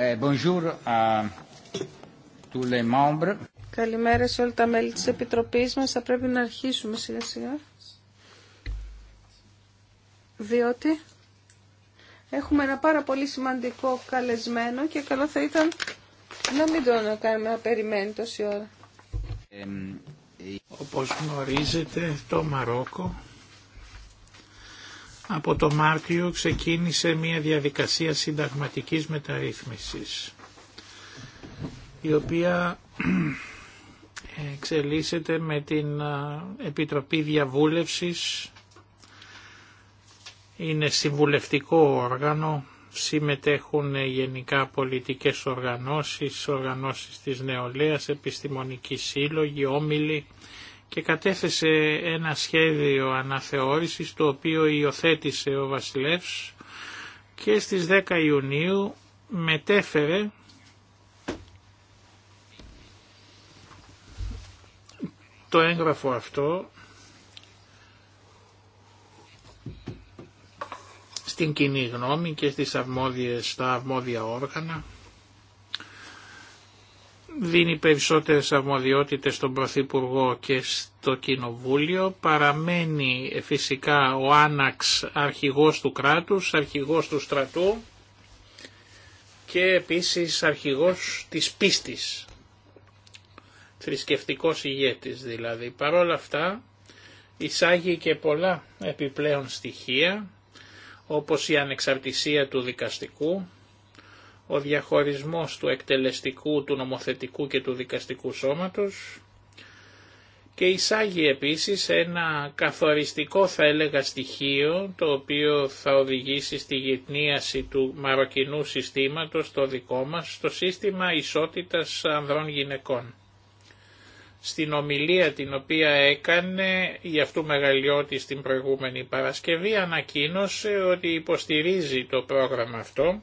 Ε, Καλημέρα σε όλα τα μέλη της Επιτροπής μας. Θα πρέπει να αρχίσουμε σιγά σιγά. Διότι έχουμε ένα πάρα πολύ σημαντικό καλεσμένο και καλό θα ήταν να μην τον κάνουμε να περιμένει τόση ώρα. Όπως γνωρίζετε το Μαρόκο από το Μάρτιο ξεκίνησε μια διαδικασία συνταγματικής μεταρρύθμισης η οποία εξελίσσεται με την Επιτροπή Διαβούλευσης είναι συμβουλευτικό όργανο, συμμετέχουν γενικά πολιτικές οργανώσεις, οργανώσεις της νεολαίας, επιστημονικοί σύλλογοι, όμιλοι, και κατέθεσε ένα σχέδιο αναθεώρησης το οποίο υιοθέτησε ο Βασιλεύς και στις 10 Ιουνίου μετέφερε το έγγραφο αυτό στην κοινή γνώμη και στις αρμόδιες, στα αρμόδια όργανα δίνει περισσότερες αρμοδιότητες στον Πρωθυπουργό και στο Κοινοβούλιο, παραμένει ε, φυσικά ο Άναξ αρχηγός του κράτους, αρχηγός του στρατού και επίσης αρχηγός της πίστης, θρησκευτικός ηγέτης δηλαδή. Παρ' όλα αυτά εισάγει και πολλά επιπλέον στοιχεία όπως η ανεξαρτησία του δικαστικού, ο διαχωρισμός του εκτελεστικού, του νομοθετικού και του δικαστικού σώματος και εισάγει επίσης ένα καθοριστικό θα έλεγα στοιχείο το οποίο θα οδηγήσει στη γυτνίαση του μαροκινού συστήματος το δικό μας στο σύστημα ισότητας ανδρών γυναικών. Στην ομιλία την οποία έκανε η αυτού μεγαλειώτη την προηγούμενη Παρασκευή ανακοίνωσε ότι υποστηρίζει το πρόγραμμα αυτό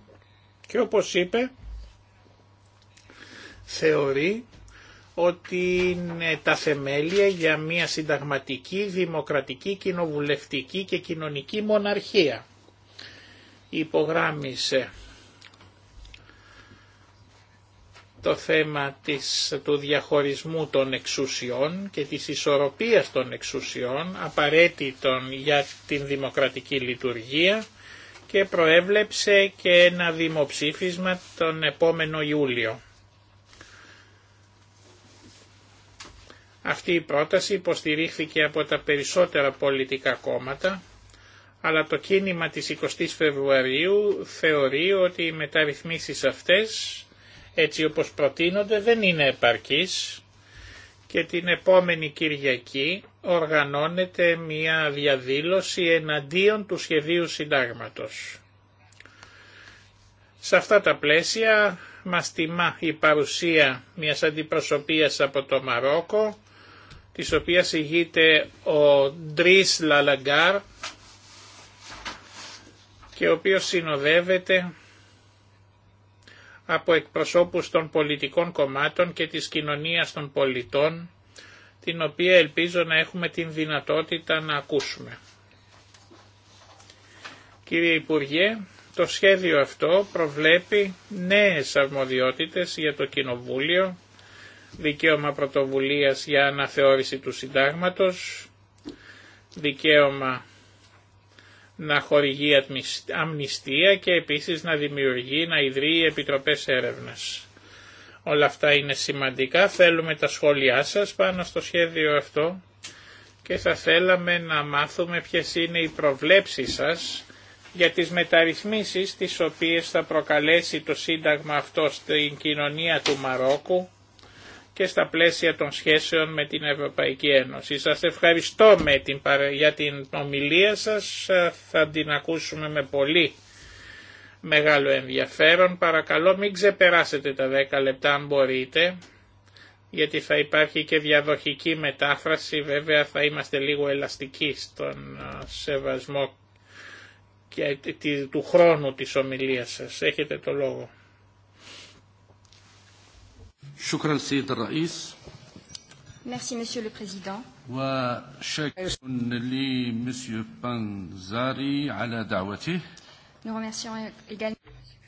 και όπως είπε, θεωρεί ότι είναι τα θεμέλια για μια συνταγματική, δημοκρατική, κοινοβουλευτική και κοινωνική μοναρχία. Υπογράμμισε το θέμα της, του διαχωρισμού των εξουσιών και της ισορροπίας των εξουσιών απαραίτητων για την δημοκρατική λειτουργία και προέβλεψε και ένα δημοψήφισμα τον επόμενο Ιούλιο. Αυτή η πρόταση υποστηρίχθηκε από τα περισσότερα πολιτικά κόμματα, αλλά το κίνημα της 20ης Φεβρουαρίου θεωρεί ότι οι μεταρρυθμίσεις αυτές, έτσι όπως προτείνονται, δεν είναι επαρκείς και την επόμενη Κυριακή οργανώνεται μια διαδήλωση εναντίον του σχεδίου συντάγματος. Σε αυτά τα πλαίσια μας τιμά η παρουσία μιας αντιπροσωπείας από το Μαρόκο, της οποίας ηγείται ο Ντρίς Λαλαγκάρ και ο οποίος συνοδεύεται από εκπροσώπους των πολιτικών κομμάτων και της κοινωνίας των πολιτών, την οποία ελπίζω να έχουμε την δυνατότητα να ακούσουμε. Κύριε Υπουργέ, το σχέδιο αυτό προβλέπει νέες αρμοδιότητες για το Κοινοβούλιο, δικαίωμα πρωτοβουλίας για αναθεώρηση του συντάγματος, δικαίωμα να χορηγεί αμνηστία και επίσης να δημιουργεί, να ιδρύει επιτροπές έρευνας. Όλα αυτά είναι σημαντικά, θέλουμε τα σχόλιά σας πάνω στο σχέδιο αυτό και θα θέλαμε να μάθουμε ποιες είναι οι προβλέψεις σας για τις μεταρρυθμίσεις τις οποίες θα προκαλέσει το Σύνταγμα αυτό στην κοινωνία του Μαρόκου και στα πλαίσια των σχέσεων με την Ευρωπαϊκή Ένωση. Σας ευχαριστώ με την, για την ομιλία σας, θα την ακούσουμε με πολύ μεγάλο ενδιαφέρον. Παρακαλώ μην ξεπεράσετε τα 10 λεπτά αν μπορείτε, γιατί θα υπάρχει και διαδοχική μετάφραση, βέβαια θα είμαστε λίγο ελαστικοί στον σεβασμό του χρόνου της ομιλίας σας. Έχετε το λόγο.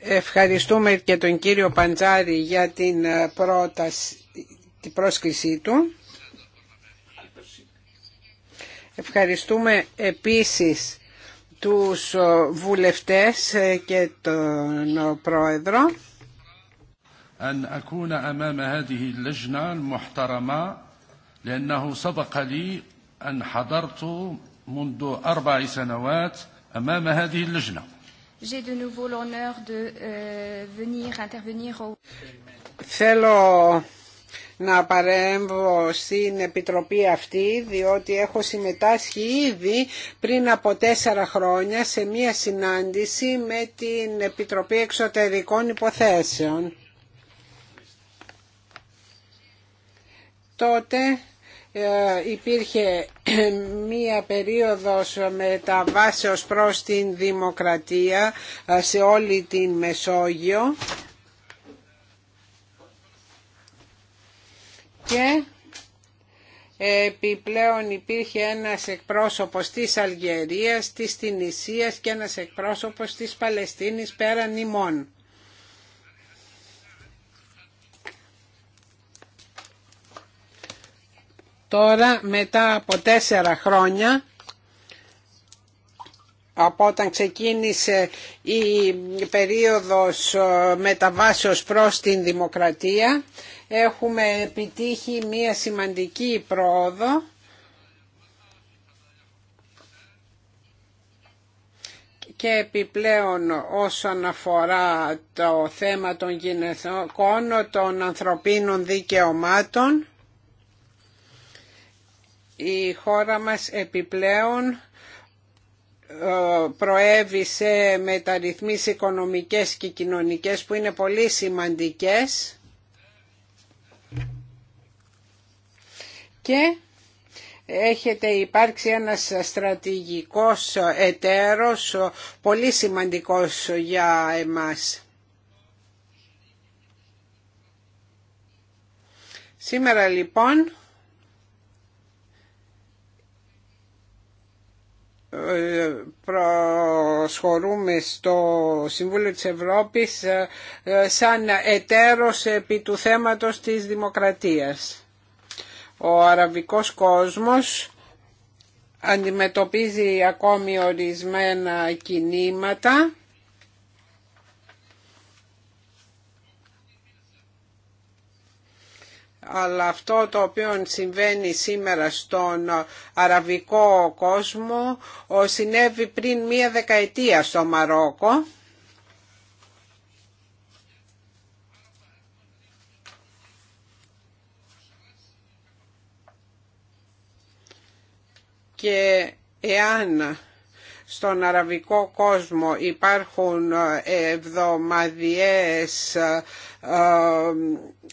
Ευχαριστούμε και τον κύριο Παντζάρη για την ε, την πρόσκλησή του. Ευχαριστούμε επίσης τους ε, βουλευτές ε, και τον πρόεδρο. أن أكون أمام هذه اللجنة المحترمة لأنه سبق لي أن حضرت منذ أربع سنوات أمام هذه اللجنة J'ai de nouveau l'honneur de euh, venir intervenir au... Θέλω να παρέμβω στην Επιτροπή αυτή διότι έχω συμμετάσχει ήδη πριν από τέσσερα χρόνια σε μία συνάντηση με την Επιτροπή Εξωτερικών Υποθέσεων τότε ε, υπήρχε μία περίοδος μεταβάσεως προς την δημοκρατία ε, σε όλη την Μεσόγειο και επιπλέον υπήρχε ένας εκπρόσωπος της Αλγερίας, της Τινησίας και ένας εκπρόσωπος της Παλαιστίνης πέραν ημών. Τώρα μετά από τέσσερα χρόνια από όταν ξεκίνησε η περίοδος ε, μεταβάσεως προς την δημοκρατία έχουμε επιτύχει μία σημαντική πρόοδο και επιπλέον όσον αφορά το θέμα των γυναικών, των ανθρωπίνων δικαιωμάτων η χώρα μας επιπλέον ε, προέβη σε μεταρρυθμίσεις οικονομικές και κοινωνικές που είναι πολύ σημαντικές και έχετε υπάρξει ένας στρατηγικός εταίρος πολύ σημαντικός για εμάς. Σήμερα λοιπόν προσχωρούμε στο Συμβούλιο της Ευρώπης ε, ε, σαν εταίρος επί του θέματος της δημοκρατίας. Ο αραβικός κόσμος αντιμετωπίζει ακόμη ορισμένα κινήματα αλλά αυτό το οποίο συμβαίνει σήμερα στον αραβικό κόσμο συνέβη πριν μία δεκαετία στο Μαρόκο. Και εάν στον αραβικό κόσμο υπάρχουν ε, εβδομαδιές ε,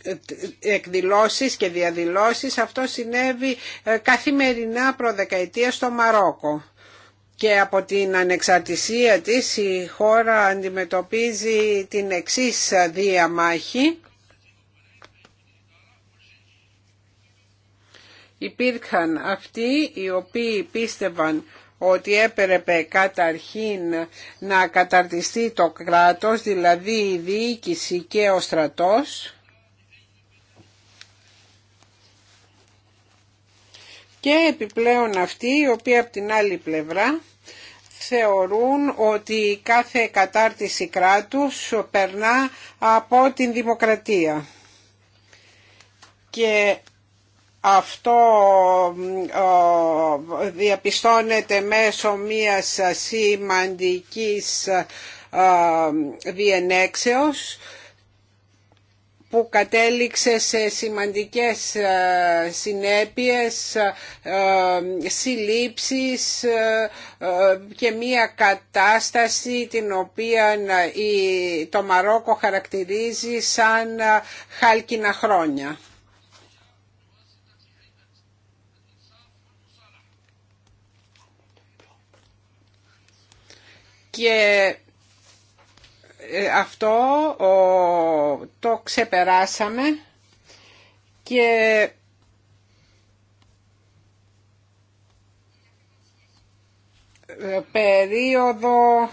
ε, εκδηλώσεις και διαδηλώσεις. Αυτό συνέβη καθημερινά προδεκαετία στο Μαρόκο. Και από την ανεξαρτησία της η χώρα αντιμετωπίζει την εξής διαμάχη. Υπήρχαν αυτοί οι οποίοι πίστευαν ότι έπρεπε καταρχήν να καταρτιστεί το κράτος, δηλαδή η διοίκηση και ο στρατός. Και επιπλέον αυτοί οι οποίοι από την άλλη πλευρά θεωρούν ότι κάθε κατάρτιση κράτους περνά από την δημοκρατία. Και αυτό διαπιστώνεται μέσω μιας σημαντικής διενέξεως που κατέληξε σε σημαντικές συνέπειες, συλλήψεις και μία κατάσταση την οποία το Μαρόκο χαρακτηρίζει σαν χάλκινα χρόνια. και ε, αυτό το ξεπεράσαμε και ε, περίοδο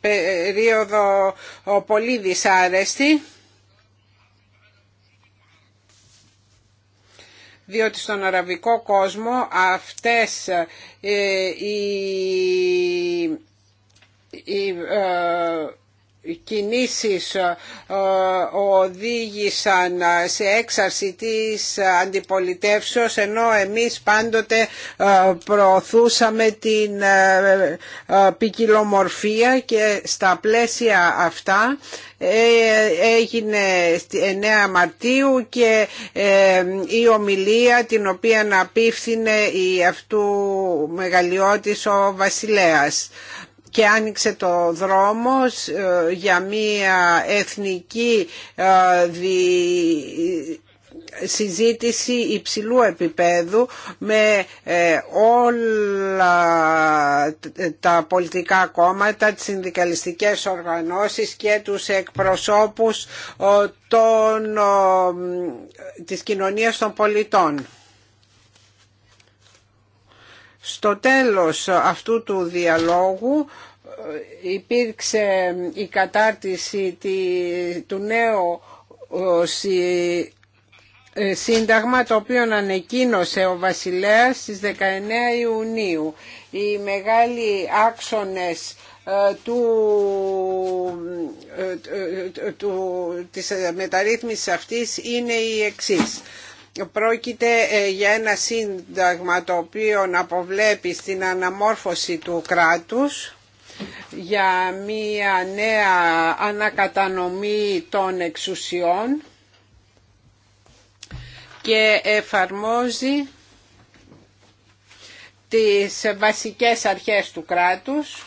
περίοδο πολύ δυσάρεστη διότι στον αραβικό κόσμο αυτές ε, οι, οι ε, κινήσεις ε, ε, οδήγησαν σε έξαρση της αντιπολιτεύσεως ενώ εμείς πάντοτε ε, προωθούσαμε την ποικιλομορφία και στα πλαίσια αυτά έγινε 9 Μαρτίου και η ομιλία την οποία απίφθινε η αυτού μεγαλειώτης ο Βασιλέας και άνοιξε το δρόμο ε, για μια εθνική ε, συζήτηση υψηλού επίπεδου με ε, όλα τα πολιτικά κόμματα, τις συνδικαλιστικές οργανώσεις και τους εκπροσώπους των, της κοινωνίας των πολιτών. Στο τέλος αυτού του διαλόγου ε, υπήρξε η κατάρτιση του νέου ε, σύνταγμα το οποίο ανακοίνωσε ο βασιλέας στις 19 Ιουνίου. Οι μεγάλοι άξονες ε, του, του, της μεταρρύθμισης αυτής είναι η εξής. Πρόκειται ε, για ένα σύνταγμα το οποίο αποβλέπει στην αναμόρφωση του κράτους για μία νέα ανακατανομή των εξουσιών και εφαρμόζει τις βασικές αρχές του κράτους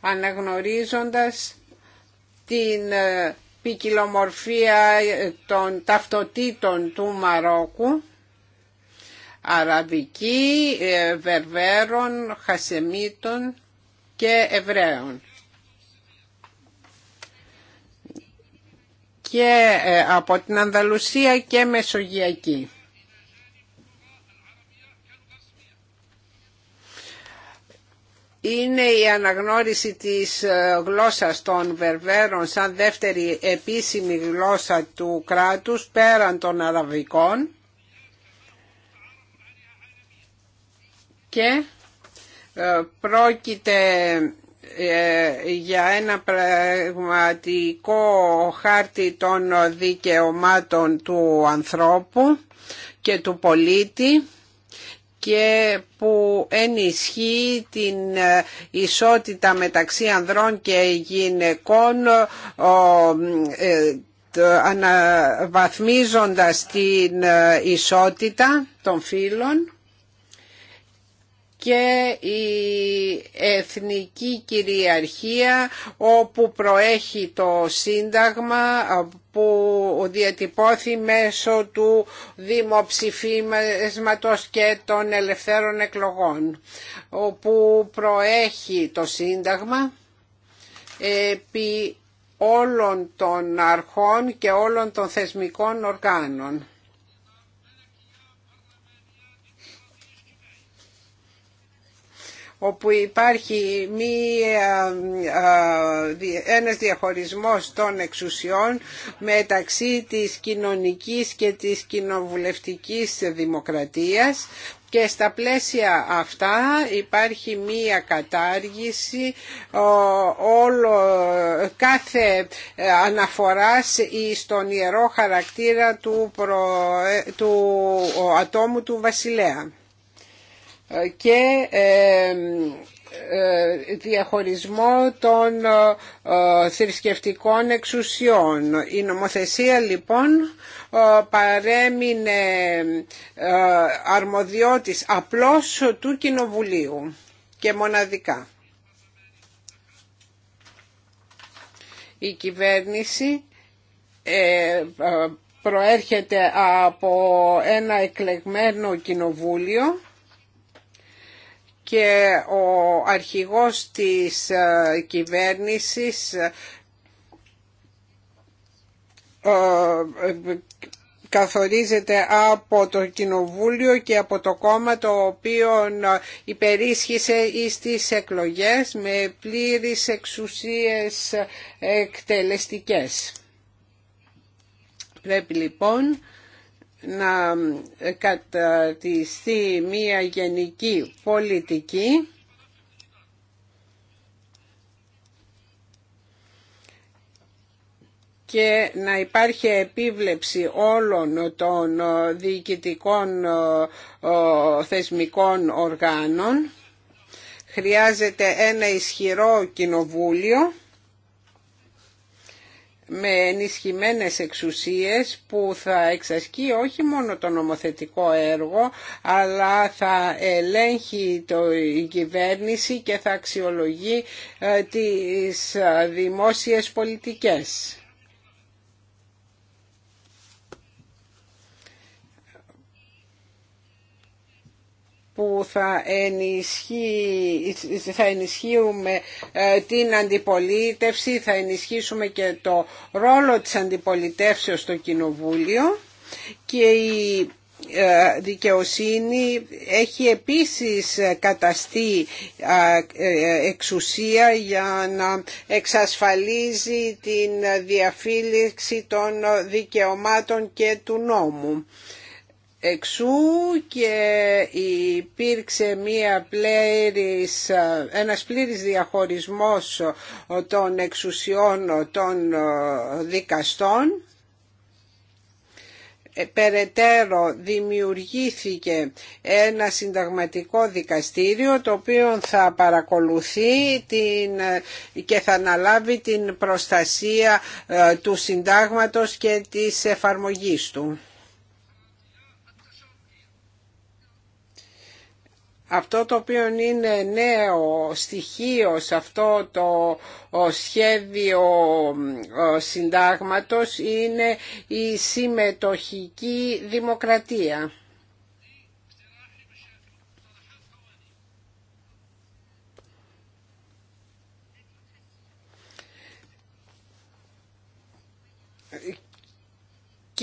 αναγνωρίζοντας την ε, ποικιλομορφία ε, των ταυτοτήτων του Μαρόκου Αραβική, ε, Βερβέρων, Χασεμίτων και Εβραίων. Και ε, από την Ανδαλουσία και Μεσογειακή. είναι η αναγνώριση της ε, γλώσσας των Βερβέρων σαν δεύτερη επίσημη γλώσσα του κράτους πέραν των Αραβικών και ε, πρόκειται ε, για ένα πραγματικό χάρτη των δικαιωμάτων του ανθρώπου και του πολίτη και που ενισχύει την ε, ισότητα μεταξύ ανδρών και γυναικών ε, αναβαθμίζοντας την ε, ισότητα των φύλων και η εθνική κυριαρχία όπου προέχει το Σύνταγμα που διατυπώθη μέσω του δημοψηφίσματος και των ελευθέρων εκλογών όπου προέχει το Σύνταγμα επί όλων των αρχών και όλων των θεσμικών οργάνων όπου υπάρχει μία, ένας διαχωρισμός των εξουσιών μεταξύ της κοινωνικής και της κοινοβουλευτικής δημοκρατίας και στα πλαίσια αυτά υπάρχει μία κατάργηση όλο, κάθε αναφοράς στον ιερό χαρακτήρα του, του ατόμου του βασιλέα και ε, ε, διαχωρισμό των ε, θρησκευτικών εξουσιών. Η νομοθεσία λοιπόν παρέμεινε αρμοδιότης απλώς του Κοινοβουλίου και μοναδικά. Η κυβέρνηση προέρχεται από ένα εκλεγμένο κοινοβούλιο και ο αρχηγός της ε, κυβέρνησης ε, ε, καθορίζεται από το Κοινοβούλιο και από το κόμμα το οποίο υπερίσχυσε στις εκλογές με πλήρεις εξουσίες εκτελεστικές. Πρέπει λοιπόν να κατατιστεί μια γενική πολιτική και να υπάρχει επίβλεψη όλων των διοικητικών θεσμικών οργάνων. Χρειάζεται ένα ισχυρό κοινοβούλιο με ενισχυμένες εξουσίες που θα εξασκεί όχι μόνο το νομοθετικό έργο αλλά θα ελέγχει το, η κυβέρνηση και θα αξιολογεί ε, τις ε, δημόσιες πολιτικές. που θα, θα ενισχύουμε ε, την αντιπολίτευση, θα ενισχύσουμε και το ρόλο της αντιπολιτεύσεως στο Κοινοβούλιο και η ε, δικαιοσύνη έχει επίσης καταστεί ε, εξουσία για να εξασφαλίζει την διαφύλιξη των δικαιωμάτων και του νόμου. Εξού και υπήρξε μία πλήρης, ένας πλήρης διαχωρισμός των εξουσιών των δικαστών. Ε, περαιτέρω δημιουργήθηκε ένα συνταγματικό δικαστήριο το οποίο θα παρακολουθεί την, και θα αναλάβει την προστασία ε, του συντάγματος και της εφαρμογής του. Αυτό το οποίο είναι νέο στοιχείο σε αυτό το σχέδιο συντάγματος είναι η συμμετοχική δημοκρατία.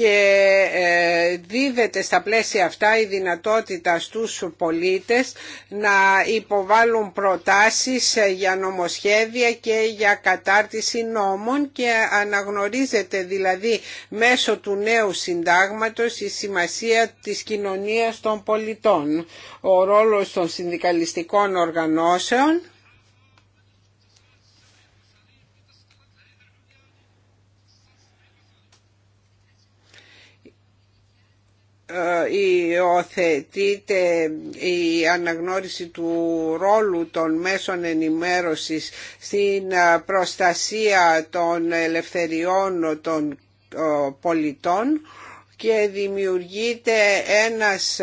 και ε, δίδεται στα πλαίσια αυτά η δυνατότητα στους πολίτες να υποβάλουν προτάσεις για νομοσχέδια και για κατάρτιση νόμων και αναγνωρίζεται δηλαδή μέσω του νέου συντάγματος η σημασία της κοινωνίας των πολιτών, ο ρόλος των συνδικαλιστικών οργανώσεων Ε, υιοθετείται η αναγνώριση του ρόλου των μέσων ενημέρωσης στην ε, προστασία των ελευθεριών των ε, πολιτών και δημιουργείται ένας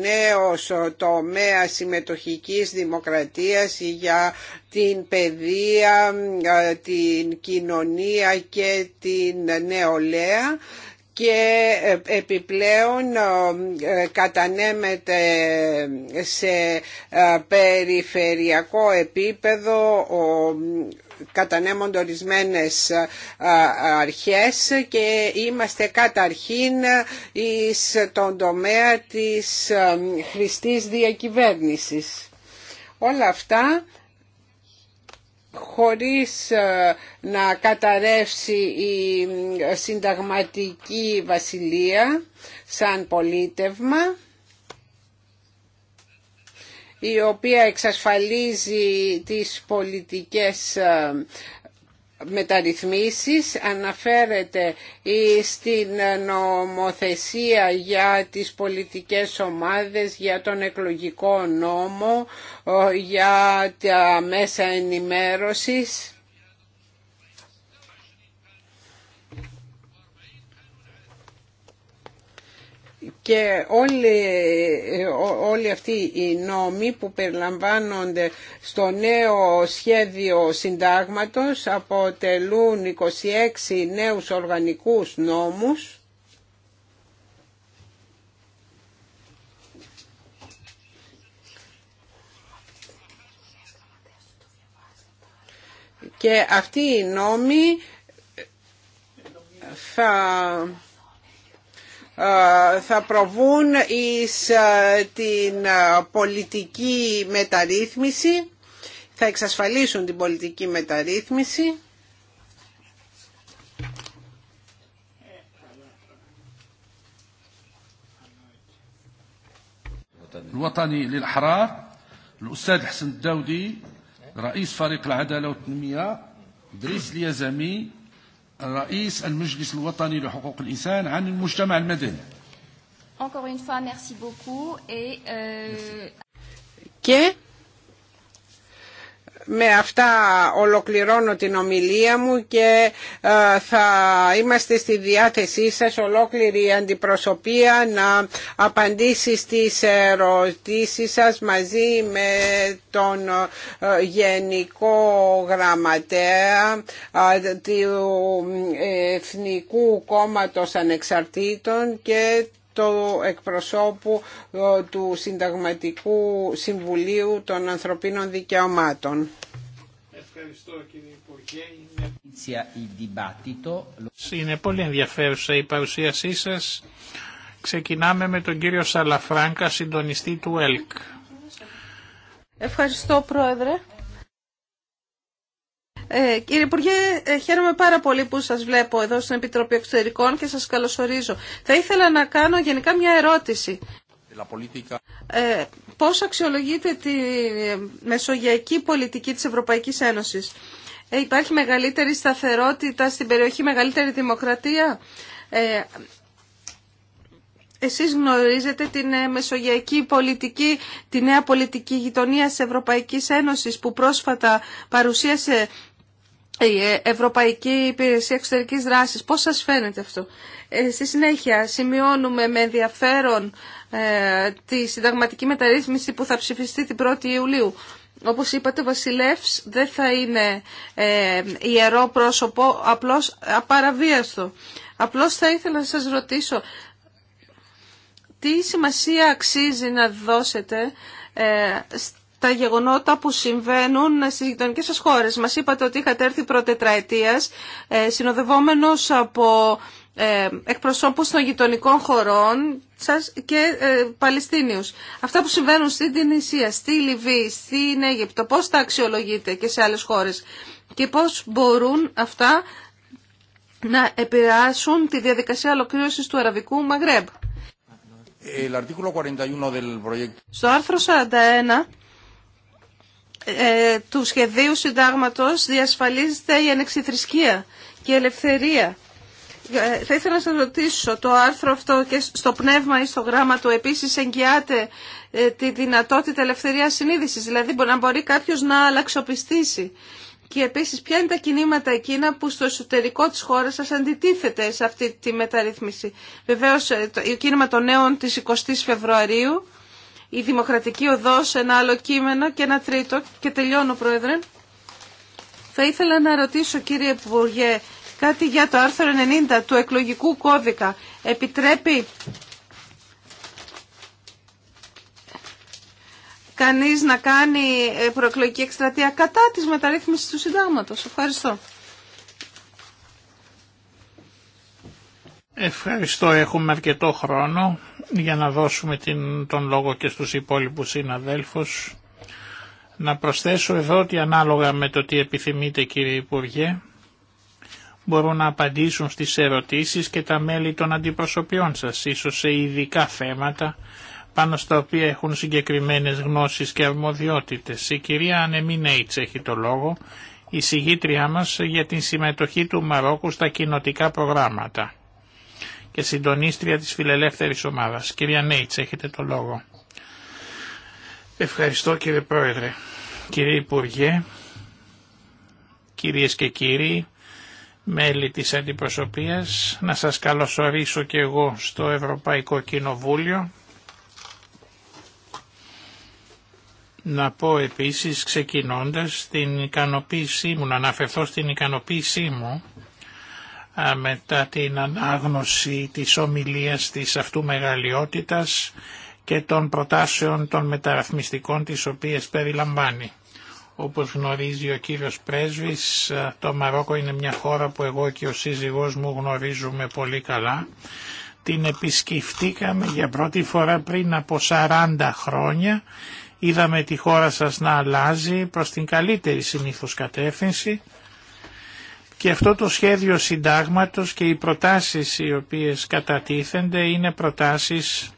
νέος τομέα συμμετοχικής δημοκρατίας για την παιδεία, την κοινωνία και την νεολαία και ε, επιπλέον ε, ε, κατανέμεται σε περιφερειακό επίπεδο κατανέμονται ορισμένε αρχές και είμαστε καταρχήν στον τομέα της χρηστής διακυβέρνησης. Όλα αυτά χωρίς ε, να καταρρεύσει η συνταγματική βασιλεία σαν πολίτευμα η οποία εξασφαλίζει τις πολιτικές ε, μεταρρυθμίσεις αναφέρεται στην νομοθεσία για τις πολιτικές ομάδες, για τον εκλογικό νόμο, για τα μέσα ενημέρωσης και όλοι, όλοι αυτοί οι νόμοι που περιλαμβάνονται στο νέο σχέδιο συντάγματος αποτελούν 26 νέους οργανικούς νόμους και αυτοί οι νόμοι θα θα προβούν εις ε, την ε, πολιτική μεταρρύθμιση, θα εξασφαλίσουν την πολιτική μεταρρύθμιση. الوطني للأحرار الأستاذ حسن الداودي رئيس فريق العدالة والتنمية دريس اليزمي رئيس المجلس الوطني لحقوق الإنسان عن المجتمع المدني. Encore une fois, merci beaucoup et. Euh... Και με αυτά ολοκληρώνω την ομιλία μου και ε, θα είμαστε στη διάθεσή σας ολόκληρη αντιπροσωπεία να απαντήσει στις ερωτήσεις σας μαζί με τον ε, Γενικό Γραμματέα ε, του Εθνικού Κόμματος Ανεξαρτήτων και το εκπροσώπου ε, του Συνταγματικού Συμβουλίου των Ανθρωπίνων Δικαιωμάτων. Ευχαριστώ κύριε Υπουργέ. Είναι πολύ ενδιαφέρουσα η παρουσίασή σας. Ξεκινάμε με τον κύριο Σαλαφράνκα, συντονιστή του ΕΛΚ. Ευχαριστώ πρόεδρε. Ε, κύριε Υπουργέ, ε, χαίρομαι πάρα πολύ που σας βλέπω εδώ στην Επιτροπή Εξωτερικών και σας καλωσορίζω. Θα ήθελα να κάνω γενικά μια ερώτηση. Ε, πώς αξιολογείτε τη ε, μεσογειακή πολιτική της Ευρωπαϊκής Ένωσης. Ε, υπάρχει μεγαλύτερη σταθερότητα στην περιοχή, μεγαλύτερη δημοκρατία. Ε, εσείς γνωρίζετε την ε, μεσογειακή πολιτική, τη νέα πολιτική γειτονία της Ευρωπαϊκής Ένωσης που πρόσφατα παρουσίασε η Ευρωπαϊκή Υπηρεσία Εξωτερική δράση. Πώς σας φαίνεται αυτό. Ε, στη συνέχεια σημειώνουμε με ενδιαφέρον ε, τη συνταγματική μεταρρύθμιση που θα ψηφιστεί την 1η Ιουλίου. Όπως είπατε, ο Βασιλεύ δεν θα είναι ε, ιερό πρόσωπο, απλώς απαραβίαστο. Απλώς θα ήθελα να σας ρωτήσω, τι σημασία αξίζει να δώσετε ε, τα γεγονότα που συμβαίνουν στις γειτονικές σας χώρες. Μας είπατε ότι είχατε έρθει ε, συνοδευόμενος από ε, εκπροσώπους των γειτονικών χωρών σας και ε, Παλαιστίνιους. Αυτά που συμβαίνουν στην Τινησία, στη Λιβύη, στην Αίγυπτο, πώς τα αξιολογείτε και σε άλλες χώρες και πώς μπορούν αυτά να επηρεάσουν τη διαδικασία ολοκλήρωσης του Αραβικού Μαγρέμπ. Ε, Στο άρθρο 41 ε, του σχεδίου συντάγματος διασφαλίζεται η ανεξιθρησκεία και η ελευθερία. Ε, θα ήθελα να σας ρωτήσω, το άρθρο αυτό και στο πνεύμα ή στο γράμμα του επίσης εγγυάται ε, τη δυνατότητα ελευθερία συνείδησης, δηλαδή να μπορεί κάποιος να αλλαξοπιστήσει. Και επίσης ποια είναι τα κινήματα εκείνα που στο εσωτερικό της χώρας σας αντιτίθεται σε αυτή τη μεταρρύθμιση. Βεβαίως το κίνημα των νέων της 20ης Φεβρουαρίου η δημοκρατική οδός, ένα άλλο κείμενο και ένα τρίτο και τελειώνω Πρόεδρε. Θα ήθελα να ρωτήσω κύριε Υπουργέ κάτι για το άρθρο 90 του εκλογικού κώδικα. Επιτρέπει κανείς να κάνει προεκλογική εκστρατεία κατά της μεταρρύθμισης του συντάγματος. Ευχαριστώ. Ευχαριστώ. Έχουμε αρκετό χρόνο για να δώσουμε την, τον λόγο και στους υπόλοιπους συναδέλφους. Να προσθέσω εδώ ότι ανάλογα με το τι επιθυμείτε κύριε Υπουργέ, μπορούν να απαντήσουν στις ερωτήσεις και τα μέλη των αντιπροσωπιών σας, ίσως σε ειδικά θέματα, πάνω στα οποία έχουν συγκεκριμένες γνώσεις και αρμοδιότητες. Η κυρία Έιτς έχει το λόγο, η συγγήτριά μας για την συμμετοχή του Μαρόκου στα κοινοτικά προγράμματα και συντονίστρια της φιλελεύθερης ομάδας. Κυρία Νέιτς, έχετε το λόγο. Ευχαριστώ κύριε Πρόεδρε. Κύριε Υπουργέ, κυρίες και κύριοι, μέλη της Αντιπροσωπείας, να σας καλωσορίσω και εγώ στο Ευρωπαϊκό Κοινοβούλιο. Να πω επίσης ξεκινώντας την ικανοποίησή μου, να αναφερθώ στην ικανοποίησή μου μετά την ανάγνωση της ομιλίας της αυτού μεγαλειότητας και των προτάσεων των μεταρρυθμιστικών τις οποίες περιλαμβάνει. Όπως γνωρίζει ο κύριος Πρέσβης, το Μαρόκο είναι μια χώρα που εγώ και ο σύζυγός μου γνωρίζουμε πολύ καλά. Την επισκεφτήκαμε για πρώτη φορά πριν από 40 χρόνια. Είδαμε τη χώρα σας να αλλάζει προς την καλύτερη συνήθως κατεύθυνση και αυτό το σχέδιο συντάγματος και οι προτάσεις οι οποίες κατατίθενται είναι προτάσεις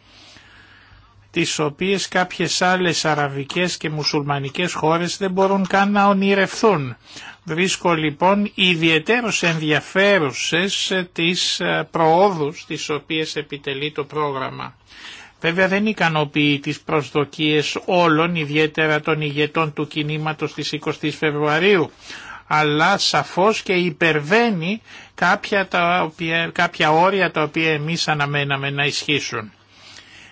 τις οποίες κάποιες άλλες αραβικές και μουσουλμανικές χώρες δεν μπορούν καν να ονειρευθούν. Βρίσκω λοιπόν ιδιαιτέρως ενδιαφέρουσες τις ε, προόδους τις οποίες επιτελεί το πρόγραμμα. Βέβαια δεν ικανοποιεί τις προσδοκίες όλων, ιδιαίτερα των ηγετών του κινήματος της 20 Φεβρουαρίου, αλλά σαφώς και υπερβαίνει κάποια, τα οποία, κάποια όρια τα οποία εμείς αναμέναμε να ισχύσουν.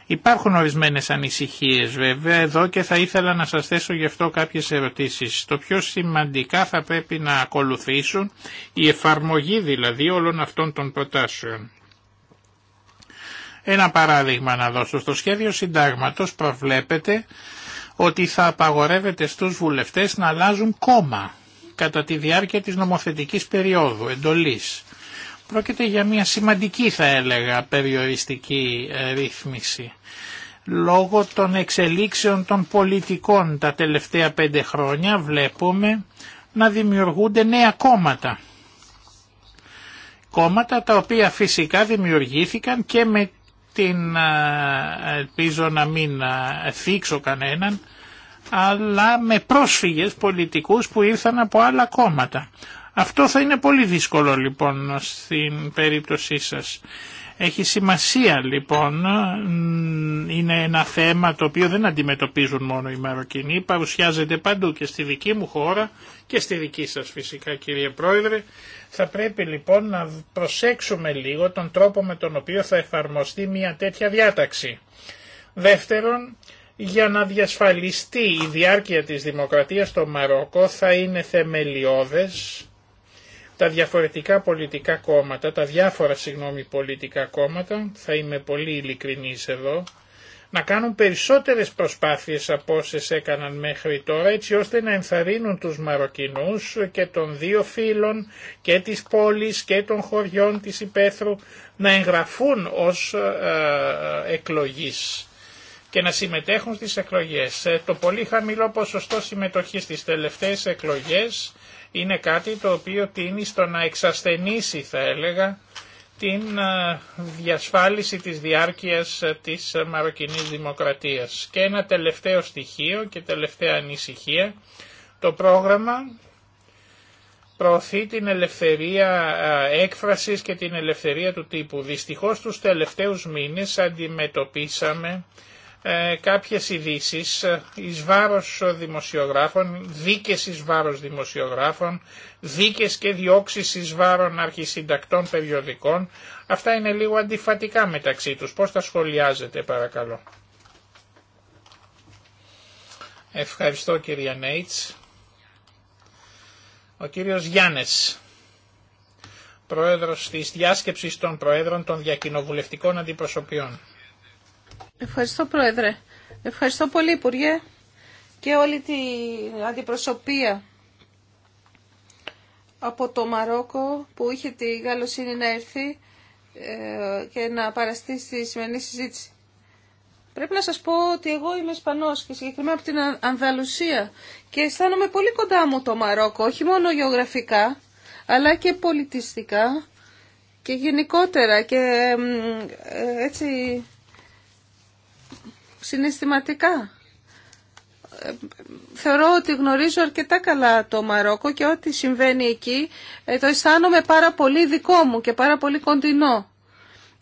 Υπάρχουν ορισμένες ανησυχίες βέβαια εδώ και θα ήθελα να σας θέσω γι' αυτό κάποιες ερωτήσεις. Το πιο σημαντικά θα πρέπει να ακολουθήσουν η εφαρμογή δηλαδή όλων αυτών των προτάσεων. Ένα παράδειγμα να δώσω. Στο σχέδιο συντάγματος προβλέπεται ότι θα απαγορεύεται στους βουλευτές να αλλάζουν κόμμα κατά τη διάρκεια της νομοθετικής περίοδου εντολής. Πρόκειται για μια σημαντική θα έλεγα περιοριστική ε, ρύθμιση λόγω των εξελίξεων των πολιτικών τα τελευταία πέντε χρόνια βλέπουμε να δημιουργούνται νέα κόμματα. Κόμματα τα οποία φυσικά δημιουργήθηκαν και με την, ε, ελπίζω να μην ε, θίξω κανέναν, αλλά με πρόσφυγες πολιτικούς που ήρθαν από άλλα κόμματα. Αυτό θα είναι πολύ δύσκολο λοιπόν στην περίπτωσή σας. Έχει σημασία λοιπόν, είναι ένα θέμα το οποίο δεν αντιμετωπίζουν μόνο οι Μαροκινοί, παρουσιάζεται παντού και στη δική μου χώρα και στη δική σας φυσικά κύριε Πρόεδρε. Θα πρέπει λοιπόν να προσέξουμε λίγο τον τρόπο με τον οποίο θα εφαρμοστεί μια τέτοια διάταξη. Δεύτερον, για να διασφαλιστεί η διάρκεια της δημοκρατίας στο Μαρόκο θα είναι θεμελιώδες τα διαφορετικά πολιτικά κόμματα, τα διάφορα συγγνώμη πολιτικά κόμματα, θα είμαι πολύ ειλικρινής εδώ, να κάνουν περισσότερες προσπάθειες από όσες έκαναν μέχρι τώρα έτσι ώστε να ενθαρρύνουν τους Μαροκινούς και των δύο φίλων και της πόλης και των χωριών της Υπέθρου να εγγραφούν ως ε, ε εκλογής και να συμμετέχουν στις εκλογές. Ε, το πολύ χαμηλό ποσοστό συμμετοχής στις τελευταίες εκλογές είναι κάτι το οποίο τίνει στο να εξασθενήσει θα έλεγα την ε, διασφάλιση της διάρκειας ε, της μαροκινής δημοκρατίας. Και ένα τελευταίο στοιχείο και τελευταία ανησυχία, το πρόγραμμα προωθεί την ελευθερία έκφρασης και την ελευθερία του τύπου. Δυστυχώς τους τελευταίους μήνες αντιμετωπίσαμε ε, κάποιες ειδήσει ε, εις βάρος δημοσιογράφων, δίκες εις βάρος δημοσιογράφων, δίκες και διώξεις εις βάρον αρχισυντακτών περιοδικών. Αυτά είναι λίγο αντιφατικά μεταξύ τους. Πώς τα σχολιάζετε παρακαλώ. Ευχαριστώ κυρία Νέιτς. Ο κύριος Γιάννες, πρόεδρος της διάσκεψης των προέδρων των διακοινοβουλευτικών αντιπροσωπιών. Ευχαριστώ Πρόεδρε. Ευχαριστώ πολύ Υπουργέ και όλη την αντιπροσωπεία από το Μαρόκο που είχε τη γαλοσύνη να έρθει ε, και να παραστεί στη σημερινή συζήτηση. Πρέπει να σας πω ότι εγώ είμαι Ισπανός και συγκεκριμένα από την Ανδαλουσία και αισθάνομαι πολύ κοντά μου το Μαρόκο, όχι μόνο γεωγραφικά αλλά και πολιτιστικά και γενικότερα και ε, έτσι συναισθηματικά. Θεωρώ ότι γνωρίζω αρκετά καλά το Μαρόκο και ό,τι συμβαίνει εκεί ε, το αισθάνομαι πάρα πολύ δικό μου και πάρα πολύ κοντινό.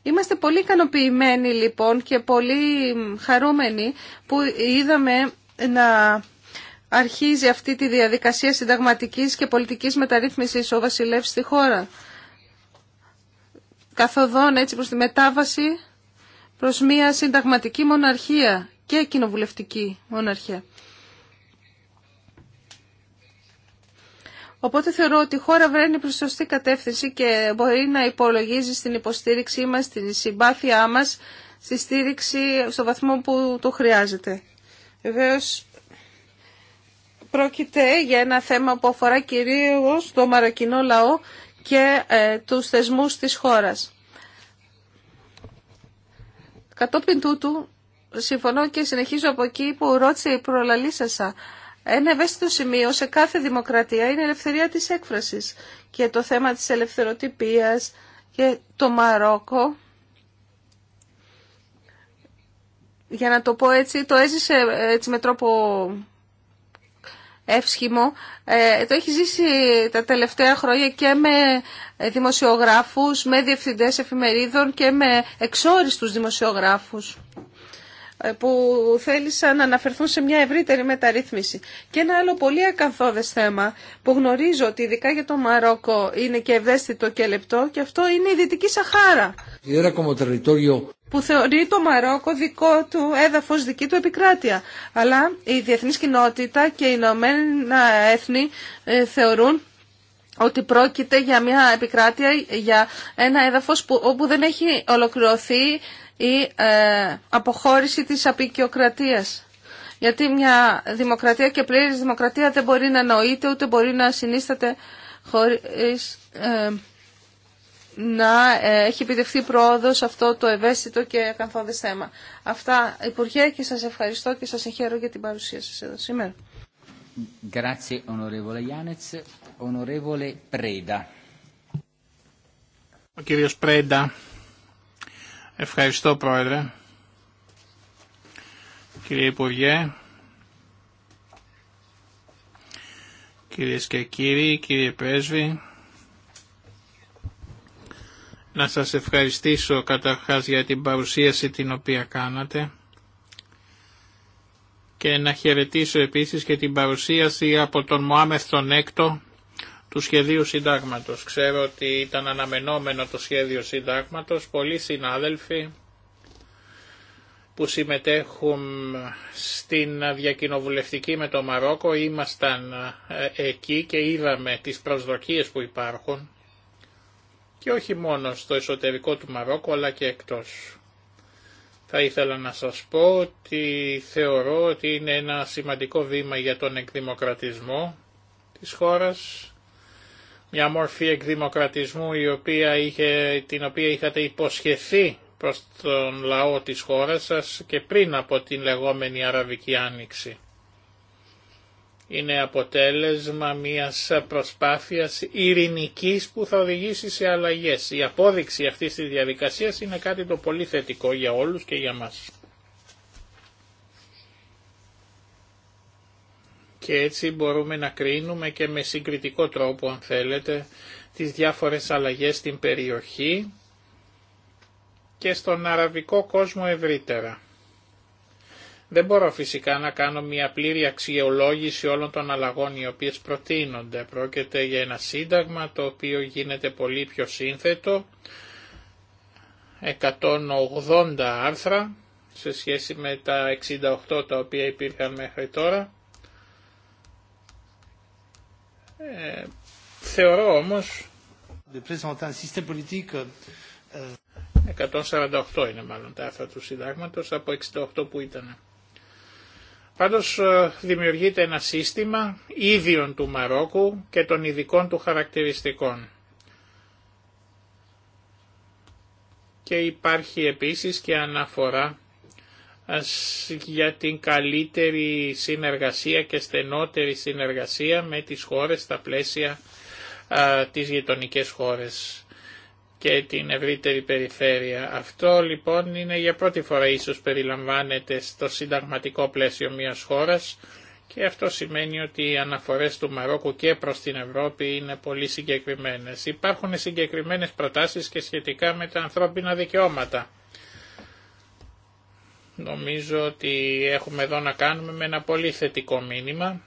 Είμαστε πολύ ικανοποιημένοι λοιπόν και πολύ χαρούμενοι που είδαμε να αρχίζει αυτή τη διαδικασία συνταγματικής και πολιτικής μεταρρύθμισης ο βασιλεύς στη χώρα. Καθοδόν έτσι προς τη μετάβαση προς μια συνταγματική μοναρχία και κοινοβουλευτική μοναρχία. Οπότε θεωρώ ότι η χώρα βρένει προς σωστή κατεύθυνση και μπορεί να υπολογίζει στην υποστήριξή μας, στην συμπάθειά μας, στη στήριξη στο βαθμό που το χρειάζεται. Βεβαίω πρόκειται για ένα θέμα που αφορά κυρίως το μαρακινό λαό και ε, τους θεσμούς της χώρας. Κατόπιν τούτου, συμφωνώ και συνεχίζω από εκεί που ρώτησε η προλαλήσασα. Ένα ευαίσθητο σημείο σε κάθε δημοκρατία είναι η ελευθερία της έκφρασης και το θέμα της ελευθεροτυπίας και το Μαρόκο. Για να το πω έτσι, το έζησε ε, έτσι με τρόπο εύσχημο. Ε, το έχει ζήσει τα τελευταία χρόνια και με δημοσιογράφους, με διευθυντές εφημερίδων και με εξόριστους δημοσιογράφους ε, που θέλησαν να αναφερθούν σε μια ευρύτερη μεταρρύθμιση. Και ένα άλλο πολύ ακαθόδες θέμα που γνωρίζω ότι ειδικά για το Μαρόκο είναι και ευαίσθητο και λεπτό και αυτό είναι η Δυτική Σαχάρα που θεωρεί το Μαρόκο δικό του έδαφος, δική του επικράτεια. Αλλά η διεθνή κοινότητα και οι Ηνωμένα Έθνη ε, θεωρούν ότι πρόκειται για μια επικράτεια, για ένα έδαφος όπου δεν έχει ολοκληρωθεί η ε, αποχώρηση της απεικιοκρατίας. Γιατί μια δημοκρατία και πλήρης δημοκρατία δεν μπορεί να νοείται, ούτε μπορεί να συνίσταται χωρίς... Ε, να ε, έχει επιτευχθεί πρόοδο σε αυτό το ευαίσθητο και ακαθόδε θέμα. Αυτά, Υπουργέ, και σας ευχαριστώ και σας εγχαίρω για την παρουσία σας εδώ σήμερα. Ο κύριος Πρέντα. Ευχαριστώ, Πρόεδρε. Κύριε Υπουργέ, κυρίες και κύριοι, κύριε Πρέσβη, να σας ευχαριστήσω καταρχάς για την παρουσίαση την οποία κάνατε και να χαιρετήσω επίσης και την παρουσίαση από τον Μωάμεθ τον Έκτο του σχεδίου συντάγματος. Ξέρω ότι ήταν αναμενόμενο το σχέδιο συντάγματος. Πολλοί συνάδελφοι που συμμετέχουν στην διακοινοβουλευτική με το Μαρόκο ήμασταν ε, εκεί και είδαμε τις προσδοκίες που υπάρχουν και όχι μόνο στο εσωτερικό του Μαρόκου αλλά και εκτός. Θα ήθελα να σας πω ότι θεωρώ ότι είναι ένα σημαντικό βήμα για τον εκδημοκρατισμό της χώρας, μια μορφή εκδημοκρατισμού η οποία είχε, την οποία είχατε υποσχεθεί προς τον λαό της χώρας σας και πριν από την λεγόμενη Αραβική Άνοιξη είναι αποτέλεσμα μιας προσπάθειας ειρηνικής που θα οδηγήσει σε αλλαγές. Η απόδειξη αυτής της διαδικασίας είναι κάτι το πολύ θετικό για όλους και για μας. Και έτσι μπορούμε να κρίνουμε και με συγκριτικό τρόπο αν θέλετε τις διάφορες αλλαγές στην περιοχή και στον αραβικό κόσμο ευρύτερα. Δεν μπορώ φυσικά να κάνω μια πλήρη αξιολόγηση όλων των αλλαγών οι οποίες προτείνονται. Πρόκειται για ένα σύνταγμα το οποίο γίνεται πολύ πιο σύνθετο, 180 άρθρα σε σχέση με τα 68 τα οποία υπήρχαν μέχρι τώρα. Ε, θεωρώ όμως 148 euh, είναι μάλλον τα άρθρα του συντάγματος από 68 που ήταν. Πάντως ε, δημιουργείται ένα σύστημα ίδιων του Μαρόκου και των ειδικών του χαρακτηριστικών. Και υπάρχει επίσης και αναφορά ε, για την καλύτερη συνεργασία και στενότερη συνεργασία με τις χώρες στα πλαίσια της ε, τις γειτονικές χώρες και την ευρύτερη περιφέρεια. Αυτό λοιπόν είναι για πρώτη φορά ίσως περιλαμβάνεται στο συνταγματικό πλαίσιο μιας χώρας και αυτό σημαίνει ότι οι αναφορές του Μαρόκου και προς την Ευρώπη είναι πολύ συγκεκριμένες. Υπάρχουν συγκεκριμένες προτάσεις και σχετικά με τα ανθρώπινα δικαιώματα. Νομίζω ότι έχουμε εδώ να κάνουμε με ένα πολύ θετικό μήνυμα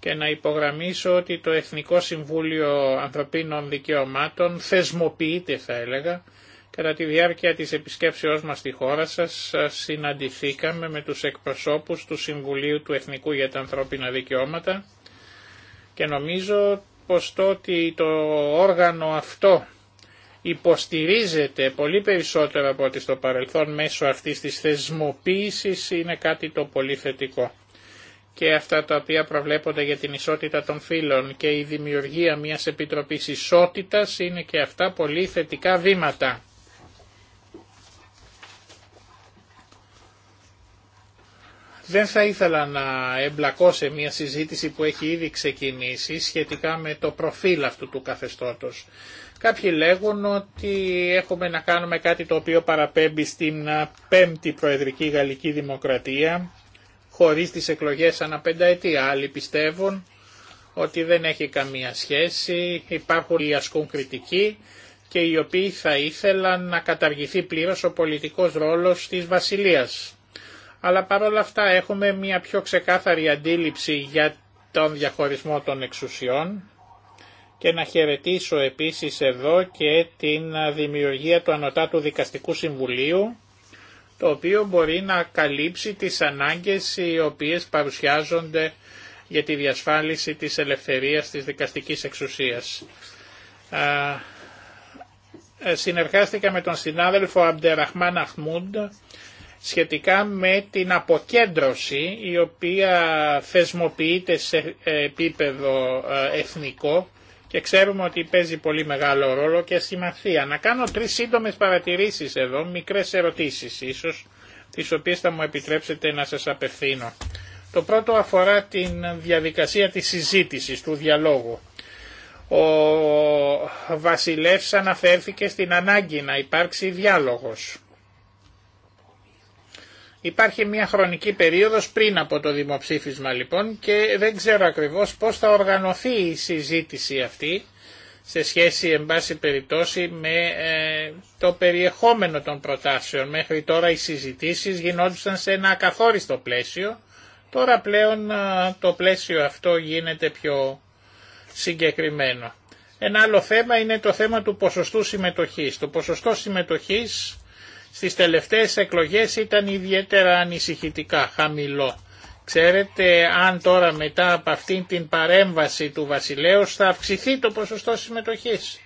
και να υπογραμμίσω ότι το Εθνικό Συμβούλιο Ανθρωπίνων Δικαιωμάτων θεσμοποιείται θα έλεγα Κατά τη διάρκεια της επισκέψεώς μας στη χώρα σας συναντηθήκαμε με τους εκπροσώπους του Συμβουλίου του Εθνικού για τα Ανθρώπινα Δικαιώματα και νομίζω πως το ότι το όργανο αυτό υποστηρίζεται πολύ περισσότερο από ότι στο παρελθόν μέσω αυτής της θεσμοποίησης είναι κάτι το πολύ θετικό και αυτά τα οποία προβλέπονται για την ισότητα των φύλων και η δημιουργία μιας επιτροπής ισότητας είναι και αυτά πολύ θετικά βήματα. Δεν θα ήθελα να εμπλακώ σε μια συζήτηση που έχει ήδη ξεκινήσει σχετικά με το προφίλ αυτού του καθεστώτος. Κάποιοι λέγουν ότι έχουμε να κάνουμε κάτι το οποίο παραπέμπει στην πέμπτη προεδρική γαλλική δημοκρατία χωρίς τις εκλογές ανά πενταετία. Άλλοι πιστεύουν ότι δεν έχει καμία σχέση, υπάρχουν οι ασκούν κριτικοί και οι οποίοι θα ήθελαν να καταργηθεί πλήρως ο πολιτικός ρόλος της Βασιλείας. Αλλά παρόλα αυτά έχουμε μια πιο ξεκάθαρη αντίληψη για τον διαχωρισμό των εξουσιών και να χαιρετήσω επίσης εδώ και την δημιουργία του Ανωτάτου Δικαστικού Συμβουλίου το οποίο μπορεί να καλύψει τις ανάγκες οι οποίες παρουσιάζονται για τη διασφάλιση της ελευθερίας της δικαστικής εξουσίας. Ε, συνεργάστηκα με τον συνάδελφο Αμπτεραχμάν Αχμούντ σχετικά με την αποκέντρωση η οποία θεσμοποιείται σε επίπεδο ε, εθνικό και ξέρουμε ότι παίζει πολύ μεγάλο ρόλο και στη Να κάνω τρεις σύντομες παρατηρήσεις εδώ, μικρές ερωτήσεις ίσως, τις οποίες θα μου επιτρέψετε να σας απευθύνω. Το πρώτο αφορά την διαδικασία της συζήτησης, του διαλόγου. Ο βασιλεύς αναφέρθηκε στην ανάγκη να υπάρξει διάλογος. Υπάρχει μια χρονική περίοδος πριν από το δημοψήφισμα λοιπόν και δεν ξέρω ακριβώς πώς θα οργανωθεί η συζήτηση αυτή σε σχέση εν πάση περιπτώσει με ε, το περιεχόμενο των προτάσεων. Μέχρι τώρα οι συζητήσεις γινόντουσαν σε ένα ακαθόριστο πλαίσιο. Τώρα πλέον ε, το πλαίσιο αυτό γίνεται πιο συγκεκριμένο. Ένα άλλο θέμα είναι το θέμα του ποσοστού συμμετοχής. Το ποσοστό συμμετοχής στις τελευταίες εκλογές ήταν ιδιαίτερα ανησυχητικά, χαμηλό. Ξέρετε αν τώρα μετά από αυτήν την παρέμβαση του βασιλέως θα αυξηθεί το ποσοστό συμμετοχής.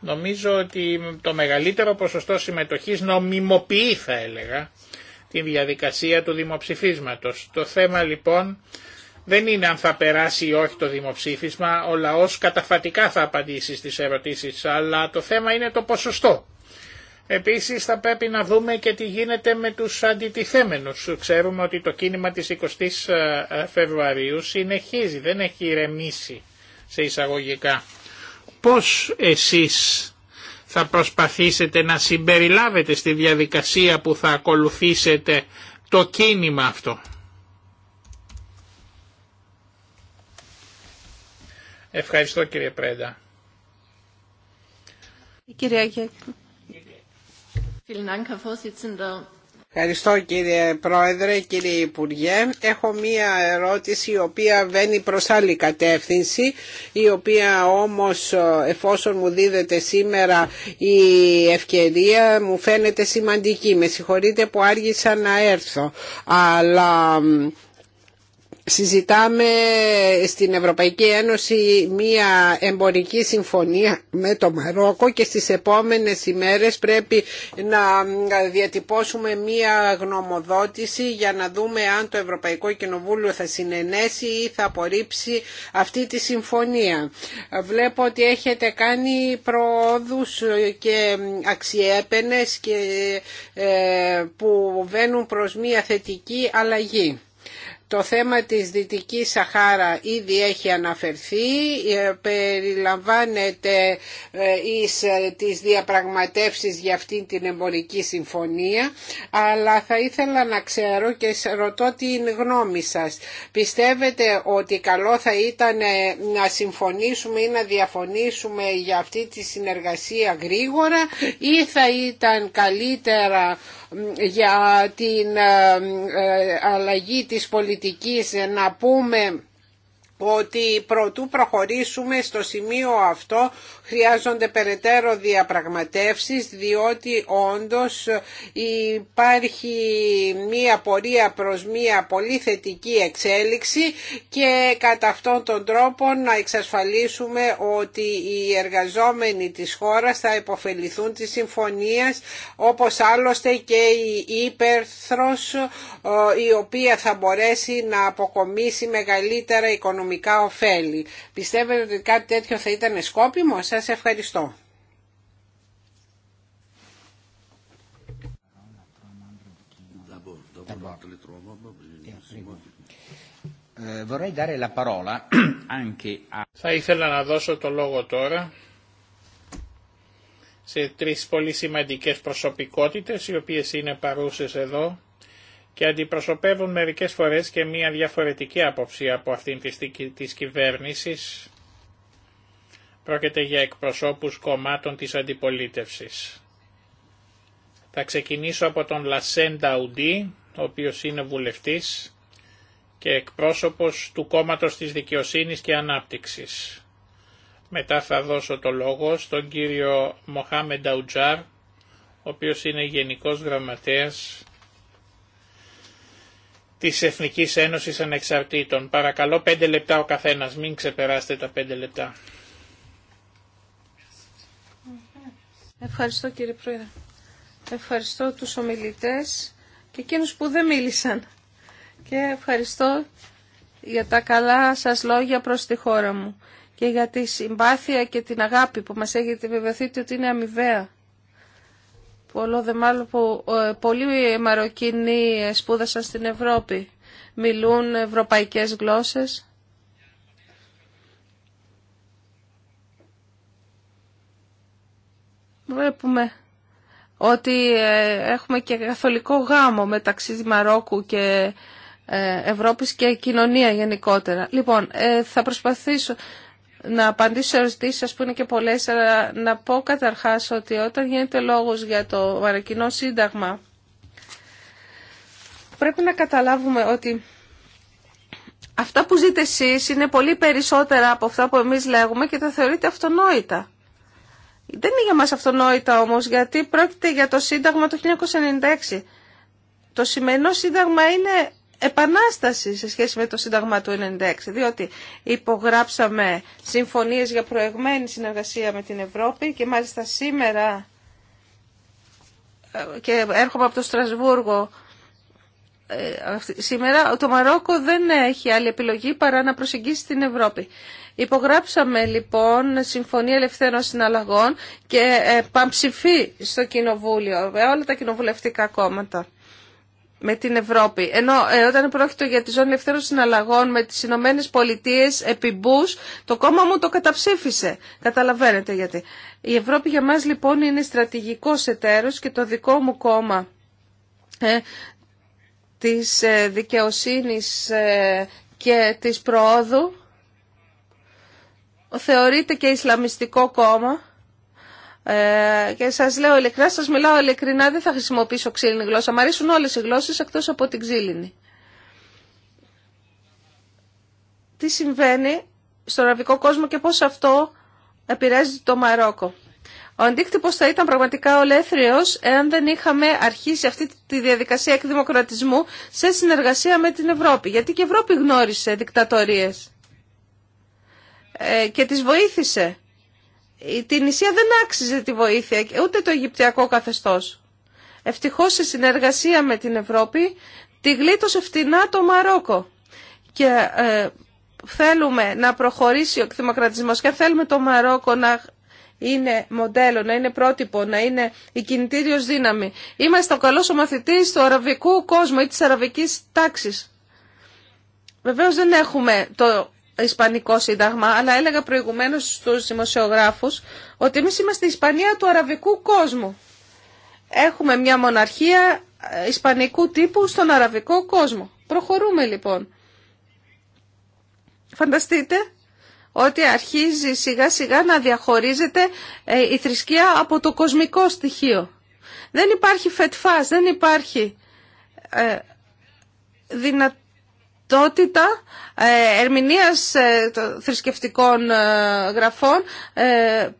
Νομίζω ότι το μεγαλύτερο ποσοστό συμμετοχής νομιμοποιεί θα έλεγα την διαδικασία του δημοψηφίσματος. Το θέμα λοιπόν δεν είναι αν θα περάσει ή όχι το δημοψήφισμα, ο λαός καταφατικά θα απαντήσει στις ερωτήσεις, αλλά το θέμα είναι το ποσοστό. Επίσης θα πρέπει να δούμε και τι γίνεται με τους αντιτιθέμενους. Ξέρουμε ότι το κίνημα της 20ης ε, ε, Φεβρουαρίου συνεχίζει, δεν έχει ηρεμήσει σε εισαγωγικά. Πώς εσείς θα προσπαθήσετε να συμπεριλάβετε στη διαδικασία που θα ακολουθήσετε το κίνημα αυτό. Ευχαριστώ κύριε Πρέντα. Η κυρία Ευχαριστώ κύριε Πρόεδρε, κύριε Υπουργέ. Έχω μία ερώτηση η οποία βαίνει προς άλλη κατεύθυνση, η οποία όμως ε, εφόσον μου δίδεται σήμερα η ευκαιρία μου φαίνεται σημαντική. Με συγχωρείτε που άργησα να έρθω, αλλά συζητάμε στην Ευρωπαϊκή Ένωση μία εμπορική συμφωνία με το Μαρόκο και στις επόμενες ημέρες πρέπει να διατυπώσουμε μία γνωμοδότηση για να δούμε αν το Ευρωπαϊκό Κοινοβούλιο θα συνενέσει ή θα απορρίψει αυτή τη συμφωνία. Βλέπω ότι έχετε κάνει προόδους και αξιέπαινες και ε, που βαίνουν προς μία θετική αλλαγή. Το θέμα της Δυτικής Σαχάρα ήδη έχει αναφερθεί, ε, περιλαμβάνεται ε, εις ε, τις διαπραγματεύσεις για αυτήν την εμπορική συμφωνία, αλλά θα ήθελα να ξέρω και ρωτώ την γνώμη σας. Πιστεύετε ότι καλό θα ήταν να συμφωνήσουμε ή να διαφωνήσουμε για αυτή τη συνεργασία γρήγορα ή θα ήταν καλύτερα για την ε, ε, αλλαγή της πολιτικής να πούμε ότι προτού προχωρήσουμε στο σημείο αυτό χρειάζονται περαιτέρω διαπραγματεύσεις διότι όντως υπάρχει μία πορεία προς μία πολύ θετική εξέλιξη και κατά αυτόν τον τρόπο να εξασφαλίσουμε ότι οι εργαζόμενοι της χώρας θα υποφεληθούν της συμφωνίας όπως άλλωστε και η υπέρθρος η οποία θα μπορέσει να αποκομίσει μεγαλύτερα οικονομικά ωφέλη. Πιστεύετε ότι κάτι τέτοιο θα ήταν σκόπιμο, σας ευχαριστώ. Θα ήθελα να δώσω το λόγο τώρα σε τρεις πολύ σημαντικές προσωπικότητες οι οποίες είναι παρούσες εδώ και αντιπροσωπεύουν μερικές φορές και μία διαφορετική άποψη από αυτήν της κυβέρνησης Πρόκειται για εκπροσώπους κομμάτων της αντιπολίτευσης. Θα ξεκινήσω από τον Λασέν Νταουντή, ο οποίος είναι βουλευτής και εκπρόσωπος του κόμματος της δικαιοσύνης και ανάπτυξης. Μετά θα δώσω το λόγο στον κύριο Μοχάμεν Νταουτζάρ, ο οποίος είναι γενικός γραμματέας της Εθνικής Ένωσης Ανεξαρτήτων. Παρακαλώ πέντε λεπτά ο καθένας, μην ξεπεράσετε τα πέντε λεπτά. Ευχαριστώ κύριε Πρόεδρε. Ευχαριστώ τους ομιλητές και εκείνους που δεν μίλησαν. Και ευχαριστώ για τα καλά σας λόγια προς τη χώρα μου και για τη συμπάθεια και την αγάπη που μας έχετε βεβαιωθείτε ότι είναι αμοιβαία. δε μάλλον που ε, πολλοί Μαροκινοί σπούδασαν στην Ευρώπη. Μιλούν ευρωπαϊκές γλώσσες βλέπουμε ότι ε, έχουμε και καθολικό γάμο μεταξύ Μαρόκου και ε, Ευρώπης και κοινωνία γενικότερα. Λοιπόν, ε, θα προσπαθήσω να απαντήσω σε ερωτήσεις που είναι και πολλές, αλλά να πω καταρχάς ότι όταν γίνεται λόγος για το Μαρακινό Σύνταγμα, πρέπει να καταλάβουμε ότι αυτά που ζείτε εσείς είναι πολύ περισσότερα από αυτά που εμείς λέγουμε και τα θεωρείτε αυτονόητα. Δεν είναι για μας αυτονόητα όμως, γιατί πρόκειται για το Σύνταγμα του 1996. Το σημερινό Σύνταγμα είναι επανάσταση σε σχέση με το Σύνταγμα του 1996, διότι υπογράψαμε συμφωνίες για προεγμένη συνεργασία με την Ευρώπη και μάλιστα σήμερα ε, και έρχομαι από το Στρασβούργο ε, σήμερα, το Μαρόκο δεν έχει άλλη επιλογή παρά να προσεγγίσει την Ευρώπη. Υπογράψαμε λοιπόν Συμφωνία Ελευθέρων Συναλλαγών και ε, πανψηφί στο Κοινοβούλιο, όλα τα κοινοβουλευτικά κόμματα με την Ευρώπη. Ενώ ε, όταν πρόκειται για τη ζώνη ελευθέρων συναλλαγών με τις Ηνωμένε Πολιτείε επί το κόμμα μου το καταψήφισε. Καταλαβαίνετε γιατί. Η Ευρώπη για μας λοιπόν είναι στρατηγικός εταίρος και το δικό μου κόμμα ε, της ε, δικαιοσύνης και της προόδου θεωρείται και Ισλαμιστικό κόμμα ε, και σας λέω ειλικρινά, σας μιλάω ειλικρινά, δεν θα χρησιμοποιήσω ξύλινη γλώσσα. Μ' αρέσουν όλες οι γλώσσες εκτός από την ξύλινη. Τι συμβαίνει στον αραβικό κόσμο και πώς αυτό επηρεάζει το Μαρόκο. Ο αντίκτυπος θα ήταν πραγματικά ολέθριος εάν δεν είχαμε αρχίσει αυτή τη διαδικασία εκδημοκρατισμού σε συνεργασία με την Ευρώπη. Γιατί και η Ευρώπη γνώρισε δικτατορίες. Ε, και τις βοήθησε. Η νησία δεν άξιζε τη βοήθεια, ούτε το Αιγυπτιακό καθεστώς. Ευτυχώς σε συνεργασία με την Ευρώπη τη γλίτωσε φτηνά το Μαρόκο. Και ε, θέλουμε να προχωρήσει ο εκδημοκρατισμός και θέλουμε το Μαρόκο να είναι μοντέλο, να είναι πρότυπο, να είναι η κινητήριος δύναμη. Είμαστε ο καλός μαθητής του αραβικού κόσμου ή της αραβικής τάξης. Βεβαίως δεν έχουμε το Ισπανικό Σύνταγμα, αλλά έλεγα προηγουμένως στους δημοσιογράφους ότι εμείς είμαστε η Ισπανία του αραβικού κόσμου. Έχουμε μια μοναρχία ε, ισπανικού τύπου στον αραβικό κόσμο. Προχωρούμε λοιπόν. Φανταστείτε ότι αρχίζει σιγά σιγά να διαχωρίζεται ε, η θρησκεία από το κοσμικό στοιχείο. Δεν υπάρχει φετφάς, δεν υπάρχει ε, δυνατότητα δυνατότητα ε, ερμηνείας ε, θρησκευτικών ε, γραφών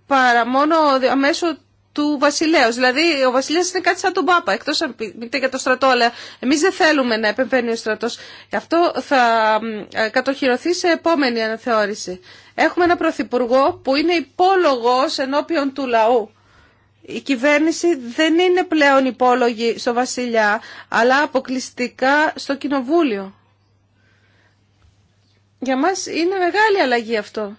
παρά μόνο αμέσω του βασιλέως. Δηλαδή ο βασιλέας είναι κάτι σαν τον Πάπα, εκτός αν πείτε για το στρατό, αλλά εμείς δεν θέλουμε να επεμβαίνει ο στρατός. Αυτό θα κατοχυρωθεί σε επόμενη αναθεώρηση. Έχουμε ένα πρωθυπουργό που είναι υπόλογος ενώπιον του λαού. Η κυβέρνηση δεν είναι πλέον υπόλογη στο βασιλιά, αλλά αποκλειστικά στο κοινοβούλιο. Για μας είναι μεγάλη αλλαγή αυτό.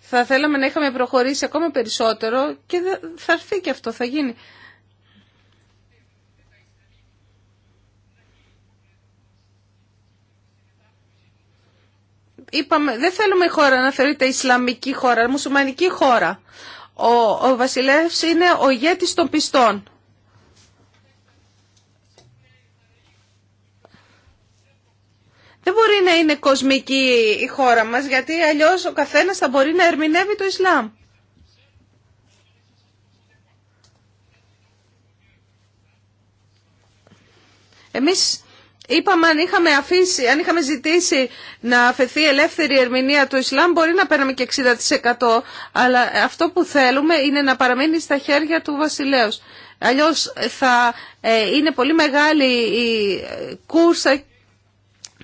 Θα θέλαμε να είχαμε προχωρήσει ακόμα περισσότερο και θα έρθει και αυτό, θα γίνει. Είπαμε, δεν θέλουμε η χώρα να θεωρείται Ισλαμική χώρα, μουσουμανική χώρα. Ο, ο βασιλεύς είναι ο ηγέτης των πιστών. Δεν μπορεί να είναι κοσμική η χώρα μας, γιατί αλλιώς ο καθένας θα μπορεί να ερμηνεύει το Ισλάμ. Εμείς είπαμε αν είχαμε, αφήσει, αν είχαμε ζητήσει να αφαιθεί ελεύθερη ερμηνεία του Ισλάμ μπορεί να παίρναμε και 60% αλλά αυτό που θέλουμε είναι να παραμείνει στα χέρια του βασιλέως. Αλλιώς θα ε, είναι πολύ μεγάλη η ε, κούρσα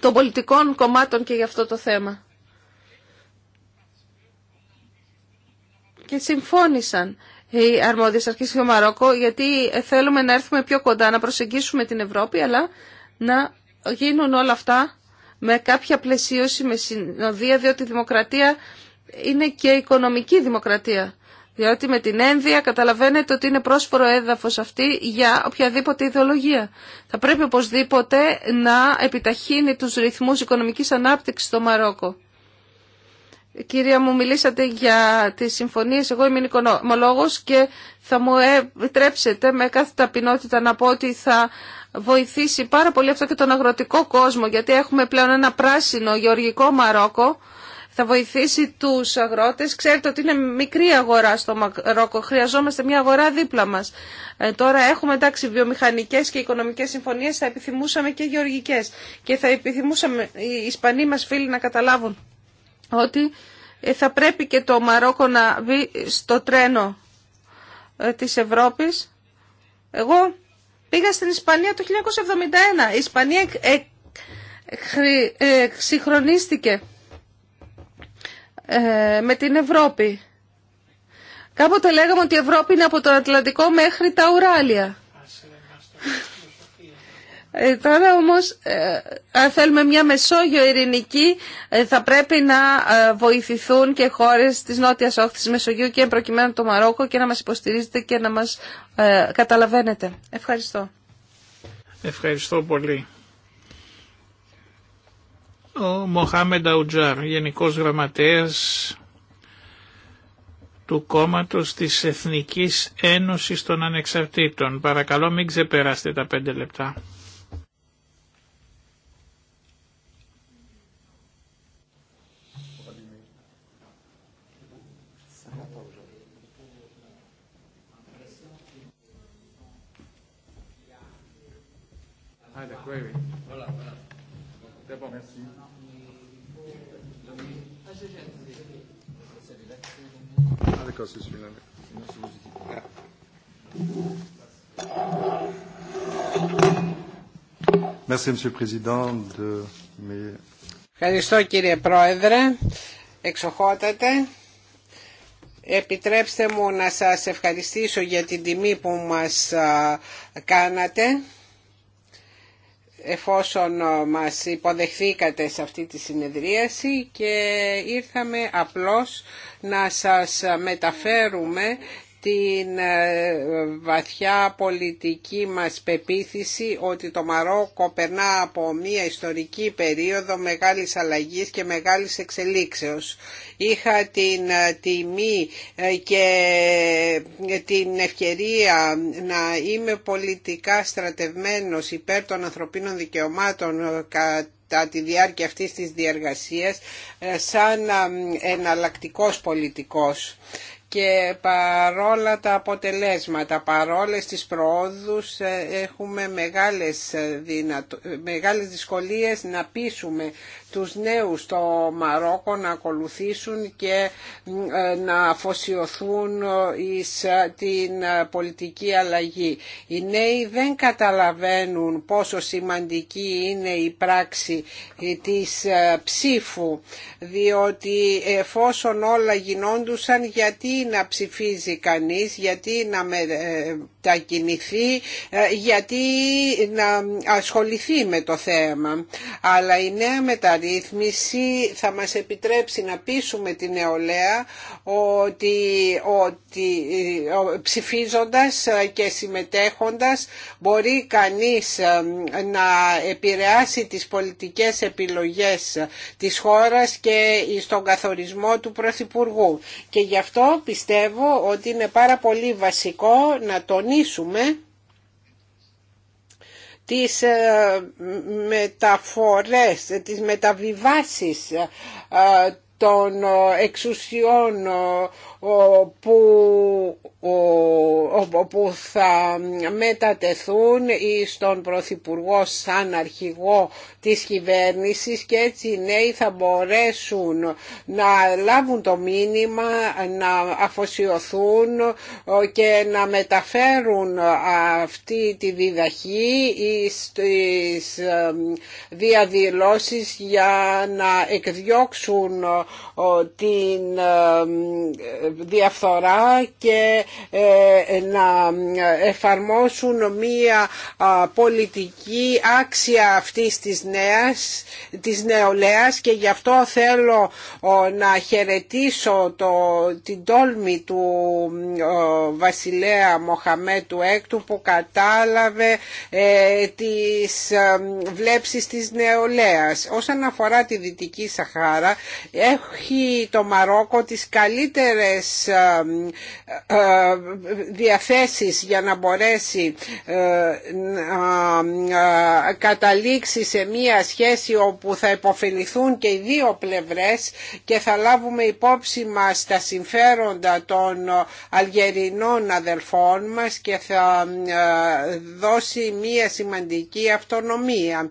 των πολιτικών κομμάτων και για αυτό το θέμα. Και συμφώνησαν οι αρμόδιες αρχές στο Μαρόκο γιατί θέλουμε να έρθουμε πιο κοντά, να προσεγγίσουμε την Ευρώπη αλλά να γίνουν όλα αυτά με κάποια πλαισίωση, με συνοδεία διότι η δημοκρατία είναι και οικονομική δημοκρατία. Διότι με την ένδυα καταλαβαίνετε ότι είναι πρόσφορο έδαφος αυτή για οποιαδήποτε ιδεολογία. Θα πρέπει οπωσδήποτε να επιταχύνει τους ρυθμούς οικονομικής ανάπτυξης στο Μαρόκο. Κυρία μου, μιλήσατε για τις συμφωνίες. Εγώ είμαι οικονομολόγος και θα μου επιτρέψετε με κάθε ταπεινότητα να πω ότι θα βοηθήσει πάρα πολύ αυτό και τον αγροτικό κόσμο, γιατί έχουμε πλέον ένα πράσινο γεωργικό Μαρόκο, θα βοηθήσει τους αγρότες. Ξέρετε ότι είναι μικρή αγορά στο Μαρόκο, χρειαζόμαστε μια αγορά δίπλα μας. τώρα έχουμε εντάξει βιομηχανικές και οικονομικές συμφωνίες, θα επιθυμούσαμε και γεωργικές. Και θα επιθυμούσαμε οι Ισπανοί μας φίλοι να καταλάβουν ότι θα πρέπει και το Μαρόκο να μπει στο τρένο της Ευρώπης. Εγώ πήγα στην Ισπανία το 1971. Η Ισπανία συγχρονίστηκε. Ε, με την Ευρώπη. Κάποτε λέγαμε ότι η Ευρώπη είναι από τον Ατλαντικό μέχρι τα Ουράλια. Ε, τώρα όμως, ε, αν θέλουμε μια Μεσόγειο ειρηνική, ε, θα πρέπει να βοηθηθούν και χώρες της Νότιας Όχθης Μεσογείου και προκειμένου το Μαρόκο και να μας υποστηρίζετε και να μας καταλαβαίνετε. Ευχαριστώ. Ευχαριστώ πολύ. Ο Μοχάμεντα Ουτζάρ, Γενικός Γραμματέας του κόμματος της Εθνικής Ένωσης των Ανεξαρτήτων. Παρακαλώ μην ξεπεράσετε τα πέντε λεπτά. Ευχαριστώ κύριε Πρόεδρε, εξοχότατε. Επιτρέψτε μου να σας ευχαριστήσω για την τιμή που μας κάνατε εφόσον ε, μας υποδεχθήκατε σε αυτή τη συνεδρίαση και ήρθαμε απλώς να σας μεταφέρουμε την ε, βαθιά πολιτική μας πεποίθηση ότι το Μαρόκο περνά από μια ιστορική περίοδο μεγάλης αλλαγής και μεγάλης εξελίξεως. Είχα την ε, τιμή ε, και την ευκαιρία να είμαι πολιτικά στρατευμένος υπέρ των ανθρωπίνων δικαιωμάτων κατά τη διάρκεια αυτής της διαργασίας σαν εναλλακτικός πολιτικός και παρόλα τα αποτελέσματα, παρόλες τις προόδους ε, έχουμε μεγάλες, ε, δυνατο... Ε, μεγάλες δυσκολίες να πείσουμε τους νέους στο Μαρόκο να ακολουθήσουν και ε, να αφοσιωθούν ε, εις ε, την πολιτική αλλαγή. Οι νέοι δεν καταλαβαίνουν πόσο σημαντική είναι η πράξη της ψήφου διότι εφόσον όλα γινόντουσαν γιατί να ψηφίζει κανείς, γιατί να μετακινηθεί, γιατί να ασχοληθεί με το θέμα. Αλλά η νέα μεταρρύθμιση αναρρύθμιση θα μας επιτρέψει να πείσουμε την νεολαία ότι, ότι ψηφίζοντας και συμμετέχοντας μπορεί κανείς ε, να επηρεάσει τις πολιτικές επιλογές της χώρας και στον καθορισμό του Πρωθυπουργού. Και γι' αυτό πιστεύω ότι είναι πάρα πολύ βασικό να τονίσουμε τις ε, μεταφορές, τις μεταβιβάσεις ε, των ε, εξουσιών που, που θα μετατεθούν ή στον Πρωθυπουργό σαν αρχηγό της κυβέρνησης και έτσι οι νέοι θα μπορέσουν να λάβουν το μήνυμα, να αφοσιωθούν και να μεταφέρουν αυτή τη διδαχή στις διαδηλώσεις για να εκδιώξουν την διαφθορά και ε, να εφαρμόσουν μία πολιτική άξια αυτής της νέας νέας, της νεολαίας και γι' αυτό θέλω να χαιρετήσω το, την τόλμη του βασιλέα Μοχαμέτου Έκτου που κατάλαβε ε, τις ε, βλέψεις της νεολαίας. Όσον αφορά τη Δυτική Σαχάρα έχει το Μαρόκο τις καλύτερες ε, ε διαθέσεις για να μπορέσει ε, να ε, καταλήξει σε μία μία σχέση όπου θα υποφεληθούν και οι δύο πλευρές και θα λάβουμε υπόψη μας τα συμφέροντα των αλγερινών αδελφών μας και θα ε, δώσει μία σημαντική αυτονομία.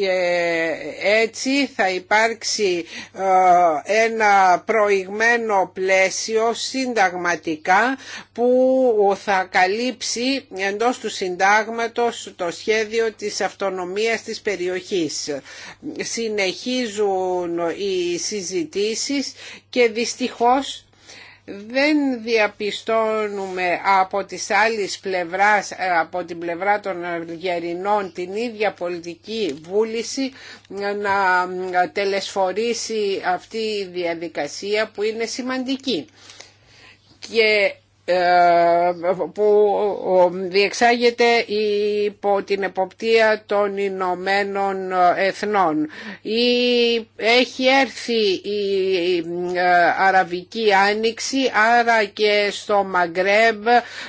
Ε, έτσι θα υπάρξει ε, ένα προηγμένο πλαίσιο συνταγματικά που θα καλύψει εντός του συντάγματος το σχέδιο της αυτονομίας αυτονομίας της περιοχής. Συνεχίζουν οι συζητήσεις και δυστυχώς δεν διαπιστώνουμε από τις άλλες πλευράς, από την πλευρά των Αλγερινών την ίδια πολιτική βούληση να τελεσφορήσει αυτή η διαδικασία που είναι σημαντική. Και ε, που διεξάγεται υπό την εποπτεία των Ηνωμένων Εθνών. Ή έχει έρθει η ε, Αραβική Άνοιξη, άρα και στο Μαγκρέμπ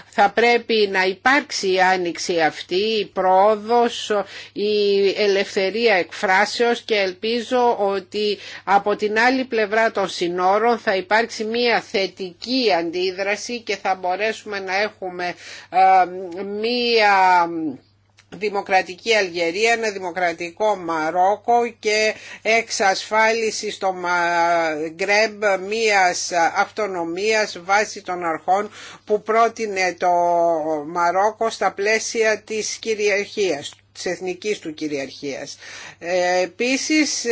θα πρέπει να υπάρξει η Άνοιξη αυτή, η πρόοδος, η ελευθερία εκφράσεως και ελπίζω ότι από την άλλη πλευρά των συνόρων θα υπάρξει μια θετική αντίδραση και θα θα μπορέσουμε να έχουμε ε, μία δημοκρατική Αλγερία, ένα δημοκρατικό Μαρόκο και εξασφάλιση στο Μαγκρέμπ μίας αυτονομίας βάσει των αρχών που πρότεινε το Μαρόκο στα πλαίσια της κυριαρχίας του της εθνικής του κυριαρχίας. Ε, επίσης, ε,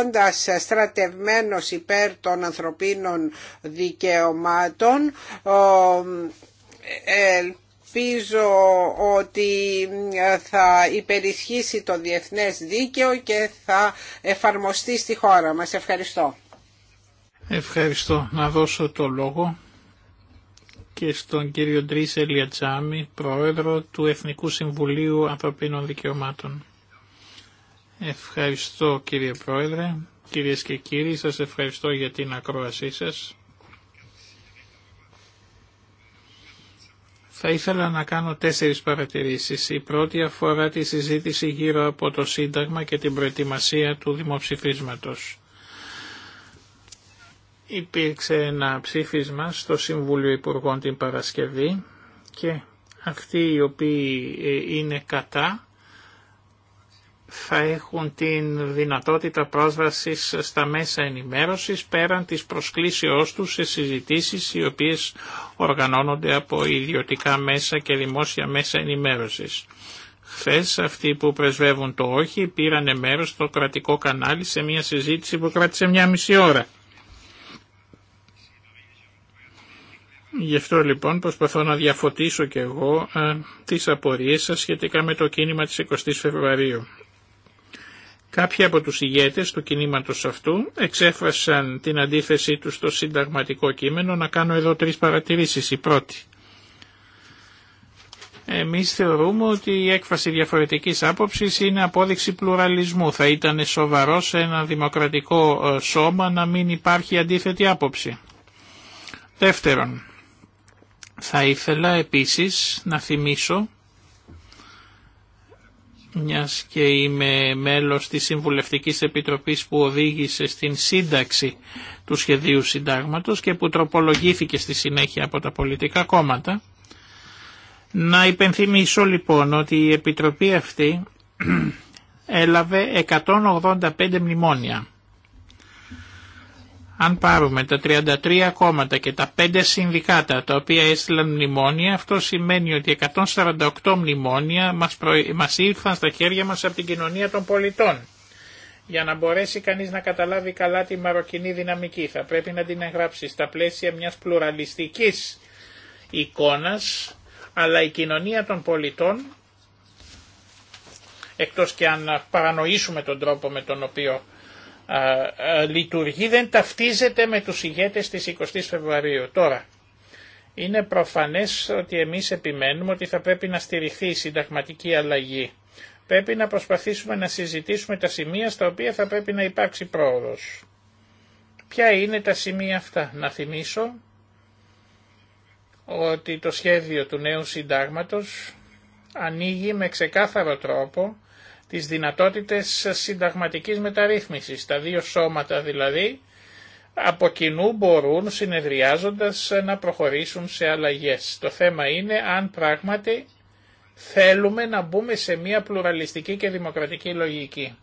όντας στρατευμένος υπέρ των ανθρωπίνων δικαιωμάτων, ε, ελπίζω ότι θα υπερισχύσει το διεθνές δίκαιο και θα εφαρμοστεί στη χώρα μας. Ευχαριστώ. Ευχαριστώ. Να δώσω το λόγο και στον κύριο Ντρίσελ Λιατζάμι, πρόεδρο του Εθνικού Συμβουλίου Ανθρωπίνων Δικαιωμάτων. Ευχαριστώ κύριε Πρόεδρε, κυρίες και κύριοι, σας ευχαριστώ για την ακρόασή σας. Θα ήθελα να κάνω τέσσερις παρατηρήσεις. Η πρώτη αφορά τη συζήτηση γύρω από το Σύνταγμα και την προετοιμασία του δημοψηφίσματος. Υπήρξε ένα ψήφισμα στο Συμβούλιο Υπουργών την Παρασκευή και αυτοί οι οποίοι ε, είναι κατά θα έχουν την δυνατότητα πρόσβασης στα μέσα ενημέρωσης πέραν της προσκλήσεώς τους σε συζητήσεις οι οποίες οργανώνονται από ιδιωτικά μέσα και δημόσια μέσα ενημέρωσης. Χθε αυτοί που πρεσβεύουν το όχι πήραν μέρος στο κρατικό κανάλι σε μια συζήτηση που κράτησε μια μισή ώρα. Γι' αυτό λοιπόν προσπαθώ να διαφωτίσω και εγώ α, ε, τις απορίες σας σχετικά με το κίνημα της 20 Φεβρουαρίου. Κάποιοι από τους ηγέτες του κινήματος αυτού εξέφρασαν την αντίθεσή τους στο συνταγματικό κείμενο να κάνω εδώ τρεις παρατηρήσεις. Η πρώτη. Εμείς θεωρούμε ότι η έκφραση διαφορετικής άποψης είναι απόδειξη πλουραλισμού. Θα ήταν σοβαρό σε ένα δημοκρατικό ε, σώμα να μην υπάρχει αντίθετη άποψη. Δεύτερον, θα ήθελα επίσης να θυμίσω, μιας και είμαι μέλος της Συμβουλευτικής Επιτροπής που οδήγησε στην σύνταξη του σχεδίου συντάγματος και που τροπολογήθηκε στη συνέχεια από τα πολιτικά κόμματα, να υπενθυμίσω λοιπόν ότι η Επιτροπή αυτή έλαβε 185 μνημόνια. Αν πάρουμε τα 33 κόμματα και τα 5 συνδικάτα τα οποία έστειλαν μνημόνια, αυτό σημαίνει ότι 148 μνημόνια μας, προ... ήρθαν στα χέρια μας από την κοινωνία των πολιτών. Για να μπορέσει κανείς να καταλάβει καλά τη μαροκινή δυναμική θα πρέπει να την εγγράψει στα πλαίσια μιας πλουραλιστικής εικόνας, αλλά η κοινωνία των πολιτών, εκτός και αν παρανοήσουμε τον τρόπο με τον οποίο λειτουργεί δεν ταυτίζεται με τους ηγέτες της 20 Φεβρουαρίου. Τώρα, είναι προφανές ότι εμείς επιμένουμε ότι θα πρέπει να στηριχθεί η συνταγματική αλλαγή. Πρέπει να προσπαθήσουμε να συζητήσουμε τα σημεία στα οποία θα πρέπει να υπάρξει πρόοδος. Ποια είναι τα σημεία αυτά. Να θυμίσω ότι το σχέδιο του νέου συντάγματος ανοίγει με ξεκάθαρο τρόπο τις δυνατότητες συνταγματικής μεταρρύθμισης. Τα δύο σώματα δηλαδή από κοινού μπορούν συνεδριάζοντας να προχωρήσουν σε αλλαγές. Το θέμα είναι αν πράγματι θέλουμε να μπούμε σε μια πλουραλιστική και δημοκρατική λογική.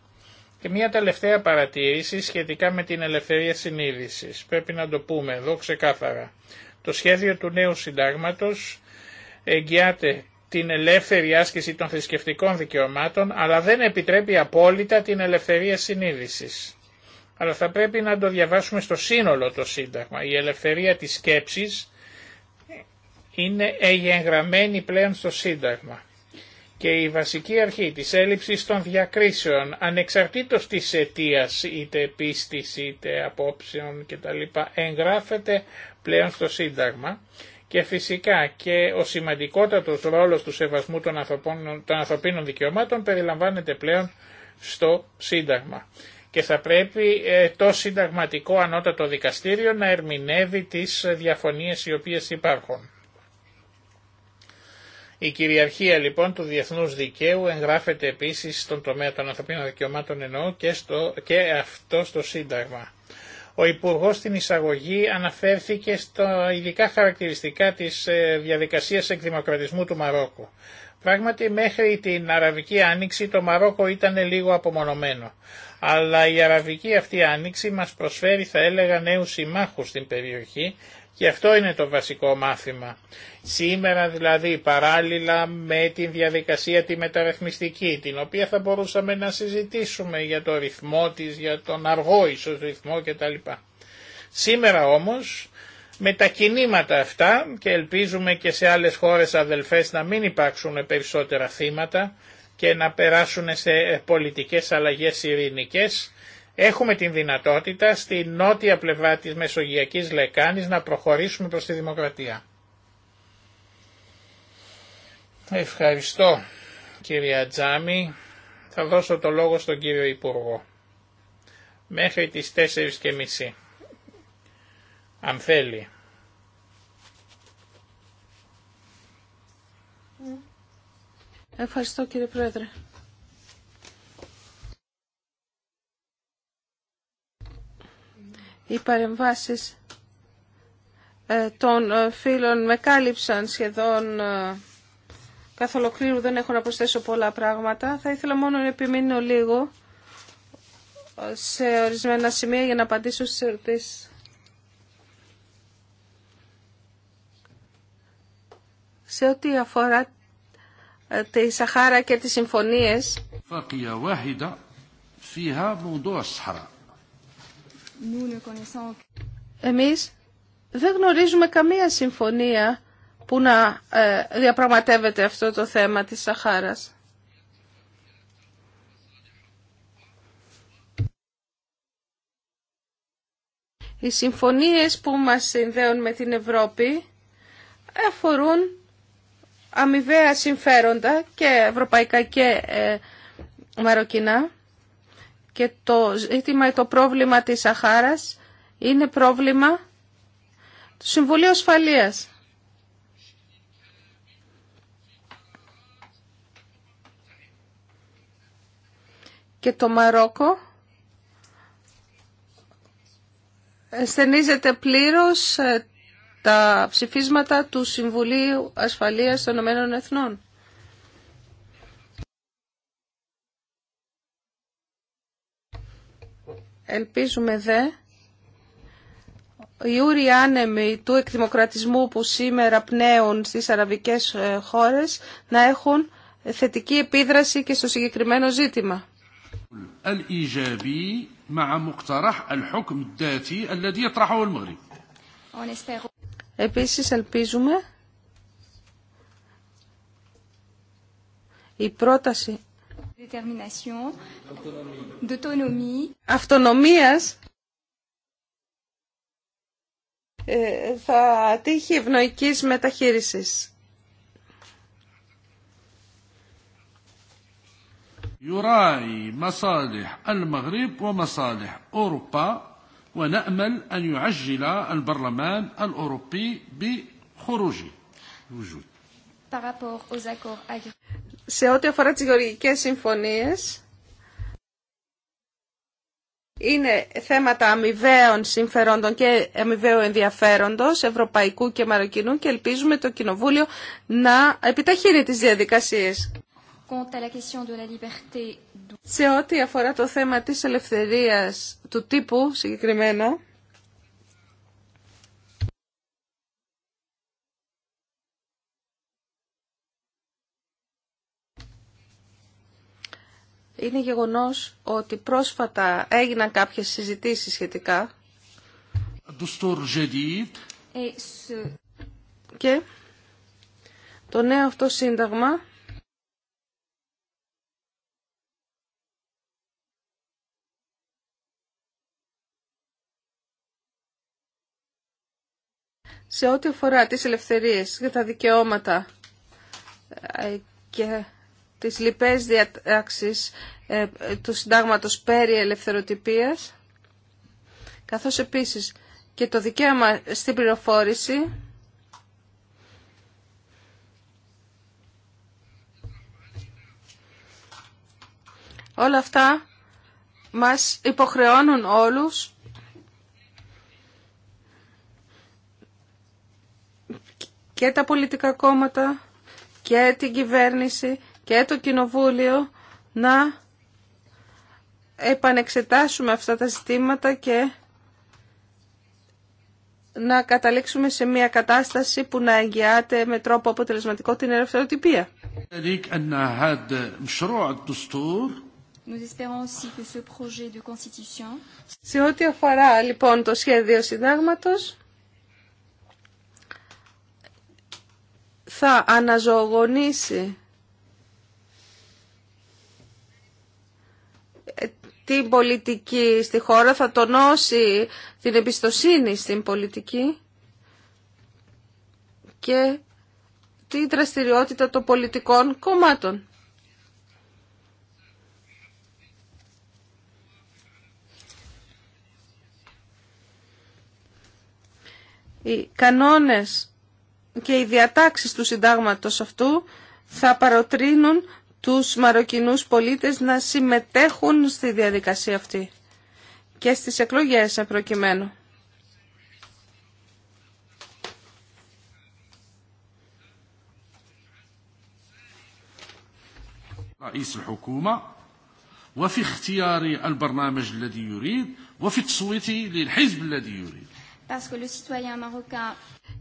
Και μια τελευταία παρατήρηση σχετικά με την ελευθερία συνείδησης. Πρέπει να το πούμε εδώ ξεκάθαρα. Το σχέδιο του νέου συντάγματος εγγυάται την ελεύθερη άσκηση των θρησκευτικών δικαιωμάτων, αλλά δεν επιτρέπει απόλυτα την ελευθερία συνείδησης. Αλλά θα πρέπει να το διαβάσουμε στο σύνολο το Σύνταγμα. Η ελευθερία της σκέψης είναι εγγεγραμμένη πλέον στο Σύνταγμα. Και η βασική αρχή της έλλειψης των διακρίσεων, ανεξαρτήτως της αιτίας, είτε πίστης, είτε απόψεων κτλ, εγγράφεται πλέον στο Σύνταγμα και φυσικά και ο σημαντικότατο ρόλο του σεβασμού των, των ανθρωπίνων δικαιωμάτων περιλαμβάνεται πλέον στο Σύνταγμα. Και θα πρέπει ε, το Συνταγματικό Ανώτατο Δικαστήριο να ερμηνεύει τις διαφωνίες οι οποίες υπάρχουν. Η κυριαρχία λοιπόν του διεθνούς δικαίου εγγράφεται επίσης στον τομέα των ανθρωπίνων δικαιωμάτων εννοώ και, στο, και αυτό στο Σύνταγμα. Ο Υπουργό στην εισαγωγή αναφέρθηκε στα ειδικά χαρακτηριστικά τη ε, διαδικασία εκδημοκρατισμού του Μαρόκου. Πράγματι μέχρι την Αραβική Άνοιξη το Μαρόκο ήταν λίγο απομονωμένο. Αλλά η Αραβική αυτή Άνοιξη μας προσφέρει θα έλεγα νέου συμμάχου στην περιοχή και αυτό είναι το βασικό μάθημα. Σήμερα δηλαδή παράλληλα με τη διαδικασία τη μεταρρυθμιστική, την οποία θα μπορούσαμε να συζητήσουμε για το ρυθμό της, για τον αργό ίσως ρυθμό κτλ. Σήμερα όμως με τα κινήματα αυτά και ελπίζουμε και σε άλλες χώρες αδελφές να μην υπάρξουν περισσότερα θύματα και να περάσουν σε πολιτικές αλλαγές ειρηνικές, έχουμε την δυνατότητα στη νότια πλευρά της Μεσογειακής Λεκάνης να προχωρήσουμε προς τη δημοκρατία. Ευχαριστώ κυρία Τζάμι. Θα δώσω το λόγο στον κύριο Υπουργό. Μέχρι τις 4.30. Αν θέλει. Ευχαριστώ κύριε Πρόεδρε. οι παρεμβάσεις ε, των ε, φίλων με κάλυψαν σχεδόν ε, καθ' ολοκλήρου, δεν έχω να προσθέσω πολλά πράγματα. Θα ήθελα μόνο να επιμείνω λίγο σε ορισμένα σημεία για να απαντήσω στις ερωτήσεις. Σε ό,τι αφορά τη Σαχάρα και τις συμφωνίες, فيها موضوع الصحراء εμείς δεν γνωρίζουμε καμία συμφωνία που να ε, διαπραγματεύεται αυτό το θέμα της Σαχάρας. Οι συμφωνίες που μας συνδέουν με την Ευρώπη αφορούν αμοιβαία συμφέροντα και ευρωπαϊκά και ε, μαροκινά και το ζήτημα, το πρόβλημα της Σαχάρας είναι πρόβλημα του Συμβουλίου Ασφαλείας. Και το Μαρόκο στενίζεται πλήρως ε, τα ψηφίσματα του Συμβουλίου Ασφαλείας των Ηνωμένων Εθνών. Ελπίζουμε δε οι ούροι άνεμοι του εκδημοκρατισμού που σήμερα πνέουν στις αραβικές ε, χώρες να έχουν θετική επίδραση και στο συγκεκριμένο ζήτημα. Επίσης ελπίζουμε η πρόταση Αυτονομίας θα τύχει ευνοϊκής μεταχείρισης. يراعي مصالح المغرب ومصالح أوروبا ونأمل أن يعجل البرلمان الأوروبي بخروجه σε ό,τι αφορά τις γεωργικές συμφωνίες είναι θέματα αμοιβαίων συμφερόντων και αμοιβαίου ενδιαφέροντος ευρωπαϊκού και μαροκινού και ελπίζουμε το Κοινοβούλιο να επιταχύνει τις διαδικασίες. Σε ό,τι αφορά το θέμα της ελευθερίας του τύπου συγκεκριμένα, είναι γεγονός ότι πρόσφατα έγιναν κάποιες συζητήσεις σχετικά ε, και το νέο αυτό σύνταγμα σε ό,τι αφορά τις ελευθερίες και τα δικαιώματα ε, και τις λοιπές διατάξεις ε, του συντάγματος περί ελευθεροτυπίας, καθώς επίσης και το δικαίωμα στην πληροφόρηση, Όλα αυτά μας υποχρεώνουν όλους και τα πολιτικά κόμματα και την κυβέρνηση και το Κοινοβούλιο να επανεξετάσουμε αυτά τα ζητήματα και να καταλήξουμε σε μια κατάσταση που να εγγυάται με τρόπο αποτελεσματικό την ελευθεροτυπία. Euh, σε ό,τι αφορά λοιπόν το σχέδιο συντάγματος, θα αναζωογονήσει την πολιτική στη χώρα, θα τονώσει την εμπιστοσύνη στην πολιτική και τη δραστηριότητα των πολιτικών κομμάτων. Οι κανόνες και οι διατάξεις του συντάγματος αυτού θα παροτρύνουν τους μαροκινούς πολίτες να συμμετέχουν στη διαδικασία αυτή και στις εκλογές προκειμένου.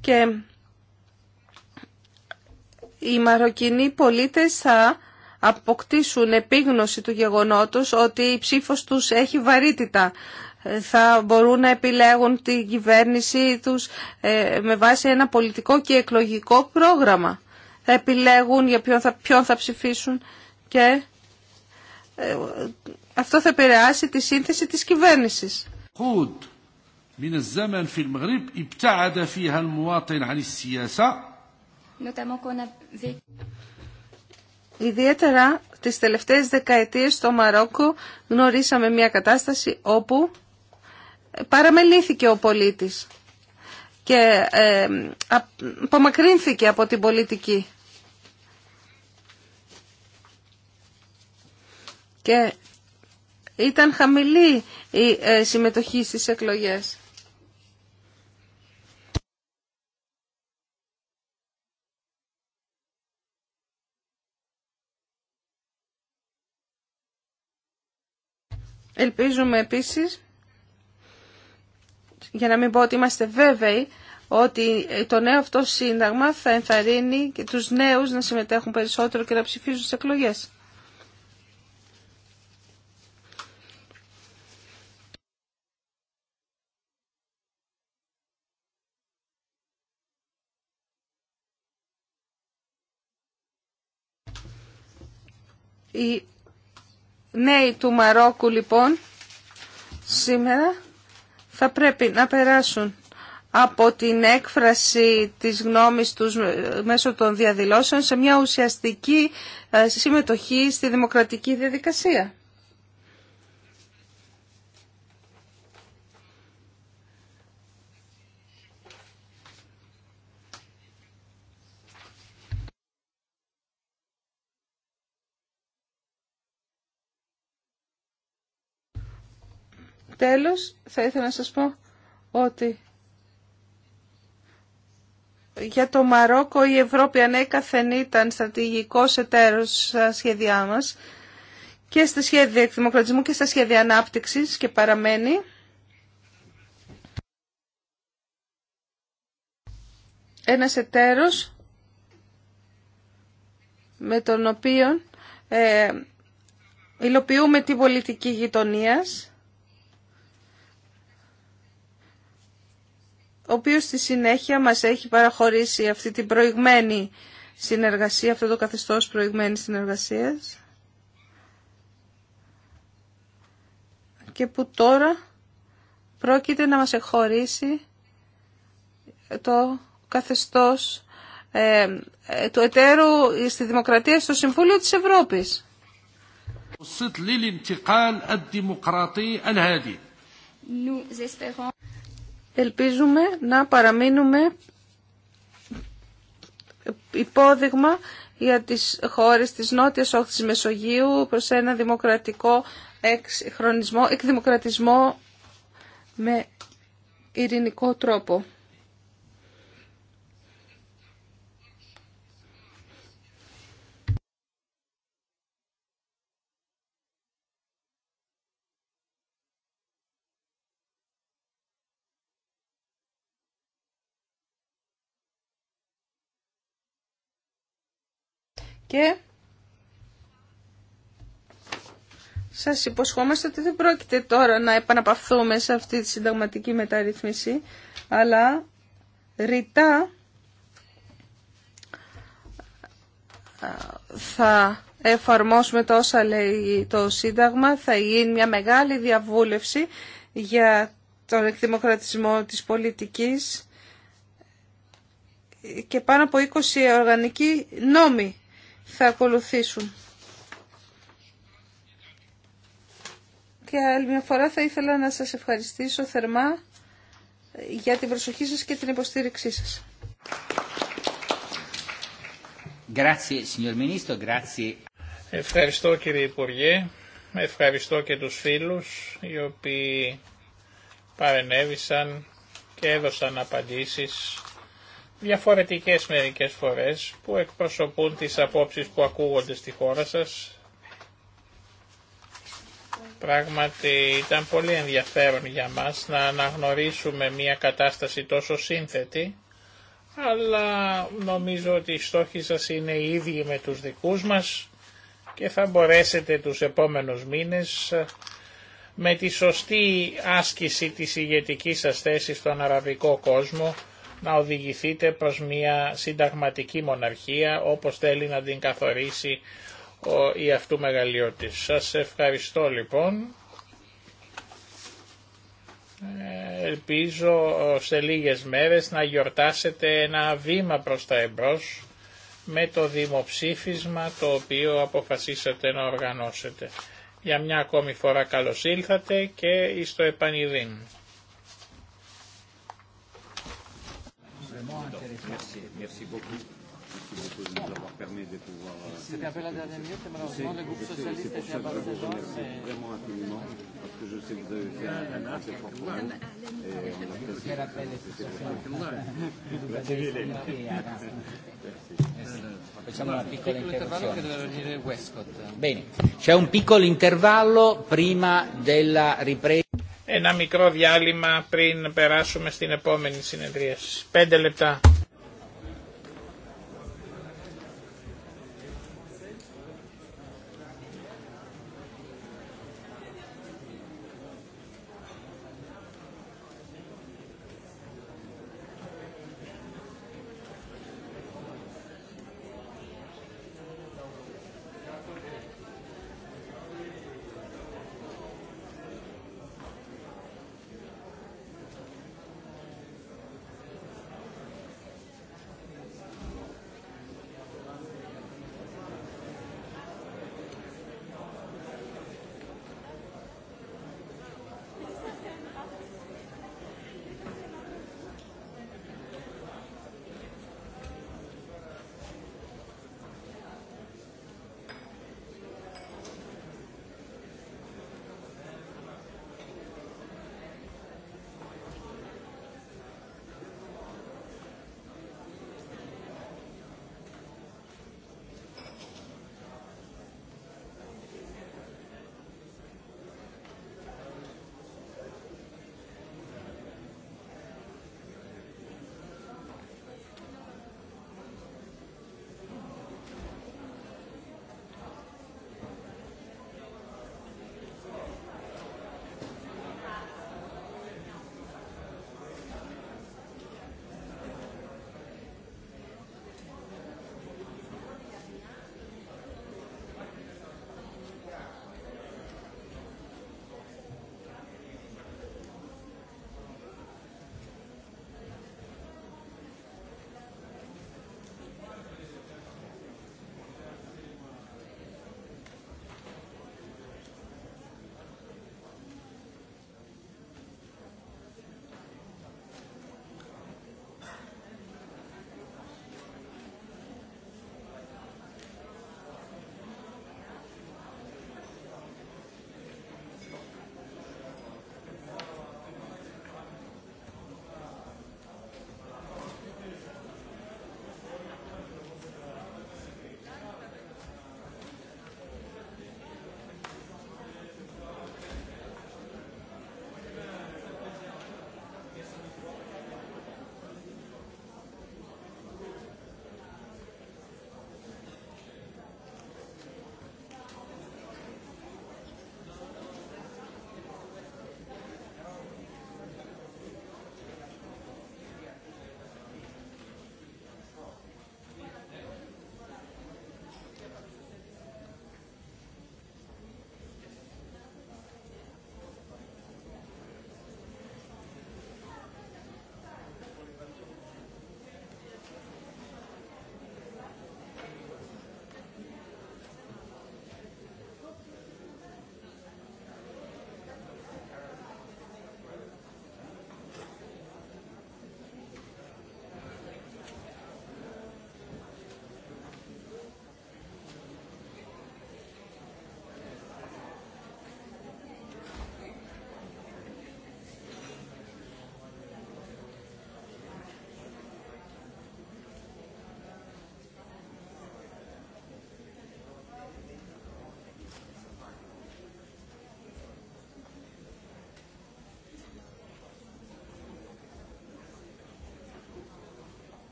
και οι Μαροκινοί πολίτες θα αποκτήσουν επίγνωση του γεγονότος ότι η ψήφος τους έχει βαρύτητα. Ε, θα μπορούν να επιλέγουν την κυβέρνησή τους ε, με βάση ένα πολιτικό και εκλογικό πρόγραμμα. Θα επιλέγουν για ποιον θα, θα ψηφίσουν και ε, αυτό θα επηρεάσει τη σύνθεση της κυβέρνησης. Ιδιαίτερα τις τελευταίες δεκαετίες στο Μαρόκο γνωρίσαμε μια κατάσταση όπου παραμελήθηκε ο πολίτης και ε, απομακρύνθηκε από την πολιτική. Και ήταν χαμηλή η ε, συμμετοχή στις εκλογές. Ελπίζουμε επίσης, για να μην πω ότι είμαστε βέβαιοι, ότι το νέο αυτό σύνταγμα θα ενθαρρύνει και τους νέους να συμμετέχουν περισσότερο και να ψηφίζουν στις εκλογές. Η νέοι του Μαρόκου λοιπόν σήμερα θα πρέπει να περάσουν από την έκφραση της γνώμης τους μέσω των διαδηλώσεων σε μια ουσιαστική ε, συμμετοχή στη δημοκρατική διαδικασία. Τέλος, θα ήθελα να σας πω ότι για το Μαρόκο η Ευρώπη ανέκαθεν ήταν στρατηγικός εταίρος στα σχέδιά μας και στα σχέδια εκδημοκρατισμού και στα σχέδια ανάπτυξης και παραμένει. Ένας εταίρος με τον οποίο ε, υλοποιούμε την πολιτική γειτονίας ο οποίος στη συνέχεια μας έχει παραχωρήσει αυτή την προηγμένη συνεργασία, αυτό το καθεστώς προηγμένης συνεργασίας και που τώρα πρόκειται να μας εχωρίσει το καθεστώς ε, ε του εταίρου στη Δημοκρατία στο Συμβούλιο της Ευρώπης ελπίζουμε να παραμείνουμε υπόδειγμα για τις χώρες της νότιας όχθης Μεσογείου προς ένα δημοκρατικό εκδημοκρατισμό με ειρηνικό τρόπο. Και σας υποσχόμαστε ότι δεν πρόκειται τώρα να επαναπαυθούμε σε αυτή τη συνταγματική μεταρρύθμιση, αλλά ρητά θα εφαρμόσουμε το όσα λέει το Σύνταγμα, θα γίνει μια μεγάλη διαβούλευση για τον εκδημοκρατισμό της πολιτικής και πάνω από 20 οργανικοί νόμοι θα ακολουθήσουν. Και άλλη μια φορά θα ήθελα να σας ευχαριστήσω θερμά για την προσοχή σας και την υποστήριξή σας. Ευχαριστώ κύριε Υπουργέ, ευχαριστώ και τους φίλους οι οποίοι παρενέβησαν και έδωσαν απαντήσεις διαφορετικές μερικές φορές που εκπροσωπούν τις απόψεις που ακούγονται στη χώρα σας. Πράγματι ήταν πολύ ενδιαφέρον για μας να αναγνωρίσουμε μια κατάσταση τόσο σύνθετη, αλλά νομίζω ότι οι στόχοι σας είναι οι ίδιοι με τους δικούς μας και θα μπορέσετε τους επόμενους μήνες με τη σωστή άσκηση της ηγετικής σας θέσης στον αραβικό κόσμο να οδηγηθείτε προς μια συνταγματική μοναρχία όπως θέλει να την καθορίσει ο, η αυτού μεγαλειώτης. Σας ευχαριστώ λοιπόν. Ε, ελπίζω σε λίγες μέρες να γιορτάσετε ένα βήμα προς τα εμπρός με το δημοψήφισμα το οποίο αποφασίσατε να οργανώσετε. Για μια ακόμη φορά καλώς ήλθατε και εις το επανειδήν. Merci, merci beaucoup. de un dernière minute, le groupe socialiste vraiment parce que je sais vous avez fait un Bene, c'è un piccolo intervallo prima della ripresa. Ένα μικρό διάλειμμα πριν περάσουμε στην επόμενη συνεδρίαση. Πέντε λεπτά.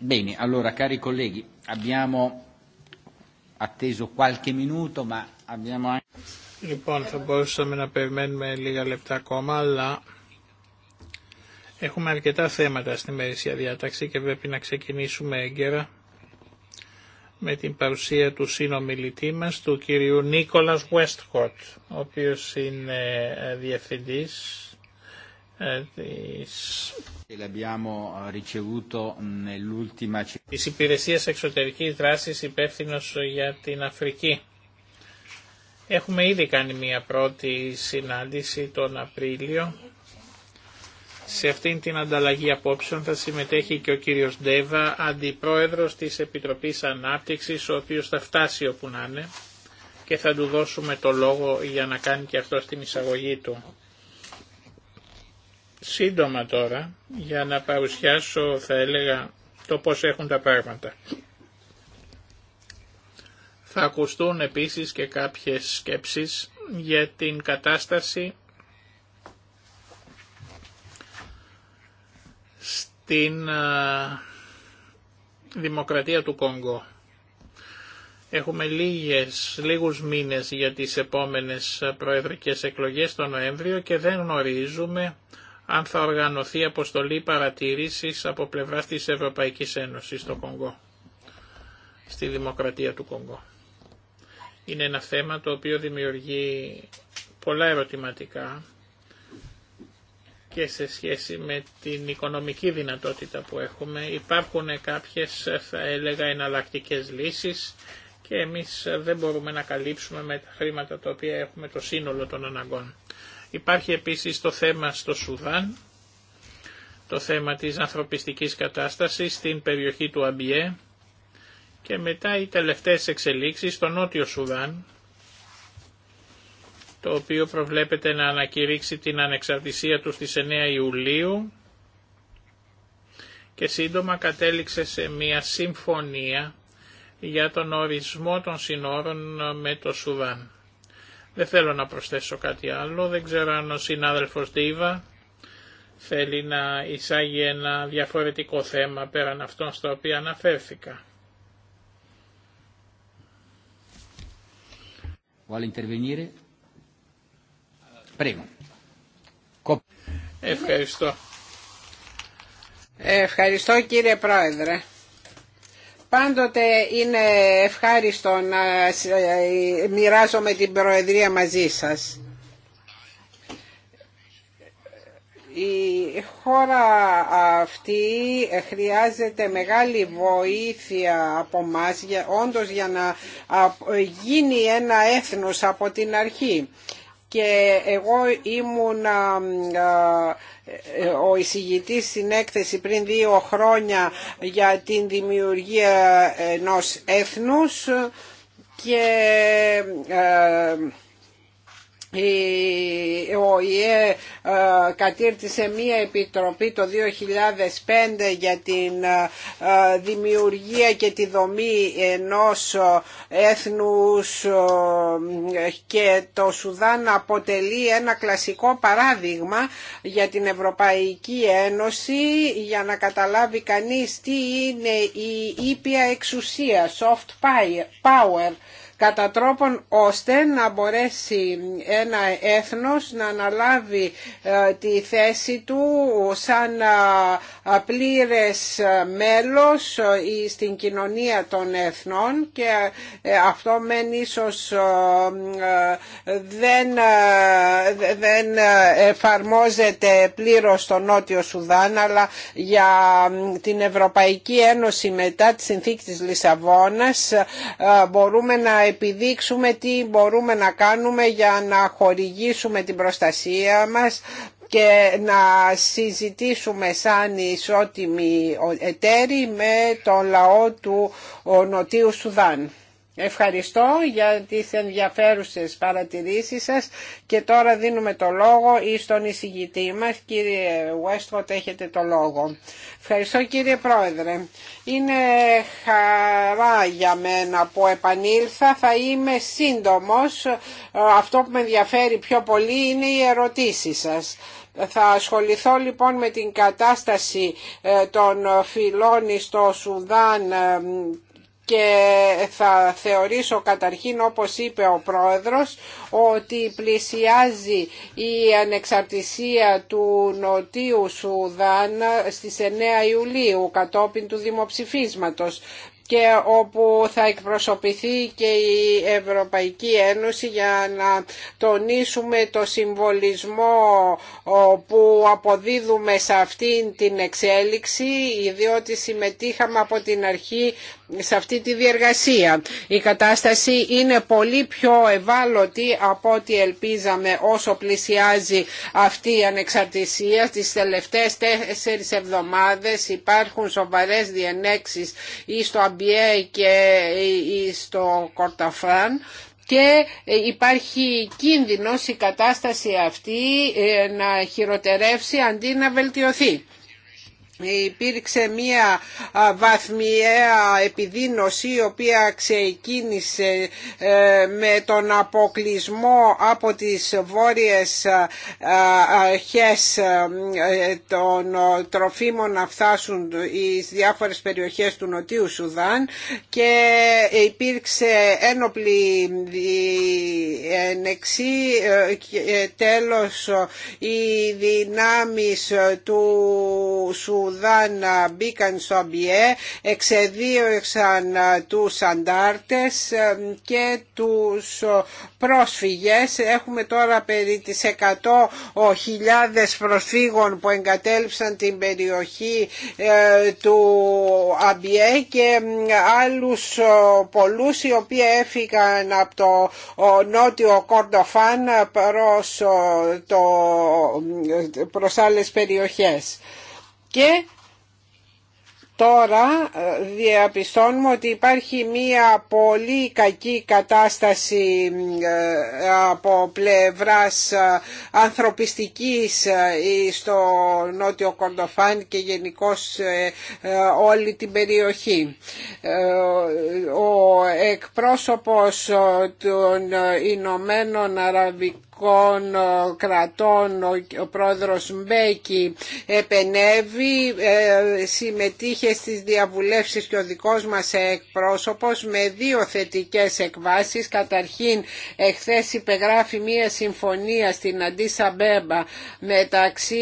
Bene, allora cari colleghi, abbiamo atteso qualche minuto, ma abbiamo anche... Λοιπόν, θα μπορούσαμε να περιμένουμε λίγα λεπτά ακόμα, αλλά έχουμε αρκετά θέματα στη μερίσια διάταξη και πρέπει να ξεκινήσουμε έγκαιρα με την παρουσία του συνομιλητή μας, του κυρίου Νίκολας Westcott, ο οποίος είναι ε, διευθυντής ε, της E eh, της υπηρεσίας εξωτερικής δράσης υπεύθυνο για την Αφρική. Έχουμε ήδη κάνει μια πρώτη συνάντηση τον Απρίλιο. Σε αυτήν την ανταλλαγή απόψεων θα συμμετέχει και ο κύριος Ντέβα, αντιπρόεδρος της Επιτροπής Ανάπτυξης, ο οποίος θα φτάσει όπου να είναι και θα του δώσουμε το λόγο για να κάνει και αυτό στην εισαγωγή του σύντομα τώρα για να παρουσιάσω θα έλεγα το πώς έχουν τα πράγματα. Θα ακουστούν επίσης και κάποιες σκέψεις για την κατάσταση στην Δημοκρατία του Κόγκο. Έχουμε λίγες, λίγους μήνες για τις επόμενες προεδρικές εκλογές τον Νοέμβριο και δεν γνωρίζουμε αν θα οργανωθεί αποστολή παρατήρησης από πλευράς της Ευρωπαϊκής Ένωσης στο Κονγκό, στη Δημοκρατία του Κονγκό. Είναι ένα θέμα το οποίο δημιουργεί πολλά ερωτηματικά και σε σχέση με την οικονομική δυνατότητα που έχουμε υπάρχουν κάποιες θα έλεγα εναλλακτικέ λύσεις και εμείς δεν μπορούμε να καλύψουμε με τα χρήματα τα οποία έχουμε το σύνολο των αναγκών. Υπάρχει επίσης το θέμα στο Σουδάν, το θέμα της ανθρωπιστικής κατάστασης στην περιοχή του Αμπιέ και μετά οι τελευταίες εξελίξεις στο Νότιο Σουδάν, το οποίο προβλέπεται να ανακηρύξει την ανεξαρτησία του στις 9 Ιουλίου και σύντομα κατέληξε σε μια συμφωνία για τον ορισμό των συνόρων με το Σουδάν. Δεν θέλω να προσθέσω κάτι άλλο. Δεν ξέρω αν ο συνάδελφος Ντίβα θέλει να εισάγει ένα διαφορετικό θέμα πέραν αυτών στα οποία αναφέρθηκα. Ευχαριστώ. Ευχαριστώ κύριε Πρόεδρε. Πάντοτε είναι ευχάριστο να ε, μοιράζομαι την Προεδρία μαζί σας. Η χώρα αυτή χρειάζεται μεγάλη βοήθεια από εμά όντως για να γίνει ένα έθνος από την αρχή και εγώ ήμουν ο εισηγητής στην έκθεση πριν δύο χρόνια για την δημιουργία ενός έθνους και ο ΙΕ ε, κατήρτισε μία επιτροπή το 2005 για την ε, ε, δημιουργία και τη δομή ενός έθνους και το Σουδάν αποτελεί ένα κλασικό παράδειγμα για την Ευρωπαϊκή Ένωση για να καταλάβει κανείς τι είναι η ήπια εξουσία, soft power κατά τρόπον ώστε να μπορέσει ένα έθνος να αναλάβει ε, τη θέση του σαν ε, πλήρες ε, μέλος στην κοινωνία των εθνών και αυτό μεν ίσως δεν, δεν εφαρμόζεται πλήρως στο Νότιο Σουδάν αλλά για την Ευρωπαϊκή Ένωση μετά τη συνθήκη της Λισαβόνας μπορούμε να επιδείξουμε τι μπορούμε να κάνουμε για να χορηγήσουμε την προστασία μας και να συζητήσουμε σαν ισότιμοι εταίροι με τον λαό του Νοτίου Σουδάν. Ευχαριστώ για τις ενδιαφέρουσες παρατηρήσεις σας και τώρα δίνουμε το λόγο ή στον εισηγητή μας. Κύριε Westcott, έχετε το λόγο. Ευχαριστώ κύριε Πρόεδρε. Είναι χαρά για μένα που επανήλθα. Θα είμαι σύντομος. Αυτό που με ενδιαφέρει πιο πολύ είναι οι ερωτήσεις σας. Θα ασχοληθώ λοιπόν με την κατάσταση ε, των φυλών στο Σουδάν ε, και θα θεωρήσω καταρχήν όπως είπε ο πρόεδρος ότι πλησιάζει η ανεξαρτησία του Νοτίου Σουδάν στις 9 Ιουλίου κατόπιν του δημοψηφίσματος και όπου θα εκπροσωπηθεί και η Ευρωπαϊκή Ένωση για να τονίσουμε το συμβολισμό που αποδίδουμε σε αυτήν την εξέλιξη διότι συμμετείχαμε από την αρχή σε αυτή τη διεργασία. Η κατάσταση είναι πολύ πιο ευάλωτη από ό,τι ελπίζαμε όσο πλησιάζει αυτή η ανεξαρτησία. Τις τελευταίες τέσσερις εβδομάδες υπάρχουν σοβαρές διενέξεις ή στο Αμπιέ και ή στο Κορταφάν και υπάρχει κίνδυνος η κατάσταση αυτή ε, να χειροτερεύσει αντί να βελτιωθεί υπήρξε μία βαθμιαία επιδίνωση η οποία ξεκίνησε ε, με τον αποκλεισμό από τις βόρειες αρχές ε, των τροφίμων να φτάσουν στις διάφορες περιοχές του Νοτιού Σουδάν και υπήρξε ένοπλη ενεξή ε, και τέλος οι δυνάμεις του Σουδάν Σουδάν μπήκαν στο αμπιέ, εξεδίωξαν τους αντάρτες και τους πρόσφυγες. Έχουμε τώρα περί τις 100.000 προσφύγων που εγκατέλειψαν την περιοχή ε, του ΑΜΠΙΕ και άλλους πολλούς οι οποίοι έφυγαν από το νότιο Κορντοφάν προς, το, προς άλλες περιοχές και Τώρα ε, διαπιστώνουμε ότι υπάρχει μία πολύ κακή κατάσταση ε, από πλευράς ε, ανθρωπιστικής στο Νότιο Κορδοφάν και γενικώ όλη την περιοχή. Ο εκπρόσωπος των Ηνωμένων Αραβικών ε, κρατών ο πρόεδρος Μπέκη επενεύει, ε, συμμετείχε στις διαβουλεύσεις και ο δικός μας εκπρόσωπος με δύο θετικές εκβάσεις. Καταρχήν εχθές υπεγράφει μία συμφωνία στην Αντίσα Μπέμπα μεταξύ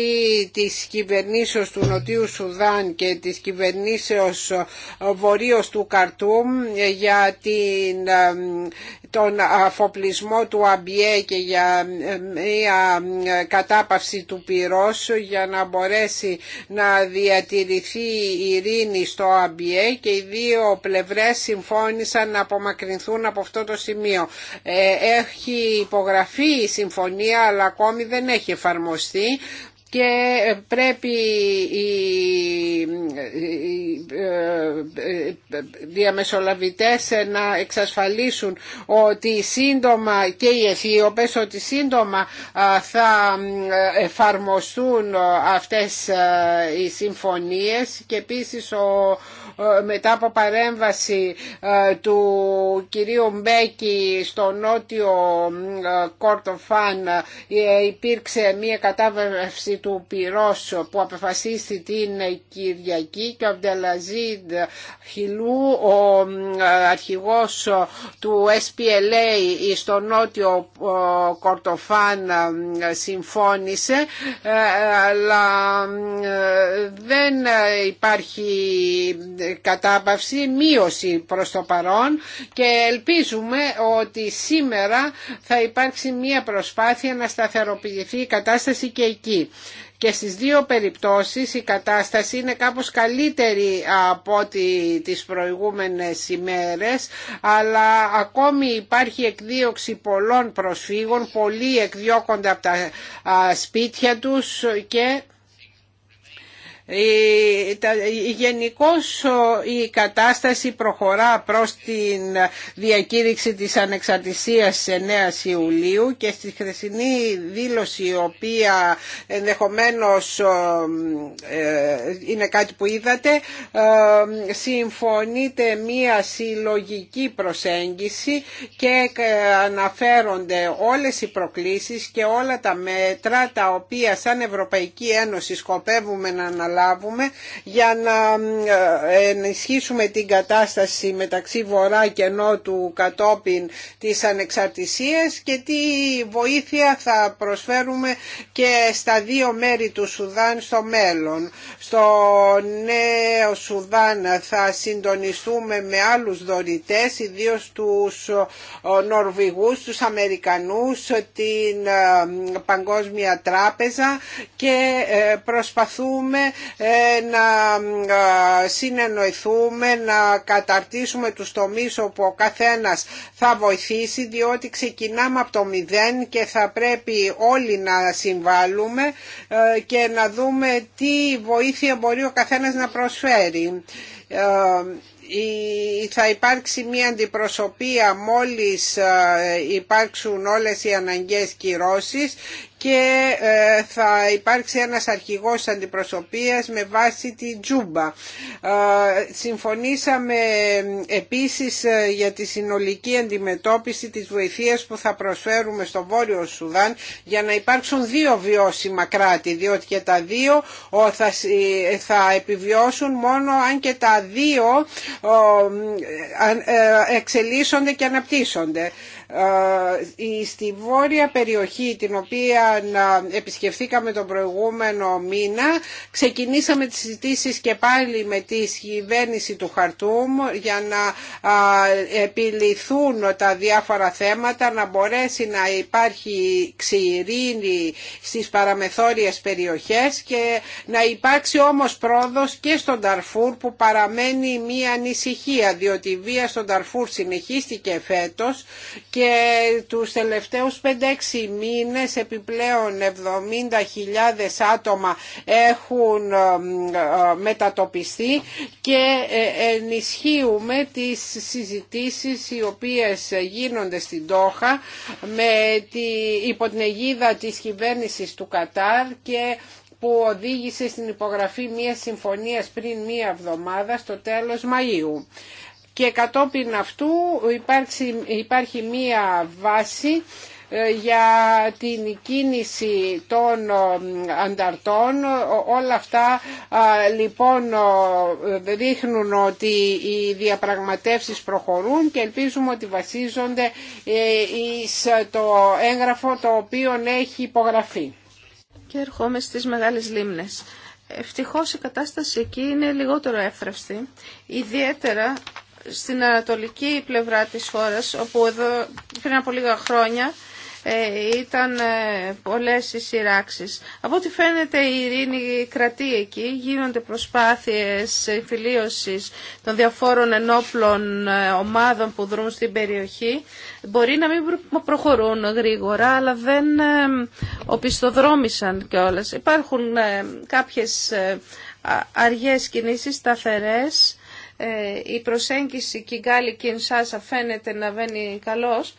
της κυβερνήσεως του Νοτιού Σουδάν και της κυβερνήσεως ε, Βορείος του Καρτούμ για την τον αφοπλισμό του ΑΜΠΙΕ και για ε, μια ε, κατάπαυση του πυρός για να μπορέσει να διατηρηθεί η ειρήνη στο ΑΜΠΙΕ και οι δύο πλευρές συμφώνησαν να απομακρυνθούν από αυτό το σημείο. Ε, έχει υπογραφεί η συμφωνία αλλά ακόμη δεν έχει εφαρμοστεί και ε, πρέπει οι ε, ε, διαμεσολαβητές να εξασφαλίσουν ότι σύντομα και οι αιθίωπες ότι σύντομα θα εφαρμοστούν αυτές οι συμφωνίες και επίσης ο ε, μετά από παρέμβαση ε, του κυρίου Μπέκη στο νότιο ε, of υπήρξε μια κατάβευση του πυρός που αποφασίστη την Κυριακή και ο Αμπτελαζίδ Χιλού ο αρχηγός του SPLA στο νότιο Κορτοφάν συμφώνησε αλλά δεν υπάρχει κατάπαυση, μείωση προς το παρόν και ελπίζουμε ότι σήμερα θα υπάρξει μία προσπάθεια να σταθεροποιηθεί η κατάσταση και εκεί και στις δύο περιπτώσεις η κατάσταση είναι κάπως καλύτερη από ό,τι τις προηγούμενες ημέρες αλλά ακόμη υπάρχει εκδίωξη πολλών προσφύγων, πολλοί εκδιώκονται από τα σπίτια τους και Γενικώ η κατάσταση προχωρά προς την διακήρυξη της ανεξαρτησίας 9 Ιουλίου και στη χρεσινή δήλωση η οποία ενδεχομένως ε, είναι κάτι που είδατε ε, συμφωνείται μία συλλογική προσέγγιση και ε, αναφέρονται όλες οι προκλήσεις και όλα τα μέτρα τα οποία σαν Ευρωπαϊκή Ένωση σκοπεύουμε να αναλάβουμε για να ε, ενισχύσουμε την κατάσταση μεταξύ Βορρά και Νότου κατόπιν της ανεξαρτησίας και τι βοήθεια θα προσφέρουμε και στα δύο μέρη του Σουδάν στο μέλλον. Στο νέο Σουδάν θα συντονιστούμε με άλλους δωρητές, ιδίως τους ε, Νορβηγούς, τους Αμερικανούς, την ε, Παγκόσμια Τράπεζα και προσπαθούμε ε, να συνεννοηθούμε, να καταρτήσουμε τους τομείς όπου ο καθένας θα βοηθήσει διότι ξεκινάμε από το μηδέν και θα πρέπει όλοι να συμβάλλουμε ε, και να δούμε τι βοήθεια μπορεί ο καθένας να προσφέρει ε, θα υπάρξει μια αντιπροσωπεία μόλις υπάρξουν όλες οι αναγκαίες κυρώσεις και ε, θα υπάρξει ένας αρχηγός αντιπροσωπείας με βάση τη Τζούμπα. Ε, συμφωνήσαμε επίσης ε, για τη συνολική αντιμετώπιση της βοηθείας που θα προσφέρουμε στο Βόρειο Σουδάν για να υπάρξουν δύο βιώσιμα κράτη, διότι και τα δύο θα επιβιώσουν μόνο αν και τα δύο εξελίσσονται και αναπτύσσονται. Ε, στη βόρεια περιοχή την οποία ε, επισκεφθήκαμε τον προηγούμενο μήνα ξεκινήσαμε τις συζητήσεις και πάλι με τη κυβέρνηση του Χαρτούμ για να ε, επιληθούν τα διάφορα θέματα να μπορέσει να υπάρχει ξηρήνη στις παραμεθόριες περιοχές και να υπάρξει όμως πρόοδος και στον Ταρφούρ που παραμένει μία ανησυχία διότι η βία στον Ταρφούρ συνεχίστηκε φέτος και και τους τελευταίους 5-6 μήνες επιπλέον 70.000 άτομα έχουν ε, ε, μετατοπιστεί και ε, ενισχύουμε τις συζητήσεις οι οποίες γίνονται στην Τόχα με τη, υπό την αιγίδα της κυβέρνησης του Κατάρ και που οδήγησε στην υπογραφή μιας συμφωνίας πριν μία εβδομάδα στο τέλος Μαΐου και κατόπιν αυτού υπάρξει, υπάρχει μία βάση ε, για την κίνηση των ε, ανταρτών. Όλα αυτά λοιπόν δείχνουν ότι οι διαπραγματεύσεις προχωρούν και ελπίζουμε ότι βασίζονται ε, το έγγραφο το οποίο έχει υπογραφεί. Και ερχόμαι στις μεγάλες λίμνες. Ευτυχώς η κατάσταση εκεί είναι λιγότερο εύθραυστη, ιδιαίτερα στην ανατολική πλευρά της χώρας, όπου εδώ πριν από λίγα χρόνια ε, ήταν ε, πολλές οι σειράξεις. Από ό,τι φαίνεται η ειρήνη κρατεί εκεί, γίνονται προσπάθειες φιλίωσης των διαφόρων ενόπλων ε, ομάδων που δρούν στην περιοχή. Μπορεί να μην προχωρούν γρήγορα, αλλά δεν οπισθοδρόμησαν κιόλας. Υπάρχουν κάποιες αργές κινήσεις σταθερές ε, η προσέγγιση Κιγκάλη-Κινσάσα φαίνεται να βαίνει καλώς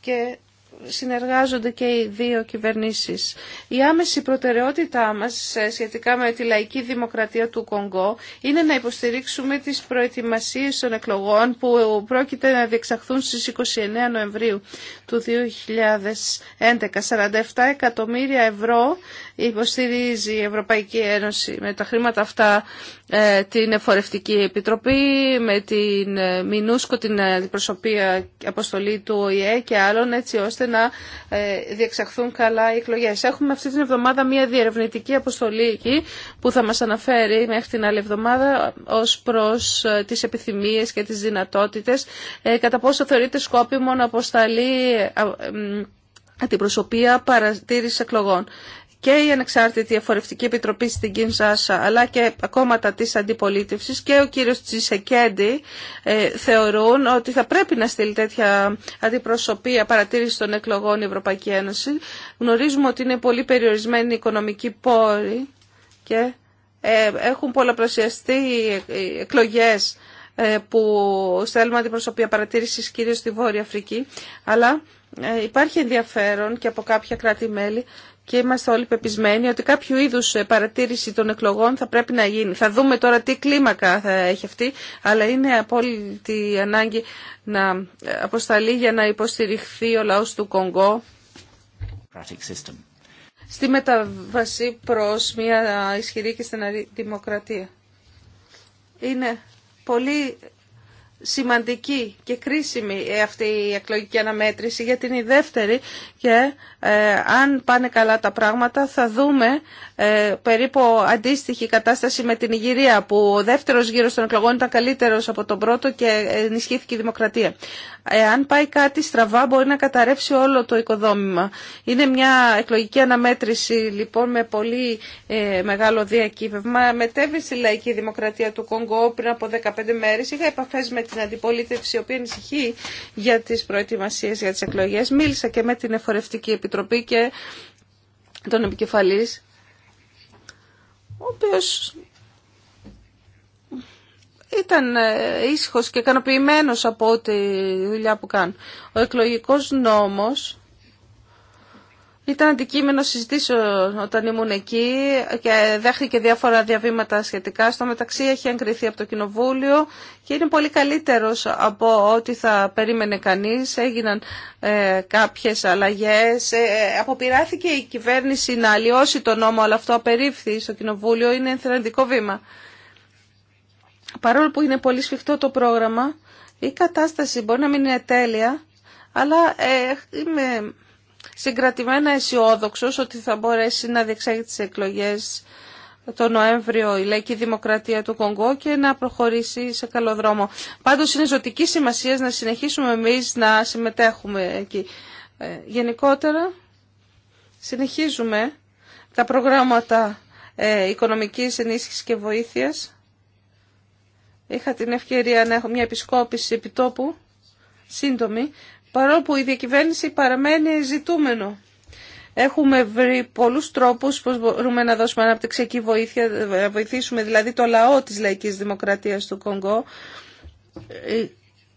και συνεργάζονται και οι δύο κυβερνήσεις. Η άμεση προτεραιότητά μας ε, σχετικά με τη λαϊκή δημοκρατία του Κονγκό είναι να υποστηρίξουμε τις προετοιμασίες των εκλογών που πρόκειται να διεξαχθούν στις 29 Νοεμβρίου του 2011. 47 εκατομμύρια ευρώ υποστηρίζει η Ευρωπαϊκή Ένωση με τα χρήματα αυτά ε, την Εφορευτική Επιτροπή, με την ε, Μινούσκο, την αντιπροσωπεία αποστολή του ΟΗΕ και άλλων, έτσι ώστε να ε, διεξαχθούν καλά οι εκλογές. Έχουμε αυτή την εβδομάδα μια διερευνητική αποστολή εκεί που θα μας αναφέρει μέχρι την άλλη εβδομάδα ως προς τις επιθυμίες και τις δυνατότητες, κατά πόσο θεωρείται σκόπιμο να αποσταλεί αντιπροσωπεία παρατήρηση εκλογών και η Ανεξάρτητη Εφορευτική Επιτροπή στην Κινσάσα αλλά και κόμματα της αντιπολίτευσης και ο κύριος Τσισεκέντη ε, θεωρούν ότι θα πρέπει να στείλει τέτοια αντιπροσωπεία παρατήρηση των εκλογών η Ευρωπαϊκή Ένωση. Γνωρίζουμε ότι είναι πολύ περιορισμένοι οι οικονομικοί πόροι και ε, έχουν πολλαπλασιαστεί οι εκλογές ε, που στέλνουμε αντιπροσωπεία παρατήρησης κυρίως στη Βόρεια Αφρική αλλά υπάρχει ενδιαφέρον και από κάποια κράτη-μέλη και είμαστε όλοι πεπισμένοι ότι κάποιο είδου ε, παρατήρηση των εκλογών θα πρέπει να γίνει. Θα δούμε τώρα τι κλίμακα θα έχει αυτή, αλλά είναι απόλυτη ανάγκη να ε, αποσταλεί για να υποστηριχθεί ο λαός του Κονγκό στη μεταβασή προς μια ισχυρή και στεναρή δημοκρατία. Είναι πολύ σημαντική και κρίσιμη ε, αυτή η εκλογική αναμέτρηση γιατί είναι η δεύτερη και ε, αν πάνε καλά τα πράγματα θα δούμε ε, περίπου αντίστοιχη κατάσταση με την Ιγυρία που ο δεύτερος γύρος των εκλογών ήταν καλύτερος από τον πρώτο και ενισχύθηκε η δημοκρατία. αν πάει κάτι στραβά μπορεί να καταρρεύσει όλο το οικοδόμημα. Είναι μια εκλογική αναμέτρηση λοιπόν με πολύ ε, μεγάλο διακύβευμα. Μετέβησε η λαϊκή δημοκρατία του Κονγκό πριν από 15 μέρες είχα επαφές με στην αντιπολίτευση, η οποία ανησυχεί για τις προετοιμασίε για τις εκλογές. Μίλησα και με την Εφορευτική Επιτροπή και τον επικεφαλή, ο οποίο ήταν ε, ήσυχος και ικανοποιημένο από τη δουλειά που κάνουν. Ο εκλογικός νόμος ήταν αντικείμενο συζητήσεων όταν ήμουν εκεί και δέχτηκε διάφορα διαβήματα σχετικά. Στο μεταξύ έχει εγκριθεί από το Κοινοβούλιο και είναι πολύ καλύτερος από ό,τι θα περίμενε κανείς. Έγιναν ε, κάποιες αλλαγές. Ε, αποπειράθηκε η κυβέρνηση να αλλοιώσει το νόμο, αλλά αυτό απερίφθη στο Κοινοβούλιο. Είναι ενθαρρυντικό βήμα. Παρόλο που είναι πολύ σφιχτό το πρόγραμμα, η κατάσταση μπορεί να μην είναι τέλεια, αλλά ε, είμαι συγκρατημένα αισιόδοξο ότι θα μπορέσει να διεξάγει τις εκλογές το Νοέμβριο η λαϊκή δημοκρατία του Κονγκό και να προχωρήσει σε καλό δρόμο. Πάντως είναι ζωτική σημασία να συνεχίσουμε εμείς να συμμετέχουμε εκεί. Ε, γενικότερα συνεχίζουμε τα προγράμματα ε, οικονομικής ενίσχυσης και βοήθειας. Είχα την ευκαιρία να έχω μια επισκόπηση επιτόπου σύντομη παρόλο που η διακυβέρνηση παραμένει ζητούμενο. Έχουμε βρει πολλούς τρόπους πώς μπορούμε να δώσουμε αναπτυξιακή βοήθεια, να βοηθήσουμε δηλαδή το λαό της λαϊκής δημοκρατίας του Κονγκό ε,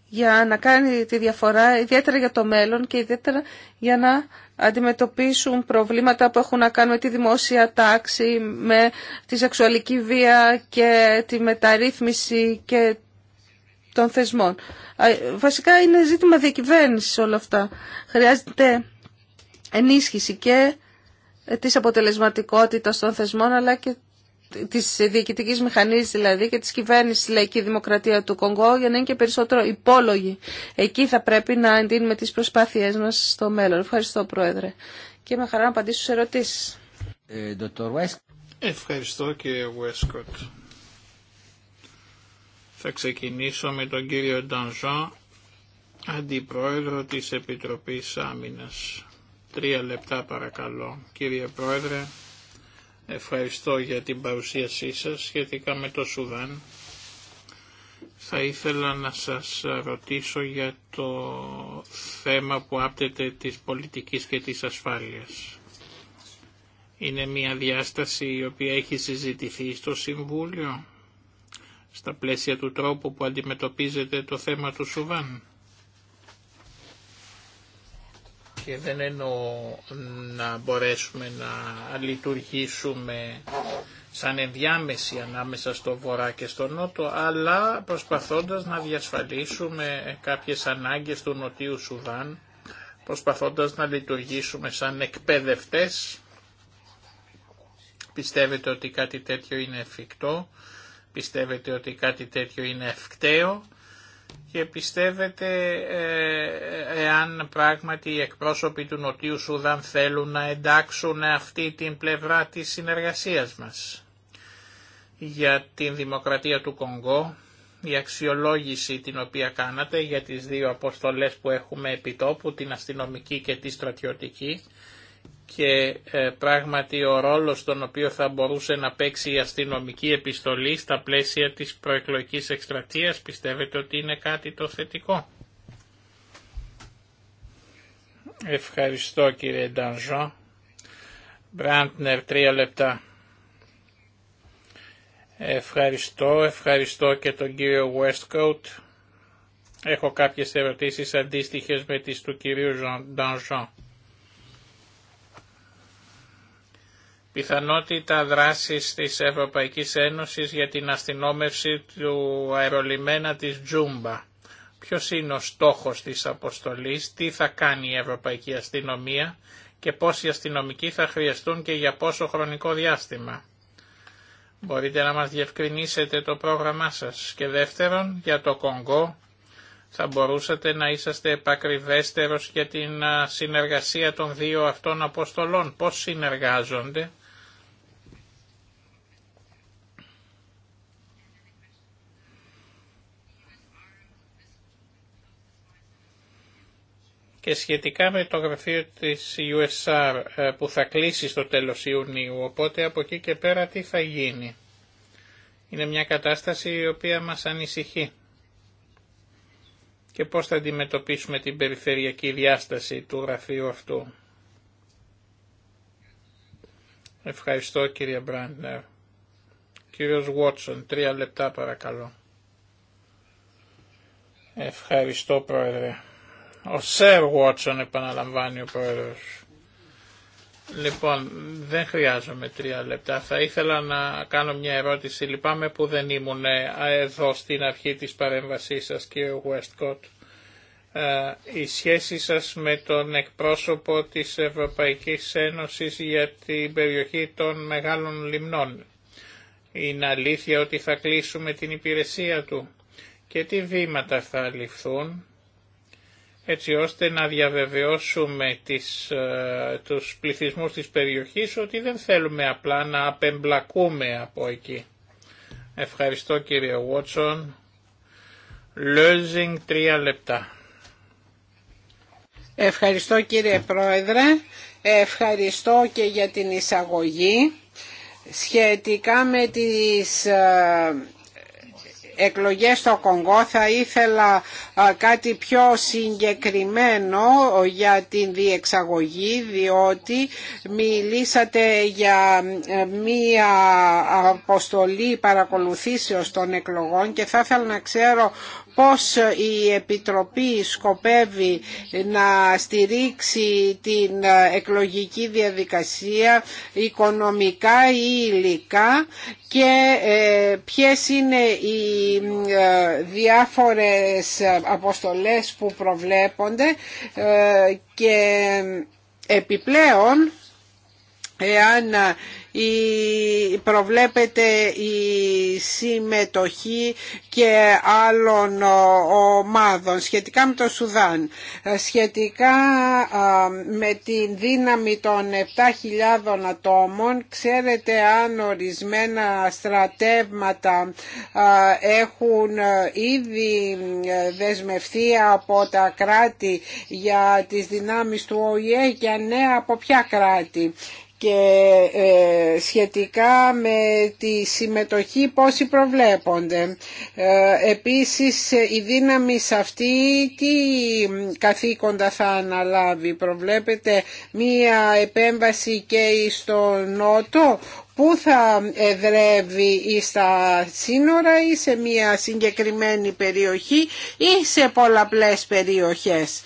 για να κάνει τη διαφορά, ιδιαίτερα για το μέλλον και ιδιαίτερα για να αντιμετωπίσουν προβλήματα που έχουν να κάνουν με τη δημόσια τάξη, με τη σεξουαλική βία και τη μεταρρύθμιση και των θεσμών. Βασικά είναι ζήτημα διακυβέρνηση όλα αυτά. Χρειάζεται ενίσχυση και της αποτελεσματικότητας των θεσμών αλλά και της διοικητικής μηχανής δηλαδή και της κυβέρνησης λαϊκή δημοκρατία του Κονγκό για να είναι και περισσότερο υπόλογοι. Εκεί θα πρέπει να εντείνουμε τις προσπάθειές μας στο μέλλον. Ευχαριστώ Πρόεδρε. Και με χαρά να απαντήσω σε ερωτήσεις. Ε, Ευχαριστώ κύριε Βέσκοτ. Θα ξεκινήσω με τον κύριο Ντανζό, αντιπρόεδρο της Επιτροπής Άμυνας. Τρία λεπτά παρακαλώ. Κύριε Πρόεδρε, ευχαριστώ για την παρουσίασή σας σχετικά με το Σουδάν. Θα ήθελα να σας ρωτήσω για το θέμα που άπτεται της πολιτικής και της ασφάλειας. Είναι μια διάσταση η οποία έχει συζητηθεί στο Συμβούλιο στα πλαίσια του τρόπου που αντιμετωπίζεται το θέμα του Σουβάν. Και δεν εννοώ να μπορέσουμε να λειτουργήσουμε σαν ενδιάμεση ανάμεσα στο βορρά και στο νότο, αλλά προσπαθώντας να διασφαλίσουμε κάποιες ανάγκες του νοτίου Σουδάν, προσπαθώντας να λειτουργήσουμε σαν εκπαιδευτές. Πιστεύετε ότι κάτι τέτοιο είναι εφικτό πιστεύετε ότι κάτι τέτοιο είναι ευκταίο και πιστεύετε ε, εάν πράγματι οι εκπρόσωποι του Νοτιού Σουδάν θέλουν να εντάξουν αυτή την πλευρά της συνεργασίας μας. Για την δημοκρατία του Κονγκό, η αξιολόγηση την οποία κάνατε για τις δύο αποστολές που έχουμε επιτόπου, την αστυνομική και τη στρατιωτική, και ε, πράγματι ο ρόλος τον οποίο θα μπορούσε να παίξει η αστυνομική επιστολή στα πλαίσια της προεκλογικής εκστρατείας πιστεύετε ότι είναι κάτι το θετικό. Ευχαριστώ κύριε Ντανζό. Μπραντνερ τρία λεπτά. Ευχαριστώ, ευχαριστώ και τον κύριο Westcoat. Έχω κάποιες ερωτήσεις αντίστοιχες με τις του κυρίου Ντανζό. πιθανότητα δράσης της Ευρωπαϊκής Ένωσης για την αστυνόμευση του αερολιμένα της Τζούμπα. Ποιος είναι ο στόχος της αποστολής, τι θα κάνει η Ευρωπαϊκή Αστυνομία και πόσοι αστυνομικοί θα χρειαστούν και για πόσο χρονικό διάστημα. Μπορείτε να μας διευκρινίσετε το πρόγραμμά σας. Και δεύτερον, για το Κονγκό, θα μπορούσατε να είσαστε επακριβέστερος για την συνεργασία των δύο αυτών αποστολών. Πώς συνεργάζονται και σχετικά με το γραφείο της USR ε, που θα κλείσει στο τέλος Ιουνίου, οπότε από εκεί και πέρα τι θα γίνει. Είναι μια κατάσταση η οποία μας ανησυχεί και πώς θα αντιμετωπίσουμε την περιφερειακή διάσταση του γραφείου αυτού. Ευχαριστώ κύριε Μπράντερ. Κύριος Βότσον, τρία λεπτά παρακαλώ. Ευχαριστώ πρόεδρε. Ο Σερ Βότσον επαναλαμβάνει ο πρόεδρος. Λοιπόν, δεν χρειάζομαι τρία λεπτά. Θα ήθελα να κάνω μια ερώτηση. Λυπάμαι που δεν ήμουν ε, εδώ στην αρχή της παρέμβασής σας, κύριε Westcott. Ε, η σχέση σας με τον εκπρόσωπο της Ευρωπαϊκής Ένωσης για την περιοχή των Μεγάλων Λιμνών. Είναι αλήθεια ότι θα κλείσουμε την υπηρεσία του και τι βήματα θα ληφθούν έτσι ώστε να διαβεβαιώσουμε τις, ε, τους πληθυσμούς της περιοχής ότι δεν θέλουμε απλά να απεμπλακούμε από εκεί. Ευχαριστώ κύριε Βότσον. Λόζινγκ τρία λεπτά. Ευχαριστώ κύριε Πρόεδρε. Ευχαριστώ και για την εισαγωγή σχετικά με τις ε, εκλογές στο Κονγκό θα ήθελα κάτι πιο συγκεκριμένο για την διεξαγωγή διότι μιλήσατε για ε, μία αποστολή παρακολουθήσεως των εκλογών και θα ήθελα να ξέρω πώς η Επιτροπή σκοπεύει να στηρίξει την εκλογική διαδικασία οικονομικά ή υλικά και ε, ποιες είναι οι ε, διάφορες αποστολές που προβλέπονται ε, και επιπλέον εάν η, προβλέπεται η συμμετοχή και άλλων ομάδων σχετικά με το Σουδάν, σχετικά με την δύναμη των 7.000 ατόμων, ξέρετε αν ορισμένα στρατεύματα έχουν ήδη ε, δεσμευτεί από τα κράτη για τις δυνάμεις του ΟΗΕ και αν ναι από ποια κράτη και ε, σχετικά με τη συμμετοχή πόσοι προβλέπονται. Ε, επίσης η δύναμη σε αυτή τι καθήκοντα θα αναλάβει. Προβλέπετε μία επέμβαση και στο Νότο που θα εδρεύει ή στα σύνορα ή σε μία συγκεκριμένη περιοχή ή σε πολλαπλές περιοχές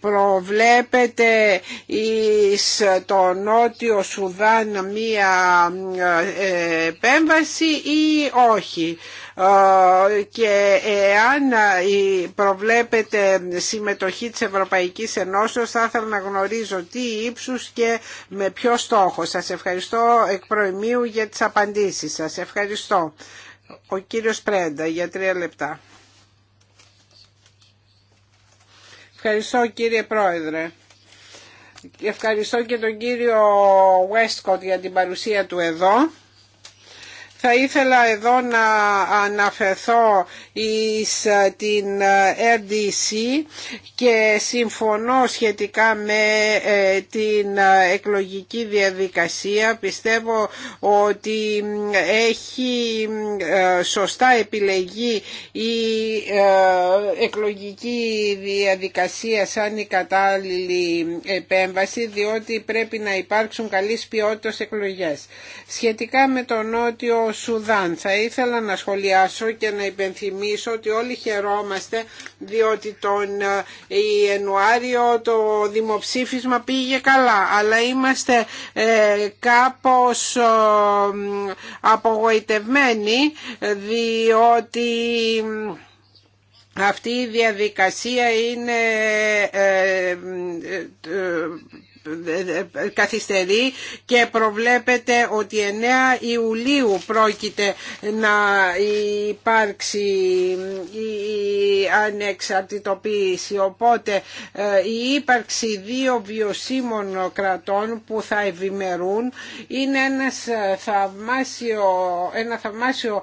προβλέπετε εις το Νότιο Σουδάν μία ε, επέμβαση ή όχι ε, και εάν προβλέπεται συμμετοχή της Ευρωπαϊκής Ενώσεως θα ήθελα να γνωρίζω τι ύψους και με ποιο στόχο. Σας ευχαριστώ εκ προημίου για τις απαντήσεις σας. Ευχαριστώ. Ο κύριος Πρέντα για τρία λεπτά. Ευχαριστώ κύριε Πρόεδρε. Ευχαριστώ και τον κύριο Βέσκοτ για την παρουσία του εδώ. Θα ήθελα εδώ να αναφερθώ εις ε, την RDC ε, και συμφωνώ σχετικά με ε, την εκλογική διαδικασία. Πιστεύω ότι έχει σωστά επιλεγεί η εκλογική διαδικασία σαν η κατάλληλη επέμβαση διότι πρέπει να υπάρξουν καλής ποιότητας εκλογές. Σχετικά με τον νότιο Σουδάν. Θα ήθελα να σχολιάσω και να υπενθυμίσω ότι όλοι χαιρόμαστε διότι τον ε, Ιανουάριο το δημοψήφισμα πήγε καλά αλλά είμαστε ε, κάπως ε, απογοητευμένοι διότι αυτή η διαδικασία είναι καθυστερεί και προβλέπεται ότι 9 Ιουλίου πρόκειται να υπάρξει η ανεξαρτητοποίηση. Οπότε ε, η ύπαρξη δύο βιωσίμων κρατών που θα ευημερούν είναι ένας ε, θαυμάσιο, ένα θαυμάσιο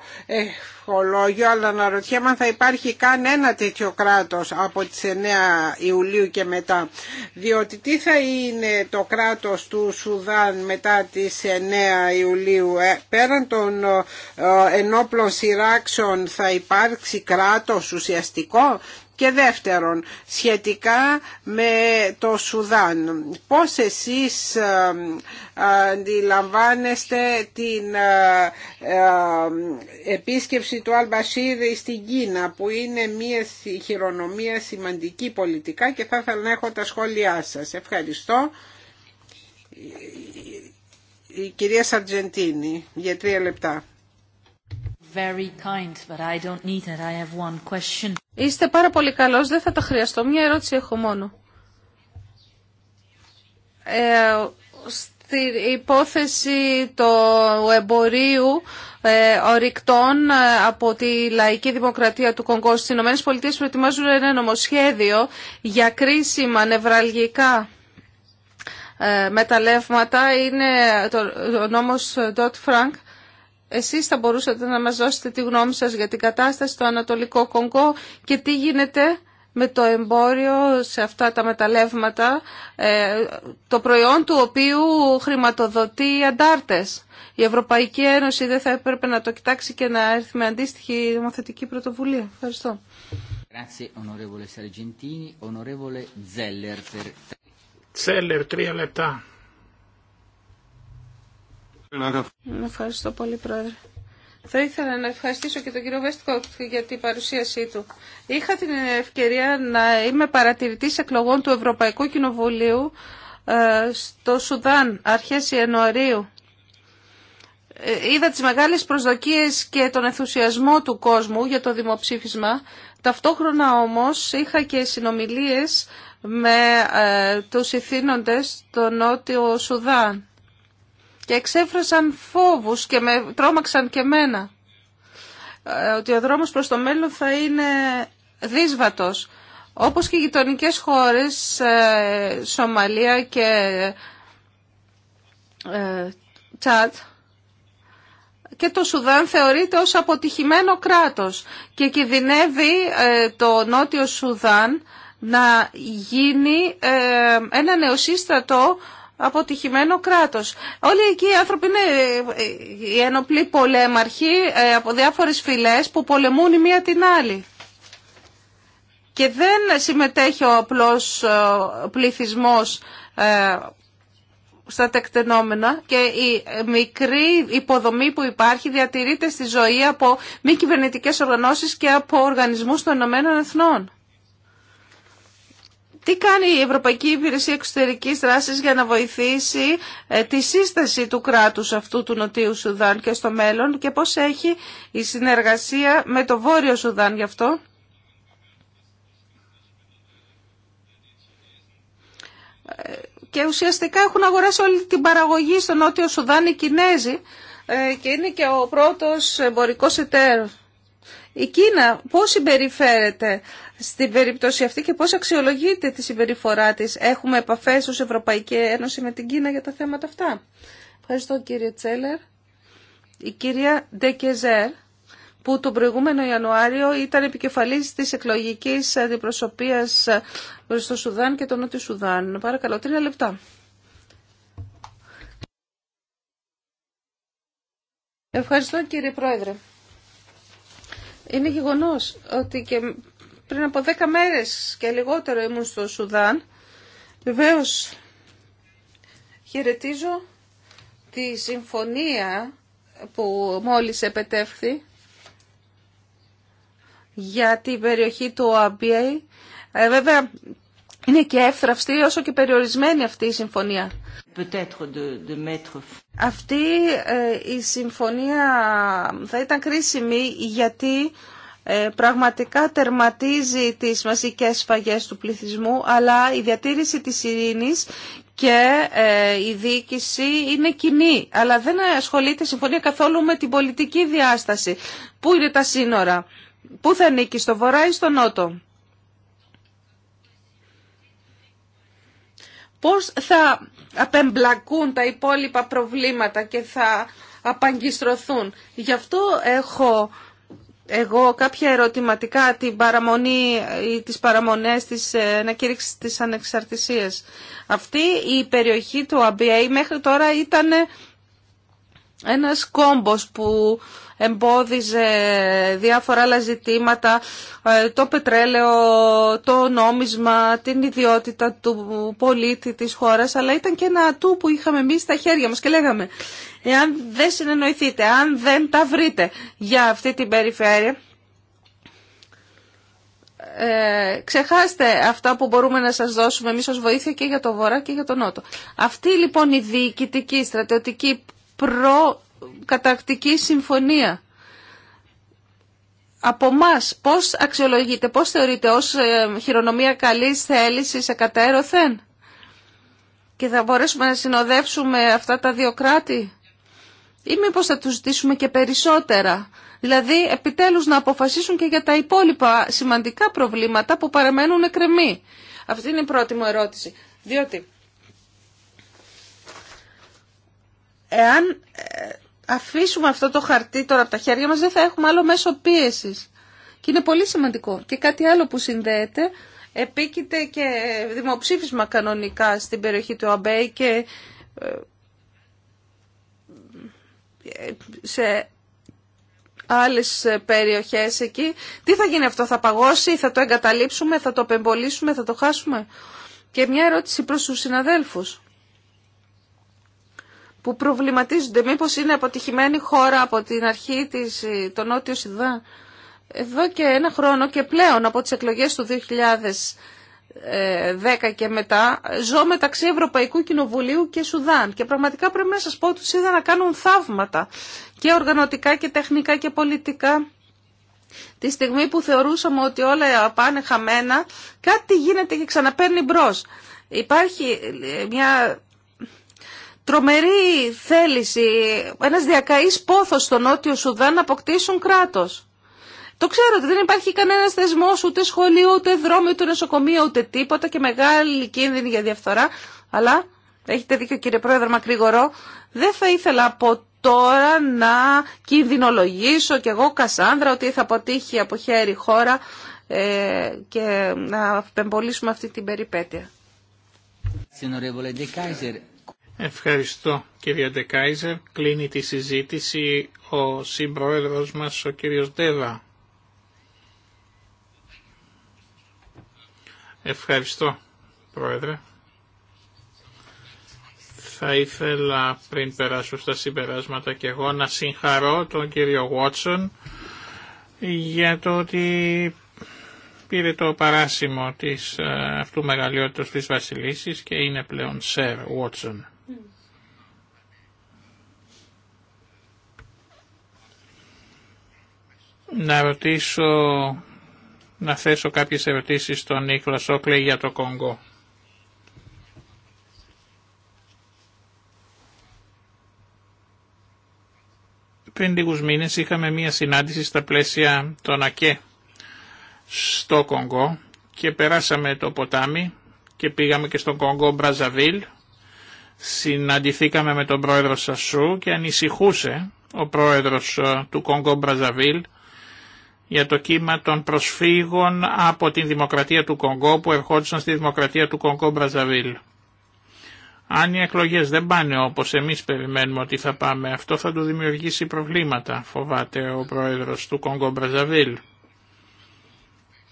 ψυχολόγιο, αλλά ρωτιέμαι αν θα υπάρχει κανένα ένα τέτοιο κράτος από τις 9 Ιουλίου και μετά. Διότι τι θα είναι το κράτος του Σουδάν μετά τις 9 Ιουλίου. Ε? Πέραν των ε, ενόπλων σειράξεων θα υπάρξει κράτος ουσιαστικό και δεύτερον, σχετικά με το Σουδάν, πώς εσείς ε, ε, αντιλαμβάνεστε την ε, επίσκεψη του Αλμπασίδη στην Κίνα που είναι μια χειρονομία σημαντική πολιτικά και θα ήθελα να έχω τα σχόλιά σας. Ευχαριστώ. Η κυρία Σαρτζεντίνη για τρία λεπτά. Είστε πάρα πολύ καλός, δεν θα το χρειαστώ. Μια ερώτηση έχω μόνο. Ε, στην υπόθεση του εμπορίου ε, ορυκτών ε, από τη λαϊκή δημοκρατία του Κονγκό στις Πολιτείες προετοιμάζουν ένα νομοσχέδιο για κρίσιμα νευραλγικά ε, μεταλλεύματα. Είναι το, ο νόμος Dodd Frank εσείς θα μπορούσατε να μας δώσετε τη γνώμη σας για την κατάσταση στο Ανατολικό Κονγκό και τι γίνεται με το εμπόριο σε αυτά τα μεταλλεύματα, ε, το προϊόν του οποίου χρηματοδοτεί οι αντάρτες. Η Ευρωπαϊκή Ένωση δεν θα έπρεπε να το κοιτάξει και να έρθει με αντίστοιχη νομοθετική πρωτοβουλία. Ευχαριστώ. τρία λεπτά. Ευχαριστώ πολύ, Πρόεδρε. Θα ήθελα να ευχαριστήσω και τον κύριο Βέστκοκ για την παρουσίασή του. Είχα την ευκαιρία να είμαι παρατηρητής εκλογών του Ευρωπαϊκού Κοινοβουλίου ε, στο Σουδάν αρχές Ιανουαρίου. Ε, είδα τις μεγάλες προσδοκίες και τον ενθουσιασμό του κόσμου για το δημοψήφισμα. Ταυτόχρονα όμως είχα και συνομιλίες με ε, τους ηθήνοντες στο Νότιο Σουδάν και εξέφρασαν φόβους και με τρόμαξαν και μένα ε, ότι ο δρόμος προς το μέλλον θα είναι δύσβατος. Όπως και οι γειτονικέ χώρες, ε, Σομαλία και ε, Τσάτ, και το Σουδάν θεωρείται ως αποτυχημένο κράτος και κινδυνεύει το νότιο Σουδάν να γίνει ένα νεοσύστατο αποτυχημένο κράτος. Όλοι εκεί οι άνθρωποι είναι ε, οι ενοπλοί πολέμαρχοι ε, από διάφορες φυλές που πολεμούν η μία την άλλη. Και δεν συμμετέχει ο απλός ε, πληθυσμός στα τεκτενόμενα και η μικρή υποδομή που υπάρχει διατηρείται στη ζωή από μη κυβερνητικές οργανώσεις και από οργανισμούς των Ηνωμένων Εθνών. Τι κάνει η Ευρωπαϊκή Υπηρεσία Εξωτερικής Δράσης για να βοηθήσει ε, τη σύσταση του κράτους αυτού του Νοτίου Σουδάν και στο μέλλον και πώς έχει η συνεργασία με το Βόρειο Σουδάν γι' αυτό. Ε, και ουσιαστικά έχουν αγοράσει όλη την παραγωγή στο Νότιο Σουδάν οι Κινέζοι ε, και είναι και ο πρώτος εμπορικός εταίρος. Η Κίνα πώς συμπεριφέρεται στην περίπτωση αυτή και πώς αξιολογείται τη συμπεριφορά της. Έχουμε επαφές ως Ευρωπαϊκή Ένωση με την Κίνα για τα θέματα αυτά. Ευχαριστώ κύριε Τσέλερ. Η κυρία Ντεκεζέρ που τον προηγούμενο Ιανουάριο ήταν επικεφαλής της εκλογικής αντιπροσωπείας προς το Σουδάν και τον Νότιο Σουδάν. Παρακαλώ, τρία λεπτά. Ευχαριστώ κύριε Πρόεδρε. Είναι γεγονός ότι και πριν από δέκα μέρες και λιγότερο ήμουν στο Σουδάν. Βεβαίως χαιρετίζω τη συμφωνία που μόλις επετεύχθη για την περιοχή του ΟΑΜΠΙΑΙ. Ε, βέβαια, είναι και εύθραυστη όσο και περιορισμένη αυτή η συμφωνία. Αυτή ε, η συμφωνία θα ήταν κρίσιμη γιατί ε, πραγματικά τερματίζει τις μαζικές σφαγές του πληθυσμού, αλλά η διατήρηση της ειρήνης και ε, η διοίκηση είναι κοινή. Αλλά δεν ασχολείται συμφωνία καθόλου με την πολιτική διάσταση. Πού είναι τα σύνορα, πού θα νίκει, στο βορρά ή στο νότο. Πώς θα απεμπλακούν τα υπόλοιπα προβλήματα και θα απαγκιστρωθούν. Γι' αυτό έχω εγώ κάποια ερωτηματικά την παραμονή ε, ή τις παραμονές της ε, ανακήρυξης της ανεξαρτησίας. Αυτή η περιοχή του ΑΜΠΙΑ μέχρι τώρα ήταν ε, ένας κόμπος που εμπόδιζε διάφορα άλλα ζητήματα, ε, το πετρέλαιο, το νόμισμα, την ιδιότητα του πολίτη της χώρας, αλλά ήταν και ένα ατού που είχαμε εμεί στα χέρια μας και λέγαμε, εάν δεν συνεννοηθείτε, αν δεν τα βρείτε για αυτή την περιφέρεια, ε, ξεχάστε αυτά που μπορούμε να σας δώσουμε εμείς ως βοήθεια και για το Βορρά και για τον Νότο. Αυτή λοιπόν η διοικητική, στρατιωτική προκατακτική συμφωνία. Από εμά, πώς αξιολογείτε, πώς θεωρείτε ως ε, χειρονομία καλής θέλησης εκατέρωθεν και θα μπορέσουμε να συνοδεύσουμε αυτά τα δύο κράτη ή μήπω θα τους ζητήσουμε και περισσότερα. Δηλαδή επιτέλους να αποφασίσουν και για τα υπόλοιπα σημαντικά προβλήματα που παραμένουν εκκρεμοί. Αυτή είναι η πρώτη μου ερώτηση. Διότι Εάν ε, αφήσουμε αυτό το χαρτί τώρα από τα χέρια μας δεν θα έχουμε άλλο μέσο πίεσης. Και είναι πολύ σημαντικό. Και κάτι άλλο που συνδέεται, επίκειται και δημοψήφισμα κανονικά στην περιοχή του Αμπέη και ε, σε άλλες περιοχές εκεί. Τι θα γίνει αυτό, θα παγώσει, θα το εγκαταλείψουμε, θα το πεμπολίσουμε, θα το χάσουμε. Και μια ερώτηση προς τους συναδέλφους που προβληματίζονται μήπως είναι αποτυχημένη χώρα από την αρχή της, ε, το Νότιο Σιδά. Εδώ και ένα χρόνο και πλέον από τις εκλογές του 2010 και μετά ζω μεταξύ Ευρωπαϊκού Κοινοβουλίου και Σουδάν και πραγματικά πρέπει να σας πω ότι τους είδα να κάνουν θαύματα και οργανωτικά και τεχνικά και πολιτικά. Τη στιγμή που θεωρούσαμε ότι όλα πάνε χαμένα, κάτι γίνεται και ξαναπαίρνει μπρο. Υπάρχει ε, μια τρομερή θέληση, ένας διακαής πόθος στο Νότιο Σουδάν να αποκτήσουν κράτος. Το ξέρω ότι δεν υπάρχει κανένα θεσμό, ούτε σχολείο, ούτε δρόμο, ούτε νοσοκομείο, ούτε τίποτα και μεγάλη κίνδυνη για διαφθορά. Αλλά, έχετε δίκιο κύριε Πρόεδρε Μακρύγορο, δεν θα ήθελα από τώρα να κινδυνολογήσω κι εγώ Κασάνδρα ότι θα αποτύχει από χέρι χώρα ε, και να απεμπολίσουμε αυτή την περιπέτεια. Ευχαριστώ κύριε Ντεκάιζερ. Κλείνει τη συζήτηση ο συμπρόεδρος μας ο κύριος Ντέβα. Ευχαριστώ πρόεδρε. Θα ήθελα πριν περάσω στα συμπεράσματα και εγώ να συγχαρώ τον κύριο Βότσον για το ότι πήρε το παράσημο της, ε, αυτού μεγαλειότητας της Βασιλίσης και είναι πλέον Σερ Βότσον. να ρωτήσω, να θέσω κάποιες ερωτήσεις στον Νίκλα Σόκλε για το Κονγκό. Πριν λίγους μήνες είχαμε μία συνάντηση στα πλαίσια των ΑΚΕ στο Κονγκό και περάσαμε το ποτάμι και πήγαμε και στον Κονγκό Μπραζαβίλ. Συναντηθήκαμε με τον πρόεδρο Σασού και ανησυχούσε ο πρόεδρος ε, του Κονγκό Μπραζαβίλ για το κύμα των προσφύγων από τη Δημοκρατία του Κονγκό που ερχόντουσαν στη Δημοκρατία του Κονγκό Μπραζαβίλ. Αν οι εκλογές δεν πάνε όπως εμείς περιμένουμε ότι θα πάμε, αυτό θα του δημιουργήσει προβλήματα, φοβάται ο πρόεδρος του Κονγκό Μπραζαβίλ.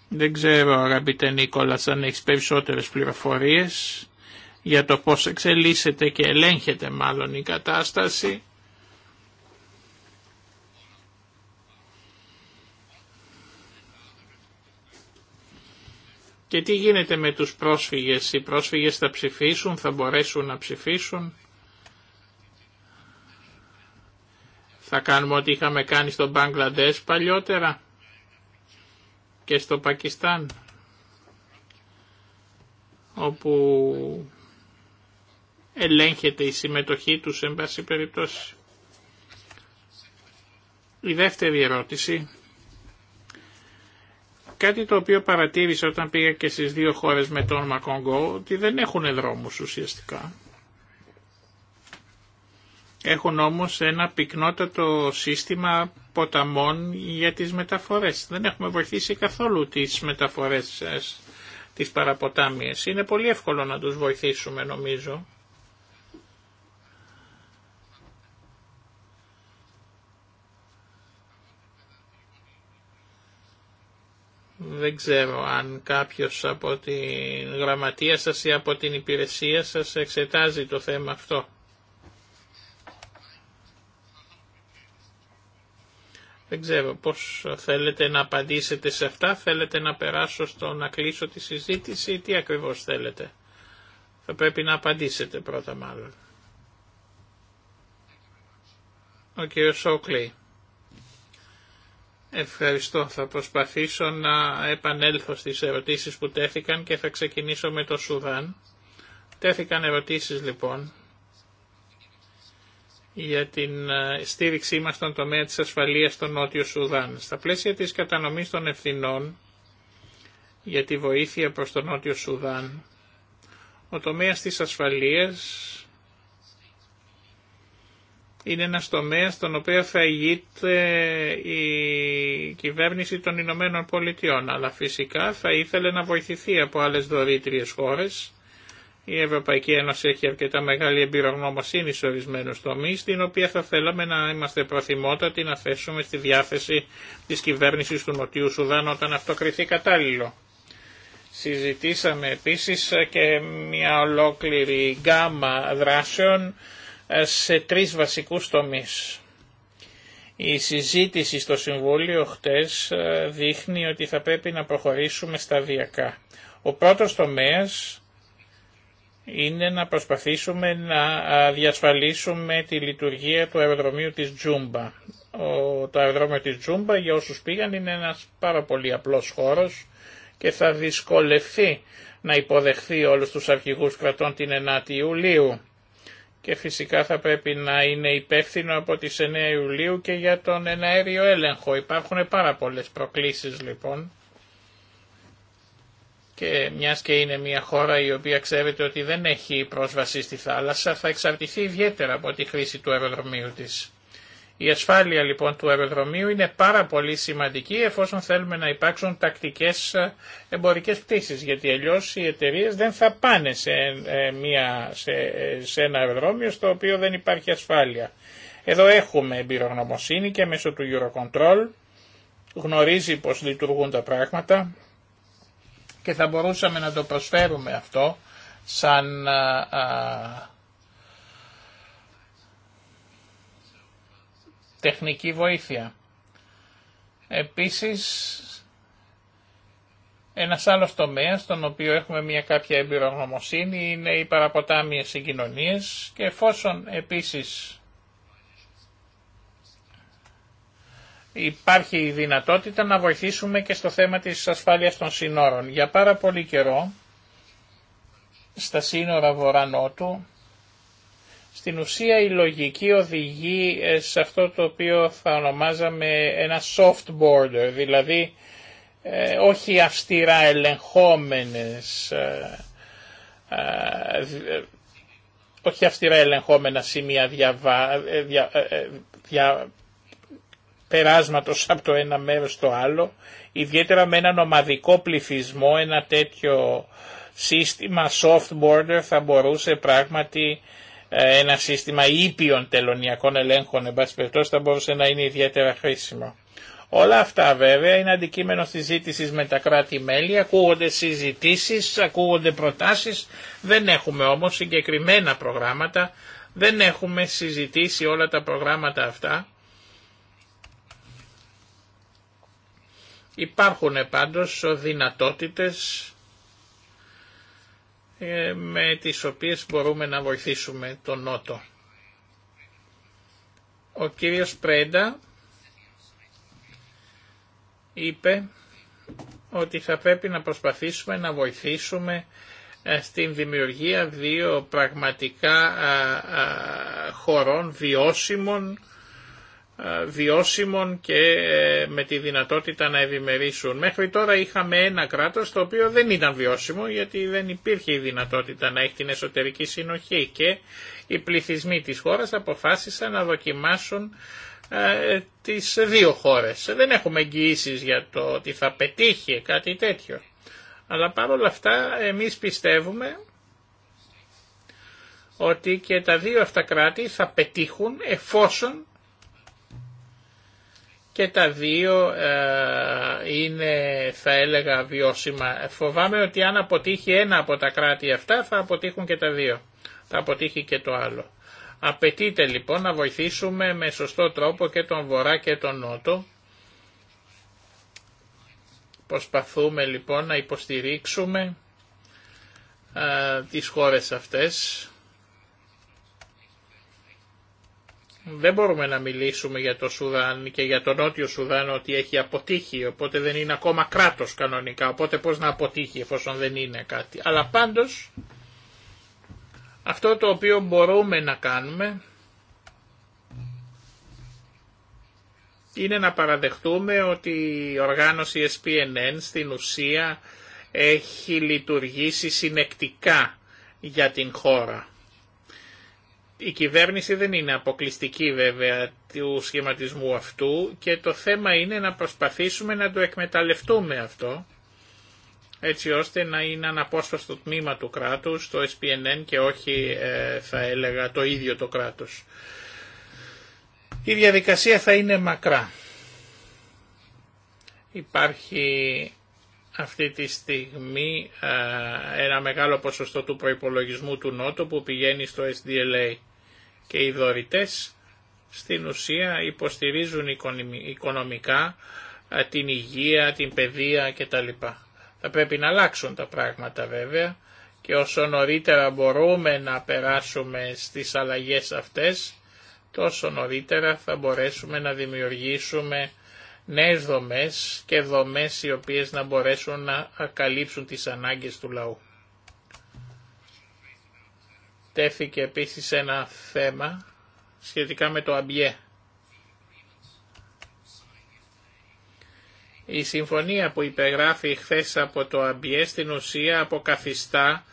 Δεν ξέρω αγαπητέ Νίκολας αν έχει περισσότερες πληροφορίες για το πώς εξελίσσεται και ελέγχεται μάλλον η κατάσταση Και τι γίνεται με τους πρόσφυγες, οι πρόσφυγες θα ψηφίσουν, θα μπορέσουν να ψηφίσουν. Θα κάνουμε ό,τι είχαμε κάνει στο Μπαγκλαντές παλιότερα και στο Πακιστάν όπου ελέγχεται η συμμετοχή τους σε πάση περιπτώσει. Η δεύτερη ερώτηση Κάτι το οποίο παρατήρησα όταν πήγα και στις δύο χώρες με τον Μακονγκό, ότι δεν έχουν δρόμους ουσιαστικά. Έχουν όμως ένα πυκνότατο σύστημα ποταμών για τις μεταφορές. Δεν έχουμε βοηθήσει καθόλου τις μεταφορές ε, σας, τις παραποτάμιες. Είναι πολύ εύκολο να τους βοηθήσουμε νομίζω. Δεν ξέρω αν κάποιος από την γραμματεία σας ή από την υπηρεσία σας εξετάζει το θέμα αυτό. Δεν ξέρω πώς θέλετε να απαντήσετε σε αυτά, θέλετε να περάσω στο να κλείσω τη συζήτηση ή τι ακριβώς θέλετε. Θα πρέπει να απαντήσετε πρώτα μάλλον. Ο κύριος Ευχαριστώ. Θα προσπαθήσω να επανέλθω στις ερωτήσεις που τέθηκαν και θα ξεκινήσω με το Σουδάν. Τέθηκαν ερωτήσεις λοιπόν για την ε, στήριξή μας στον τομέα της ασφαλείας στο Νότιο Σουδάν. Στα πλαίσια της κατανομής των ευθυνών για τη βοήθεια προς τον Νότιο Σουδάν, ο τομέας της ασφαλείας είναι ένας τομέας στον οποίο θα ηγείται η κυβέρνηση των Ηνωμένων Πολιτειών, αλλά φυσικά θα ήθελε να βοηθηθεί από άλλες δωρήτριες χώρες. Η Ευρωπαϊκή Ένωση έχει αρκετά μεγάλη εμπειρογνωμοσύνη σε ορισμένου τομεί, την οποία θα θέλαμε να είμαστε προθυμότατοι να θέσουμε στη διάθεση της κυβέρνησης του Νοτιού Σουδάν όταν αυτό κριθεί κατάλληλο. Συζητήσαμε επίσης και μια ολόκληρη γκάμα δράσεων σε τρεις βασικούς τομείς. Η συζήτηση στο Συμβούλιο χτες ε, δείχνει ότι θα πρέπει να προχωρήσουμε σταδιακά. Ο πρώτος τομέας είναι να προσπαθήσουμε να διασφαλίσουμε τη λειτουργία του αεροδρομίου της Τζούμπα. Το αεροδρόμιο της Τζούμπα για όσους πήγαν είναι ένας πάρα πολύ απλός χώρος και θα δυσκολευτεί να υποδεχθεί όλους τους αρχηγούς κρατών την 9η Ιουλίου και φυσικά θα πρέπει να είναι υπεύθυνο από τις 9 Ιουλίου και για τον εναέριο έλεγχο. Υπάρχουν πάρα πολλές προκλήσεις λοιπόν και μιας και είναι μια χώρα η οποία ξέρετε ότι δεν έχει πρόσβαση στη θάλασσα θα εξαρτηθεί ιδιαίτερα από τη χρήση του αεροδρομίου της. Η ασφάλεια λοιπόν του αεροδρομίου είναι πάρα πολύ σημαντική εφόσον θέλουμε να υπάρξουν τακτικές ε, εμπορικές πτήσεις γιατί αλλιώ οι εταιρείε δεν θα πάνε σε, ε, μια, σε, ένα αεροδρόμιο στο οποίο δεν υπάρχει ασφάλεια. Εδώ έχουμε εμπειρογνωμοσύνη και μέσω του Eurocontrol γνωρίζει πως λειτουργούν τα πράγματα και θα μπορούσαμε να το προσφέρουμε αυτό σαν ε, τεχνική βοήθεια. Επίσης, ένας άλλος τομέας, στον οποίο έχουμε μια κάποια εμπειρογνωμοσύνη, είναι οι παραποτάμιες συγκοινωνίες και εφόσον επίσης υπάρχει η δυνατότητα να βοηθήσουμε και στο θέμα της ασφάλειας των σύνορων. Για πάρα πολύ καιρό, στα σύνορα βορρά-νότου, στην ουσία η λογική οδηγεί ε, σε αυτό το οποίο θα ονομάζαμε ένα soft border, δηλαδή ε, όχι αυστηρά ελεγχόμενες ε, όχι αυστηρά ελεγχόμενα σημεία διαβα, δια, δια, περάσματος από το ένα μέρος στο άλλο, ιδιαίτερα με ένα ομαδικό πληθυσμό, ένα τέτοιο σύστημα soft border θα μπορούσε πράγματι ε, ένα σύστημα ήπιων τελωνιακών ελέγχων, εν πάση θα μπορούσε να είναι ιδιαίτερα χρήσιμο. Όλα αυτά βέβαια είναι αντικείμενο συζήτηση με τα κράτη-μέλη, ακούγονται συζητήσει, ακούγονται προτάσεις, δεν έχουμε όμως συγκεκριμένα προγράμματα, δεν έχουμε συζητήσει όλα τα προγράμματα αυτά. Υπάρχουν πάντως δυνατότητες ε, με τις οποίες μπορούμε να βοηθήσουμε τον Νότο. Ο κύριος Πρέντα είπε ότι θα πρέπει να προσπαθήσουμε να βοηθήσουμε ε, στην δημιουργία δύο πραγματικά χωρών βιώσιμων ε, βιώσιμων και ε, με τη δυνατότητα να ευημερήσουν. Μέχρι τώρα είχαμε ένα κράτος το οποίο δεν ήταν βιώσιμο γιατί δεν υπήρχε η δυνατότητα να έχει την εσωτερική συνοχή και οι πληθυσμοί της χώρας αποφάσισαν να δοκιμάσουν ε, τις δύο χώρες. Δεν έχουμε εγγυήσει για το ότι θα πετύχει κάτι τέτοιο. Αλλά παρόλα αυτά εμείς πιστεύουμε ότι και τα δύο αυτά κράτη θα πετύχουν εφόσον και τα δύο ε, είναι θα έλεγα βιώσιμα. Φοβάμαι ότι αν αποτύχει ένα από τα κράτη αυτά θα αποτύχουν και τα δύο. Θα αποτύχει και το άλλο. Απαιτείται λοιπόν να βοηθήσουμε με σωστό τρόπο και τον Βορρά και τον Νότο. Προσπαθούμε λοιπόν να υποστηρίξουμε ε, τις χώρες αυτές Δεν μπορούμε να μιλήσουμε για το Σουδάν και για το Νότιο Σουδάν ότι έχει αποτύχει, οπότε δεν είναι ακόμα κράτος κανονικά, οπότε πώς να αποτύχει εφόσον δεν είναι κάτι. Αλλά πάντως αυτό το οποίο μπορούμε να κάνουμε είναι να παραδεχτούμε ότι η οργάνωση SPNN στην ουσία έχει λειτουργήσει συνεκτικά για την χώρα η κυβέρνηση δεν είναι αποκλειστική βέβαια του σχηματισμού αυτού και το θέμα είναι να προσπαθήσουμε να το εκμεταλλευτούμε αυτό έτσι ώστε να είναι αναπόσπαστο τμήμα του κράτους, το SPNN και όχι ε, θα έλεγα το ίδιο το κράτος. Η διαδικασία θα είναι μακρά. Υπάρχει αυτή τη στιγμή ε, ένα μεγάλο ποσοστό του προϋπολογισμού του Νότου που πηγαίνει στο SDLA και οι δωρητές στην ουσία υποστηρίζουν οικονομικά ε, την υγεία, την παιδεία κτλ. Θα πρέπει να αλλάξουν τα πράγματα βέβαια και όσο νωρίτερα μπορούμε να περάσουμε στις αλλαγές αυτές, τόσο νωρίτερα θα μπορέσουμε να δημιουργήσουμε νέες δομές και δομές οι οποίες να μπορέσουν να καλύψουν τις ανάγκες του λαού τέθηκε επίσης ένα θέμα σχετικά με το αμπιέ. Η συμφωνία που υπεγράφει χθε από το αμπιέ στην ουσία αποκαθιστά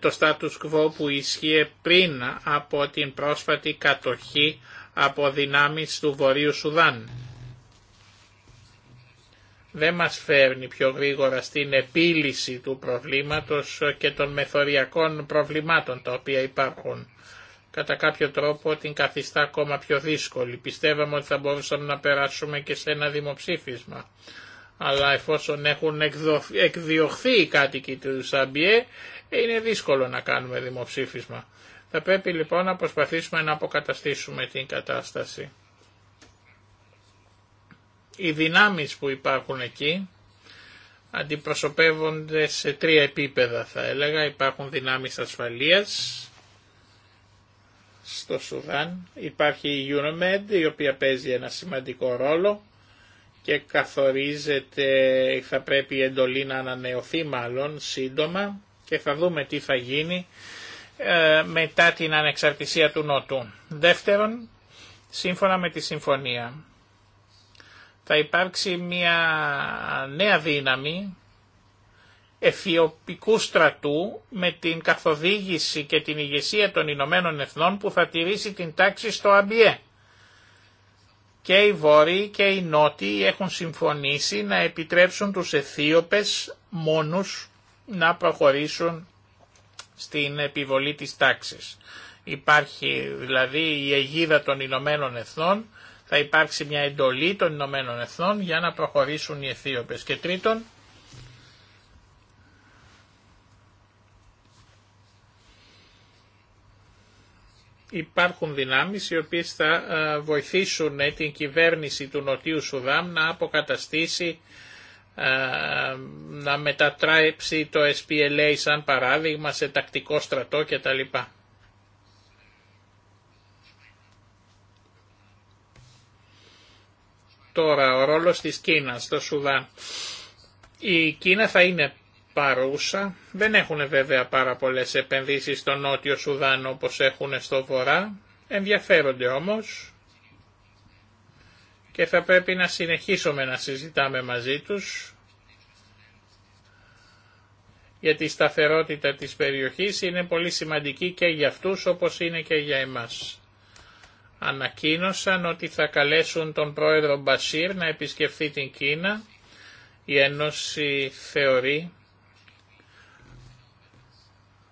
το status quo που ισχύει πριν από την πρόσφατη κατοχή από δυνάμεις του Βορείου Σουδάν δεν μας φέρνει πιο γρήγορα στην επίλυση του προβλήματος και των μεθοριακών προβλημάτων τα οποία υπάρχουν. Κατά κάποιο τρόπο την καθιστά ακόμα πιο δύσκολη. Πιστεύαμε ότι θα μπορούσαμε να περάσουμε και σε ένα δημοψήφισμα. Αλλά εφόσον έχουν εκδιωχθεί οι κάτοικοι του Σαμπιέ, είναι δύσκολο να κάνουμε δημοψήφισμα. Θα πρέπει λοιπόν να προσπαθήσουμε να αποκαταστήσουμε την κατάσταση. Οι δυνάμεις που υπάρχουν εκεί αντιπροσωπεύονται σε τρία επίπεδα θα έλεγα. Υπάρχουν δυνάμεις ασφαλείας στο Σουδάν, υπάρχει η UNOMED η οποία παίζει ένα σημαντικό ρόλο και καθορίζεται, θα πρέπει η εντολή να ανανεωθεί μάλλον σύντομα και θα δούμε τι θα γίνει ε, μετά την ανεξαρτησία του Νότου. Δεύτερον, σύμφωνα με τη συμφωνία θα υπάρξει μια νέα δύναμη εφιοπικού στρατού με την καθοδήγηση και την ηγεσία των Ηνωμένων Εθνών που θα τηρήσει την τάξη στο ΑΜΠΙΕ. Και οι Βόρειοι και οι Νότιοι έχουν συμφωνήσει να επιτρέψουν τους Αιθίωπες μόνους να προχωρήσουν στην επιβολή της τάξης. Υπάρχει δηλαδή η αιγίδα των Ηνωμένων Εθνών θα υπάρξει μια εντολή των Ηνωμένων Εθνών για να προχωρήσουν οι Αιθίωπες. Και τρίτον, υπάρχουν δυνάμεις οι οποίες θα ε, βοηθήσουν ε, την κυβέρνηση του Νοτιού Σουδάμ να αποκαταστήσει, ε, να μετατράψει το SPLA σαν παράδειγμα σε τακτικό στρατό κτλ. Τώρα ο ρόλος της Κίνας στο Σουδάν. Η Κίνα θα είναι παρούσα, δεν έχουν βέβαια πάρα πολλές επενδύσεις στο Νότιο Σουδάν όπως έχουν στο Βορρά, ενδιαφέρονται όμως και θα πρέπει να συνεχίσουμε να συζητάμε μαζί τους γιατί η σταθερότητα της περιοχής είναι πολύ σημαντική και για αυτούς όπως είναι και για εμάς ανακοίνωσαν ότι θα καλέσουν τον πρόεδρο Μπασίρ να επισκεφθεί την Κίνα. Η Ένωση θεωρεί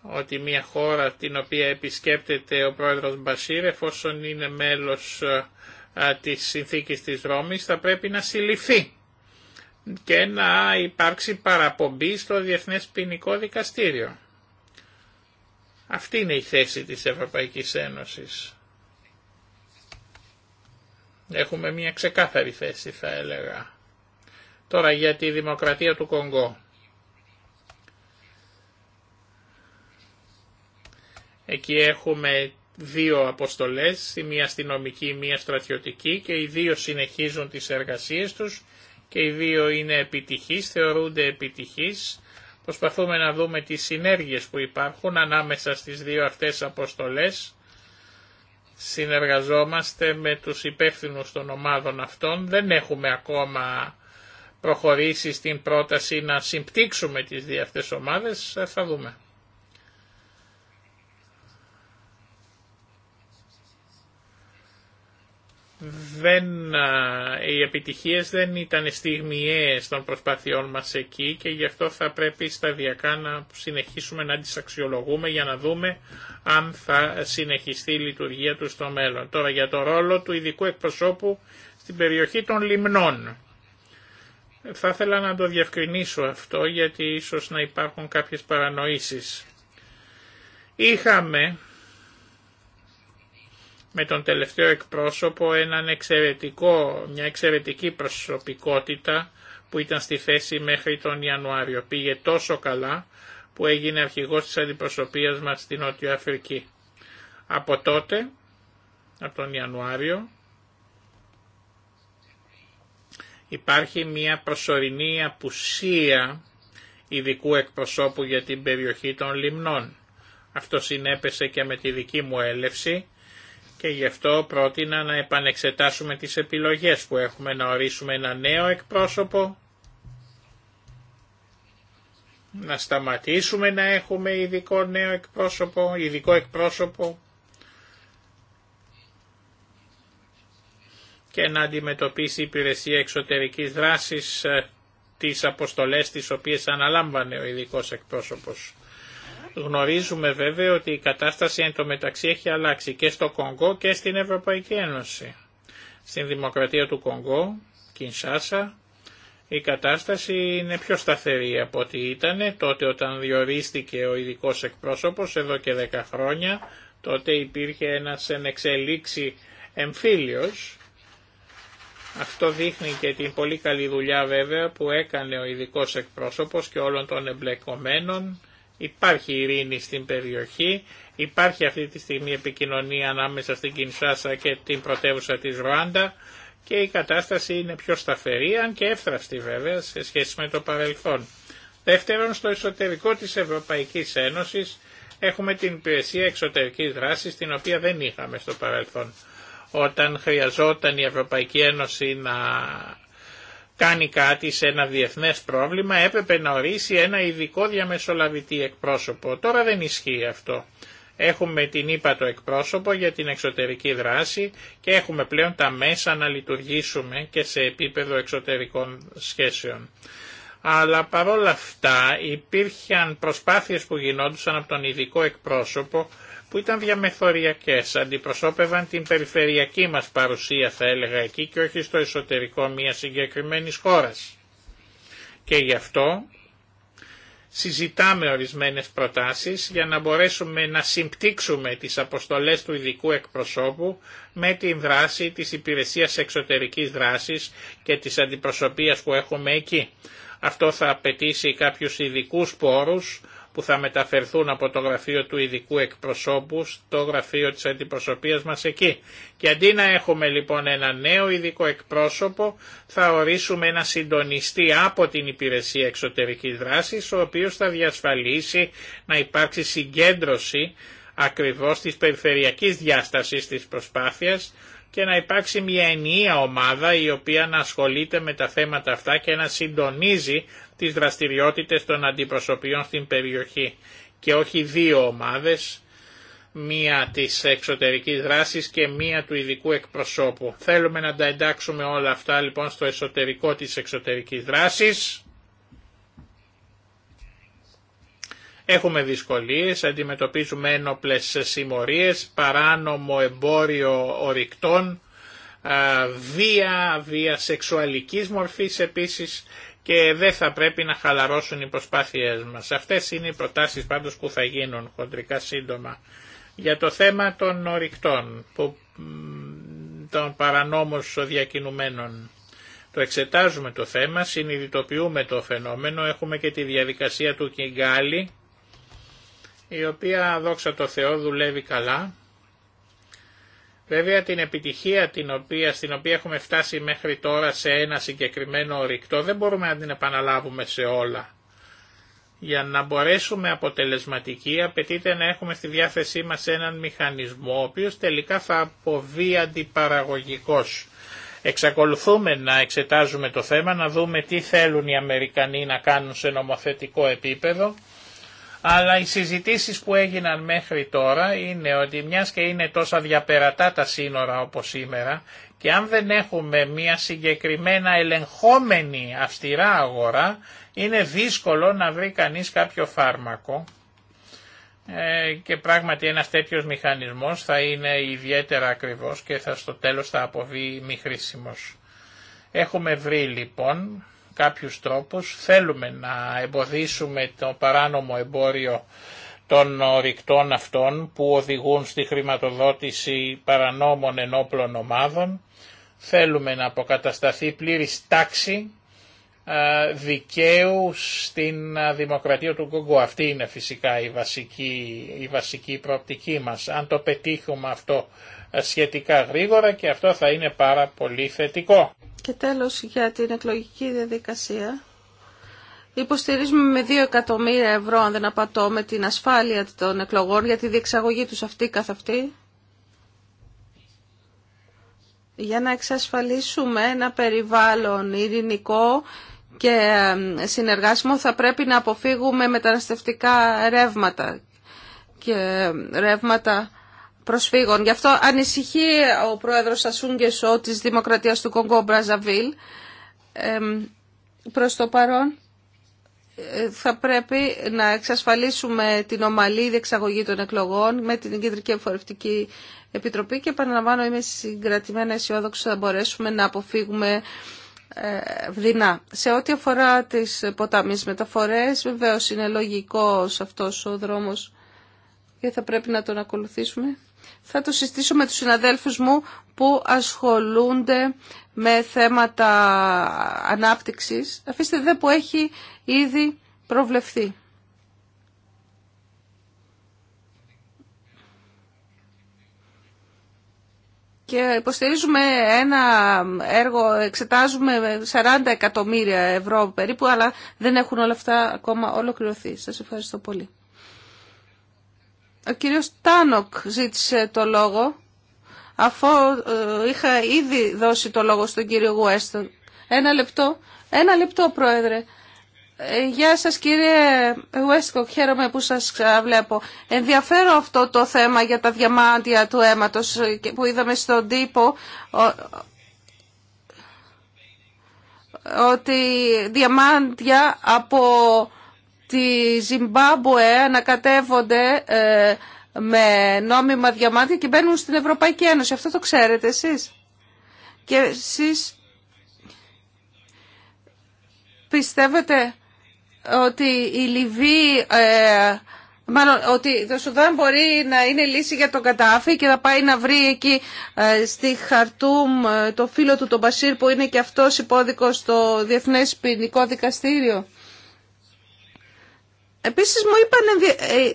ότι μια χώρα την οποία επισκέπτεται ο πρόεδρος Μπασίρ εφόσον είναι μέλος ε, της συνθήκης της Ρώμης θα πρέπει να συλληφθεί και να υπάρξει παραπομπή στο Διεθνές Ποινικό Δικαστήριο. Αυτή είναι η θέση της Ευρωπαϊκής Ένωσης. Έχουμε μια ξεκάθαρη θέση θα έλεγα. Τώρα για τη δημοκρατία του Κονγκό. Εκεί έχουμε δύο αποστολές, η μία αστυνομική, η μία στρατιωτική και οι δύο συνεχίζουν τις εργασίες τους και οι δύο είναι επιτυχείς, θεωρούνται επιτυχείς. Προσπαθούμε να δούμε τις συνέργειες που υπάρχουν ανάμεσα στις δύο αυτές αποστολές συνεργαζόμαστε με τους υπεύθυνους των ομάδων αυτών. Δεν έχουμε ακόμα προχωρήσει στην πρόταση να συμπτύξουμε τις δύο αυτές ομάδες. Θα δούμε. δεν, οι επιτυχίες δεν ήταν στιγμιαίες των προσπάθειών μας εκεί και γι' αυτό θα πρέπει σταδιακά να συνεχίσουμε να τις αξιολογούμε για να δούμε αν θα συνεχιστεί η λειτουργία του στο μέλλον. Τώρα για το ρόλο του ειδικού εκπροσώπου στην περιοχή των λιμνών. Θα ήθελα να το διευκρινίσω αυτό γιατί ίσως να υπάρχουν κάποιες παρανοήσεις. Είχαμε με τον τελευταίο εκπρόσωπο έναν μια εξαιρετική προσωπικότητα που ήταν στη θέση μέχρι τον Ιανουάριο. Πήγε τόσο καλά που έγινε αρχηγός της αντιπροσωπείας μας στην Νότια Αφρική. Από τότε, από τον Ιανουάριο, υπάρχει μια προσωρινή απουσία ειδικού εκπροσώπου για την περιοχή των λιμνών. Αυτό συνέπεσε και με τη δική μου έλευση και γι' αυτό πρότεινα να επανεξετάσουμε τις επιλογές που έχουμε να ορίσουμε ένα νέο εκπρόσωπο, να σταματήσουμε να έχουμε ειδικό νέο εκπρόσωπο, ειδικό εκπρόσωπο και να αντιμετωπίσει η υπηρεσία εξωτερικής δράσης ε, τις αποστολές τις οποίες αναλάμβανε ο ειδικό εκπρόσωπος. Γνωρίζουμε βέβαια ότι η κατάσταση εν μεταξύ έχει αλλάξει και στο Κονγκό και στην Ευρωπαϊκή Ένωση. Στην Δημοκρατία του Κονγκό, Κινσάσα, η κατάσταση είναι πιο σταθερή από ό,τι ήταν τότε όταν διορίστηκε ο ειδικό εκπρόσωπος εδώ και 10 χρόνια. Τότε υπήρχε ένας ενεξελίξη εμφύλιος. Αυτό δείχνει και την πολύ καλή δουλειά βέβαια που έκανε ο ειδικό εκπρόσωπος και όλων των εμπλεκομένων Υπάρχει ειρήνη στην περιοχή, υπάρχει αυτή τη στιγμή επικοινωνία ανάμεσα στην Κινσάσα και την πρωτεύουσα της Ρουάντα και η κατάσταση είναι πιο σταθερή, αν και εύθραυστη βέβαια σε σχέση με το παρελθόν. Δεύτερον, στο εσωτερικό της Ευρωπαϊκής Ένωσης έχουμε την υπηρεσία εξωτερικής δράσης, την οποία δεν είχαμε στο παρελθόν. Όταν χρειαζόταν η Ευρωπαϊκή Ένωση να κάνει κάτι σε ένα διεθνές πρόβλημα έπρεπε να ορίσει ένα ειδικό διαμεσολαβητή εκπρόσωπο. Τώρα δεν ισχύει αυτό. Έχουμε την ύπατο εκπρόσωπο για την εξωτερική δράση και έχουμε πλέον τα μέσα να λειτουργήσουμε και σε επίπεδο εξωτερικών σχέσεων. Αλλά παρόλα αυτά υπήρχαν προσπάθειες που γινόντουσαν από τον ειδικό εκπρόσωπο που ήταν διαμεθοριακές, αντιπροσώπευαν την περιφερειακή μας παρουσία θα έλεγα εκεί και όχι στο εσωτερικό μία συγκεκριμένη χώρα. Και γι' αυτό συζητάμε ορισμένες προτάσεις για να μπορέσουμε να συμπτύξουμε τις αποστολές του ειδικού εκπροσώπου με την δράση της υπηρεσίας εξωτερικής δράσης και της αντιπροσωπείας που έχουμε εκεί. Αυτό θα απαιτήσει κάποιους ειδικού πόρους που θα μεταφερθούν από το γραφείο του ειδικού εκπροσώπου στο γραφείο της αντιπροσωπείας μας εκεί. Και αντί να έχουμε λοιπόν ένα νέο ειδικό εκπρόσωπο, θα ορίσουμε ένα συντονιστή από την Υπηρεσία Εξωτερικής Δράσης, ο οποίος θα διασφαλίσει να υπάρξει συγκέντρωση ακριβώς της περιφερειακής διάστασης της προσπάθειας και να υπάρξει μια ενιαία ομάδα η οποία να ασχολείται με τα θέματα αυτά και να συντονίζει τις δραστηριότητες των αντιπροσωπιών στην περιοχή και όχι δύο ομάδες, μία της εξωτερικής δράσης και μία του ειδικού εκπροσώπου. Θέλουμε να τα εντάξουμε όλα αυτά λοιπόν στο εσωτερικό της εξωτερικής δράσης. Έχουμε δυσκολίες, αντιμετωπίζουμε ένοπλες συμμορίες, παράνομο εμπόριο ορυκτών, βία, βία σεξουαλικής μορφής επίσης και δεν θα πρέπει να χαλαρώσουν οι προσπάθειές μας. Αυτές είναι οι προτάσεις πάντως που θα γίνουν χοντρικά σύντομα. Για το θέμα των ορυκτών, που, των παρανόμως διακινουμένων. Το εξετάζουμε το θέμα, συνειδητοποιούμε το φαινόμενο, έχουμε και τη διαδικασία του Κιγκάλη, η οποία δόξα τω Θεώ δουλεύει καλά Βέβαια την επιτυχία την οποία, στην οποία έχουμε φτάσει μέχρι τώρα σε ένα συγκεκριμένο ρηκτό δεν μπορούμε να την επαναλάβουμε σε όλα. Για να μπορέσουμε αποτελεσματικοί απαιτείται να έχουμε στη διάθεσή μας έναν μηχανισμό ο οποίος τελικά θα αποβεί αντιπαραγωγικός. Εξακολουθούμε να εξετάζουμε το θέμα, να δούμε τι θέλουν οι Αμερικανοί να κάνουν σε νομοθετικό επίπεδο αλλά οι συζητήσεις που έγιναν μέχρι τώρα είναι ότι μιας και είναι τόσα διαπερατά τα σύνορα όπως σήμερα και αν δεν έχουμε μια συγκεκριμένα ελεγχόμενη αυστηρά αγορά είναι δύσκολο να βρει κανείς κάποιο φάρμακο ε, και πράγματι ένας τέτοιο μηχανισμός θα είναι ιδιαίτερα ακριβώς και θα στο τέλος θα αποβεί μη χρήσιμος. Έχουμε βρει λοιπόν κάποιους τρόπους θέλουμε να εμποδίσουμε το παράνομο εμπόριο των ρηκτών αυτών που οδηγούν στη χρηματοδότηση παρανόμων ενόπλων ομάδων. Θέλουμε να αποκατασταθεί πλήρης τάξη δικαίου στην δημοκρατία του Κόγκο. Αυτή είναι φυσικά η βασική, η βασική προοπτική μας. Αν το πετύχουμε αυτό σχετικά γρήγορα και αυτό θα είναι πάρα πολύ θετικό. Και τέλος για την εκλογική διαδικασία. Υποστηρίζουμε με 2 εκατομμύρια ευρώ, αν δεν απατώ, με την ασφάλεια των εκλογών για τη διεξαγωγή τους αυτή καθ' αυτή. Για να εξασφαλίσουμε ένα περιβάλλον ειρηνικό και συνεργάσιμο θα πρέπει να αποφύγουμε μεταναστευτικά ρεύματα και ρεύματα προσφύγων. Γι' αυτό ανησυχεί ο πρόεδρος Ασούγκεσο της Δημοκρατίας του Κονγκό Μπραζαβίλ. Ε, προς το παρόν ε, θα πρέπει να εξασφαλίσουμε την ομαλή διεξαγωγή των εκλογών με την Κεντρική Εφορευτική Επιτροπή και επαναλαμβάνω είμαι συγκρατημένα αισιόδοξη θα μπορέσουμε να αποφύγουμε ε, δεινά. Σε ό,τι αφορά τις ποτάμιες μεταφορές βεβαίως είναι λογικός αυτός ο δρόμος και θα πρέπει να τον ακολουθήσουμε θα το συστήσω με τους συναδέλφους μου που ασχολούνται με θέματα ανάπτυξης. Αφήστε δε που έχει ήδη προβλεφθεί. Και υποστηρίζουμε ένα έργο, εξετάζουμε 40 εκατομμύρια ευρώ περίπου, αλλά δεν έχουν όλα αυτά ακόμα ολοκληρωθεί. Σας ευχαριστώ πολύ. Ο κύριος Τάνοκ ζήτησε το λόγο, αφού ε, είχα ήδη δώσει το λόγο στον κύριο Γουέστον. Ένα λεπτό, ένα λεπτό πρόεδρε. Ε, γεια σας κύριε Γουέστον, χαίρομαι που σας βλέπω. Ενδιαφέρον αυτό το θέμα για τα διαμάντια του αίματος που είδαμε στον τύπο ότι διαμάντια από Τη Ζιμπάμπουε ανακατεύονται ε, με νόμιμα διαμάντια και μπαίνουν στην Ευρωπαϊκή Ένωση. Αυτό το ξέρετε εσείς. Και εσείς πιστεύετε ότι η Λιβύη, ε, μάλλον ότι το Σουδάν μπορεί να είναι λύση για τον Κατάφη και να πάει να βρει εκεί ε, στη Χαρτούμ το φίλο του τον Μπασίρ που είναι και αυτός υπόδικος στο Διεθνές Ποινικό Δικαστήριο. Επίσης μου είπαν ε,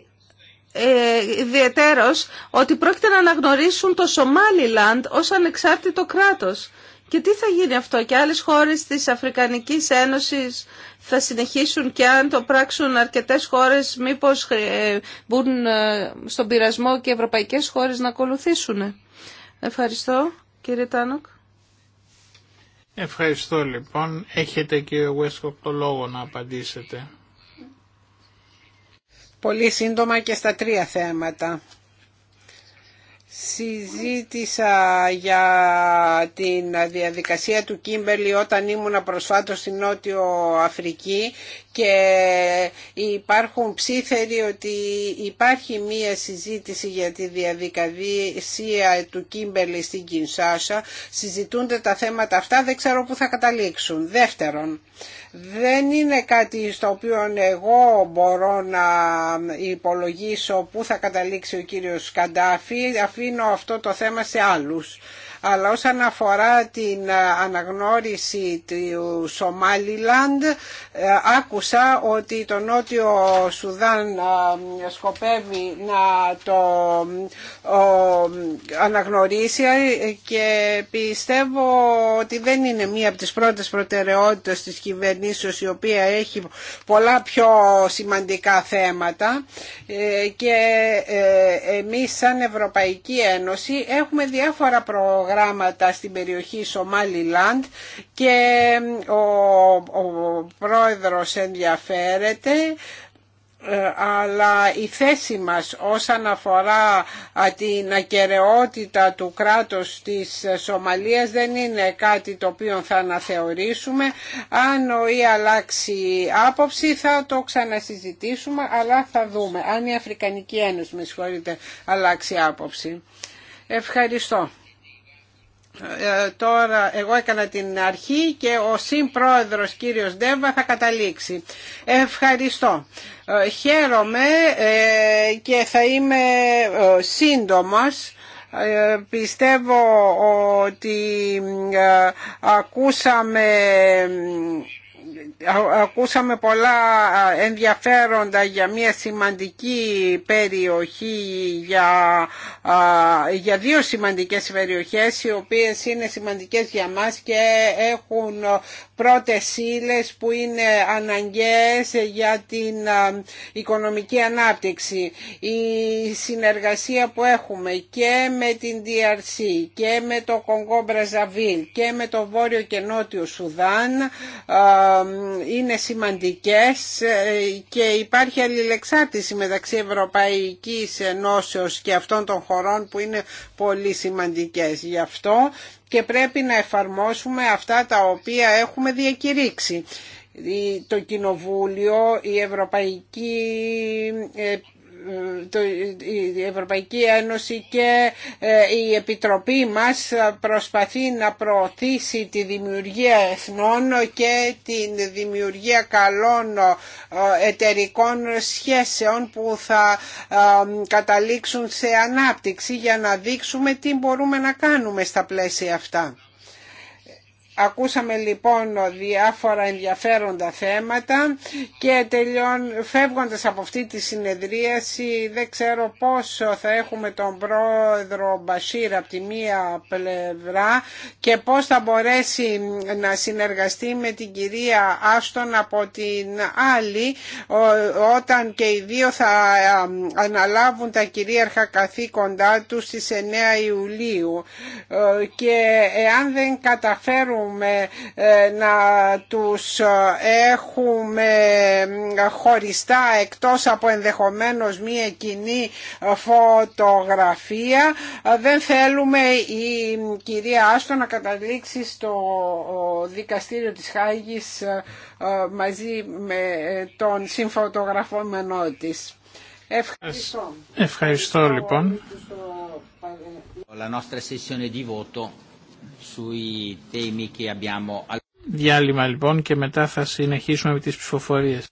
ε, ιδιαιτέρως ότι πρόκειται να αναγνωρίσουν το Σομάλιλαντ ως ανεξάρτητο κράτος. Και τι θα γίνει αυτό και άλλες χώρες της Αφρικανικής Ένωσης θα συνεχίσουν και αν το πράξουν αρκετές χώρες μήπως ε, μπουν στον πειρασμό και ευρωπαϊκές χώρες να ακολουθήσουν. Ευχαριστώ κύριε Τάνοκ. Ευχαριστώ λοιπόν. Έχετε κύριε Βέσκοπ το λόγο να απαντήσετε πολύ σύντομα και στα τρία θέματα. Συζήτησα για την διαδικασία του Κίμπελι όταν ήμουνα προσφάτως στην Νότιο Αφρική και υπάρχουν ψήφεροι ότι υπάρχει μία συζήτηση για τη διαδικασία του Κίμπελι στην Κινσάσα. Συζητούνται τα θέματα αυτά, δεν ξέρω πού θα καταλήξουν. Δεύτερον, δεν είναι κάτι στο οποίο εγώ μπορώ να υπολογίσω πού θα καταλήξει ο κύριος Καντάφη. Αφήνω αυτό το θέμα σε άλλους. Αλλά όσον αφορά την ε, αναγνώριση του Σομάλιλαντ ε, άκουσα ότι το Νότιο Σουδάν ε, σκοπεύει να το αναγνωρίσει και πιστεύω ότι δεν είναι μία από τις πρώτες προτεραιότητες της κυβερνήσεως η οποία έχει πολλά πιο σημαντικά θέματα και εμείς σαν Ευρωπαϊκή Ένωση έχουμε διάφορα προγράμματα προγράμματα στην περιοχή Σομάλι Λαντ και ο, ο πρόεδρος ενδιαφέρεται ε, αλλά η θέση μας όσον αφορά την ακαιρεότητα του κράτους της Σομαλίας δεν είναι κάτι το οποίο θα αναθεωρήσουμε. Αν ή αλλάξει άποψη θα το ξανασυζητήσουμε αλλά θα δούμε αν η Αφρικανική Ένωση με συγχωρείτε αλλάξει άποψη. Ευχαριστώ. Ε, τώρα εγώ έκανα την αρχή και ο συμπρόεδρος κύριος Ντέβα θα καταλήξει. Ευχαριστώ. Ε, χαίρομαι ε, και θα είμαι σύντομος. Πιστεύω ότι ακούσαμε ακούσαμε πολλά ενδιαφέροντα για μια σημαντική περιοχή, για, για δύο σημαντικές περιοχές οι οποίες είναι σημαντικές για μας και έχουν πρώτες ύλε που είναι αναγκαίες για την οικονομική ανάπτυξη. Η συνεργασία που έχουμε και με την DRC και με το Κονγκό Μπραζαβίλ και με το Βόρειο και Νότιο Σουδάν είναι σημαντικές ε, και υπάρχει αλληλεξάρτηση μεταξύ Ευρωπαϊκής Ενώσεως και αυτών των χωρών που είναι πολύ σημαντικές. Γι' αυτό και πρέπει να εφαρμόσουμε αυτά τα οποία έχουμε διακηρύξει το Κοινοβούλιο, η Ευρωπαϊκή ε, η Ευρωπαϊκή Ένωση και ε, η Επιτροπή μας προσπαθεί να προωθήσει τη δημιουργία εθνών και τη δημιουργία καλών ε, εταιρικών σχέσεων που θα ε, καταλήξουν σε ανάπτυξη για να δείξουμε τι μπορούμε να κάνουμε στα πλαίσια αυτά. Ακούσαμε λοιπόν διάφορα ενδιαφέροντα θέματα και τελειών, φεύγοντας από αυτή τη συνεδρίαση δεν ξέρω πόσο θα έχουμε τον πρόεδρο Μπασίρ από τη μία πλευρά και πώς θα μπορέσει να συνεργαστεί με την κυρία Άστον από την άλλη όταν και οι δύο θα αναλάβουν τα κυρίαρχα καθήκοντά τους στις 9 Ιουλίου ε, και εάν δεν καταφέρουν ε, να τους ε, έχουμε ε, χωριστά εκτός από ενδεχομένως μία κοινή φωτογραφία. Δεν θέλουμε η κυρία Άστο να καταλήξει στο δικαστήριο της Χάγης μαζί με τον συμφωτογραφόμενό της. Ευχαριστώ. Ευχαριστώ λοιπόν. La nostra Διάλειμμα λοιπόν και μετά θα συνεχίσουμε με τις ψηφοφορίες.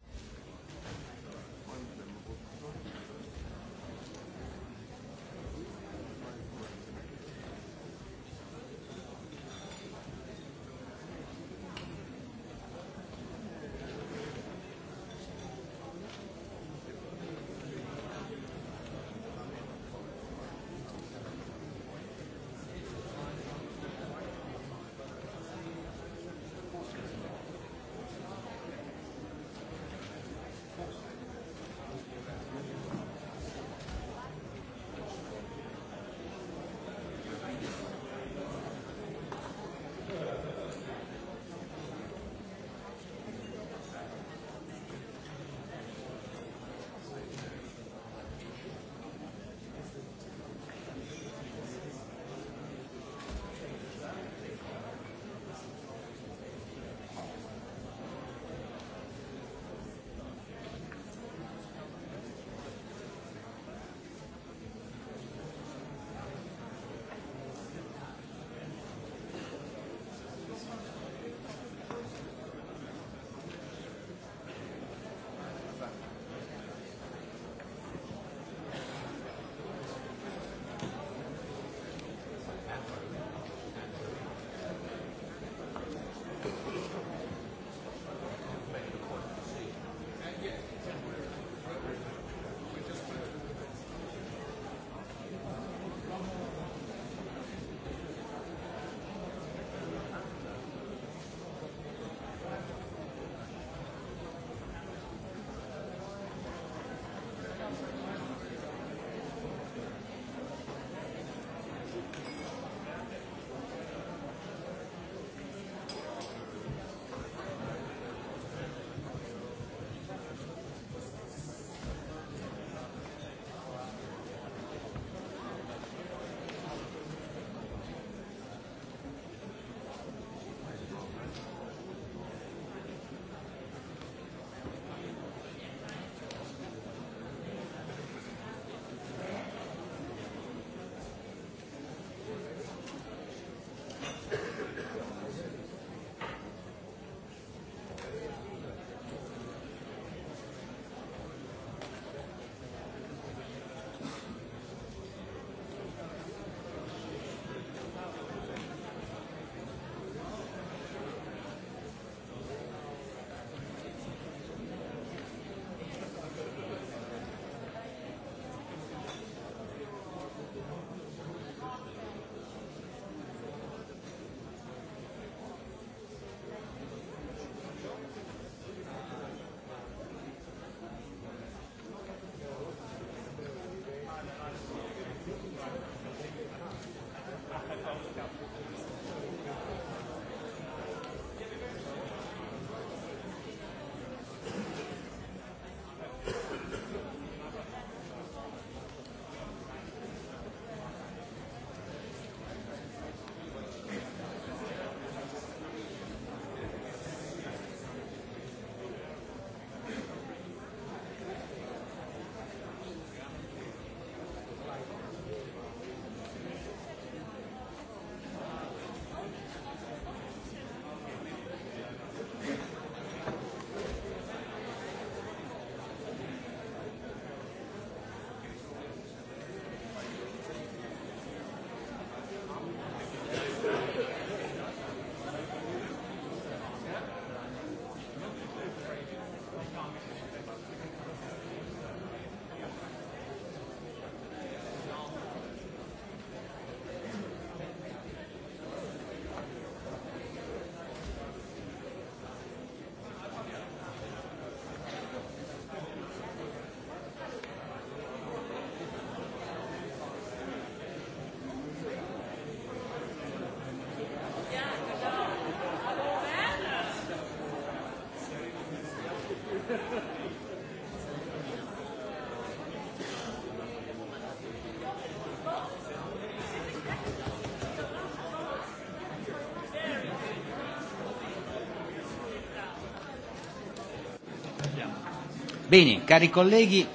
Bene, cari colleghi,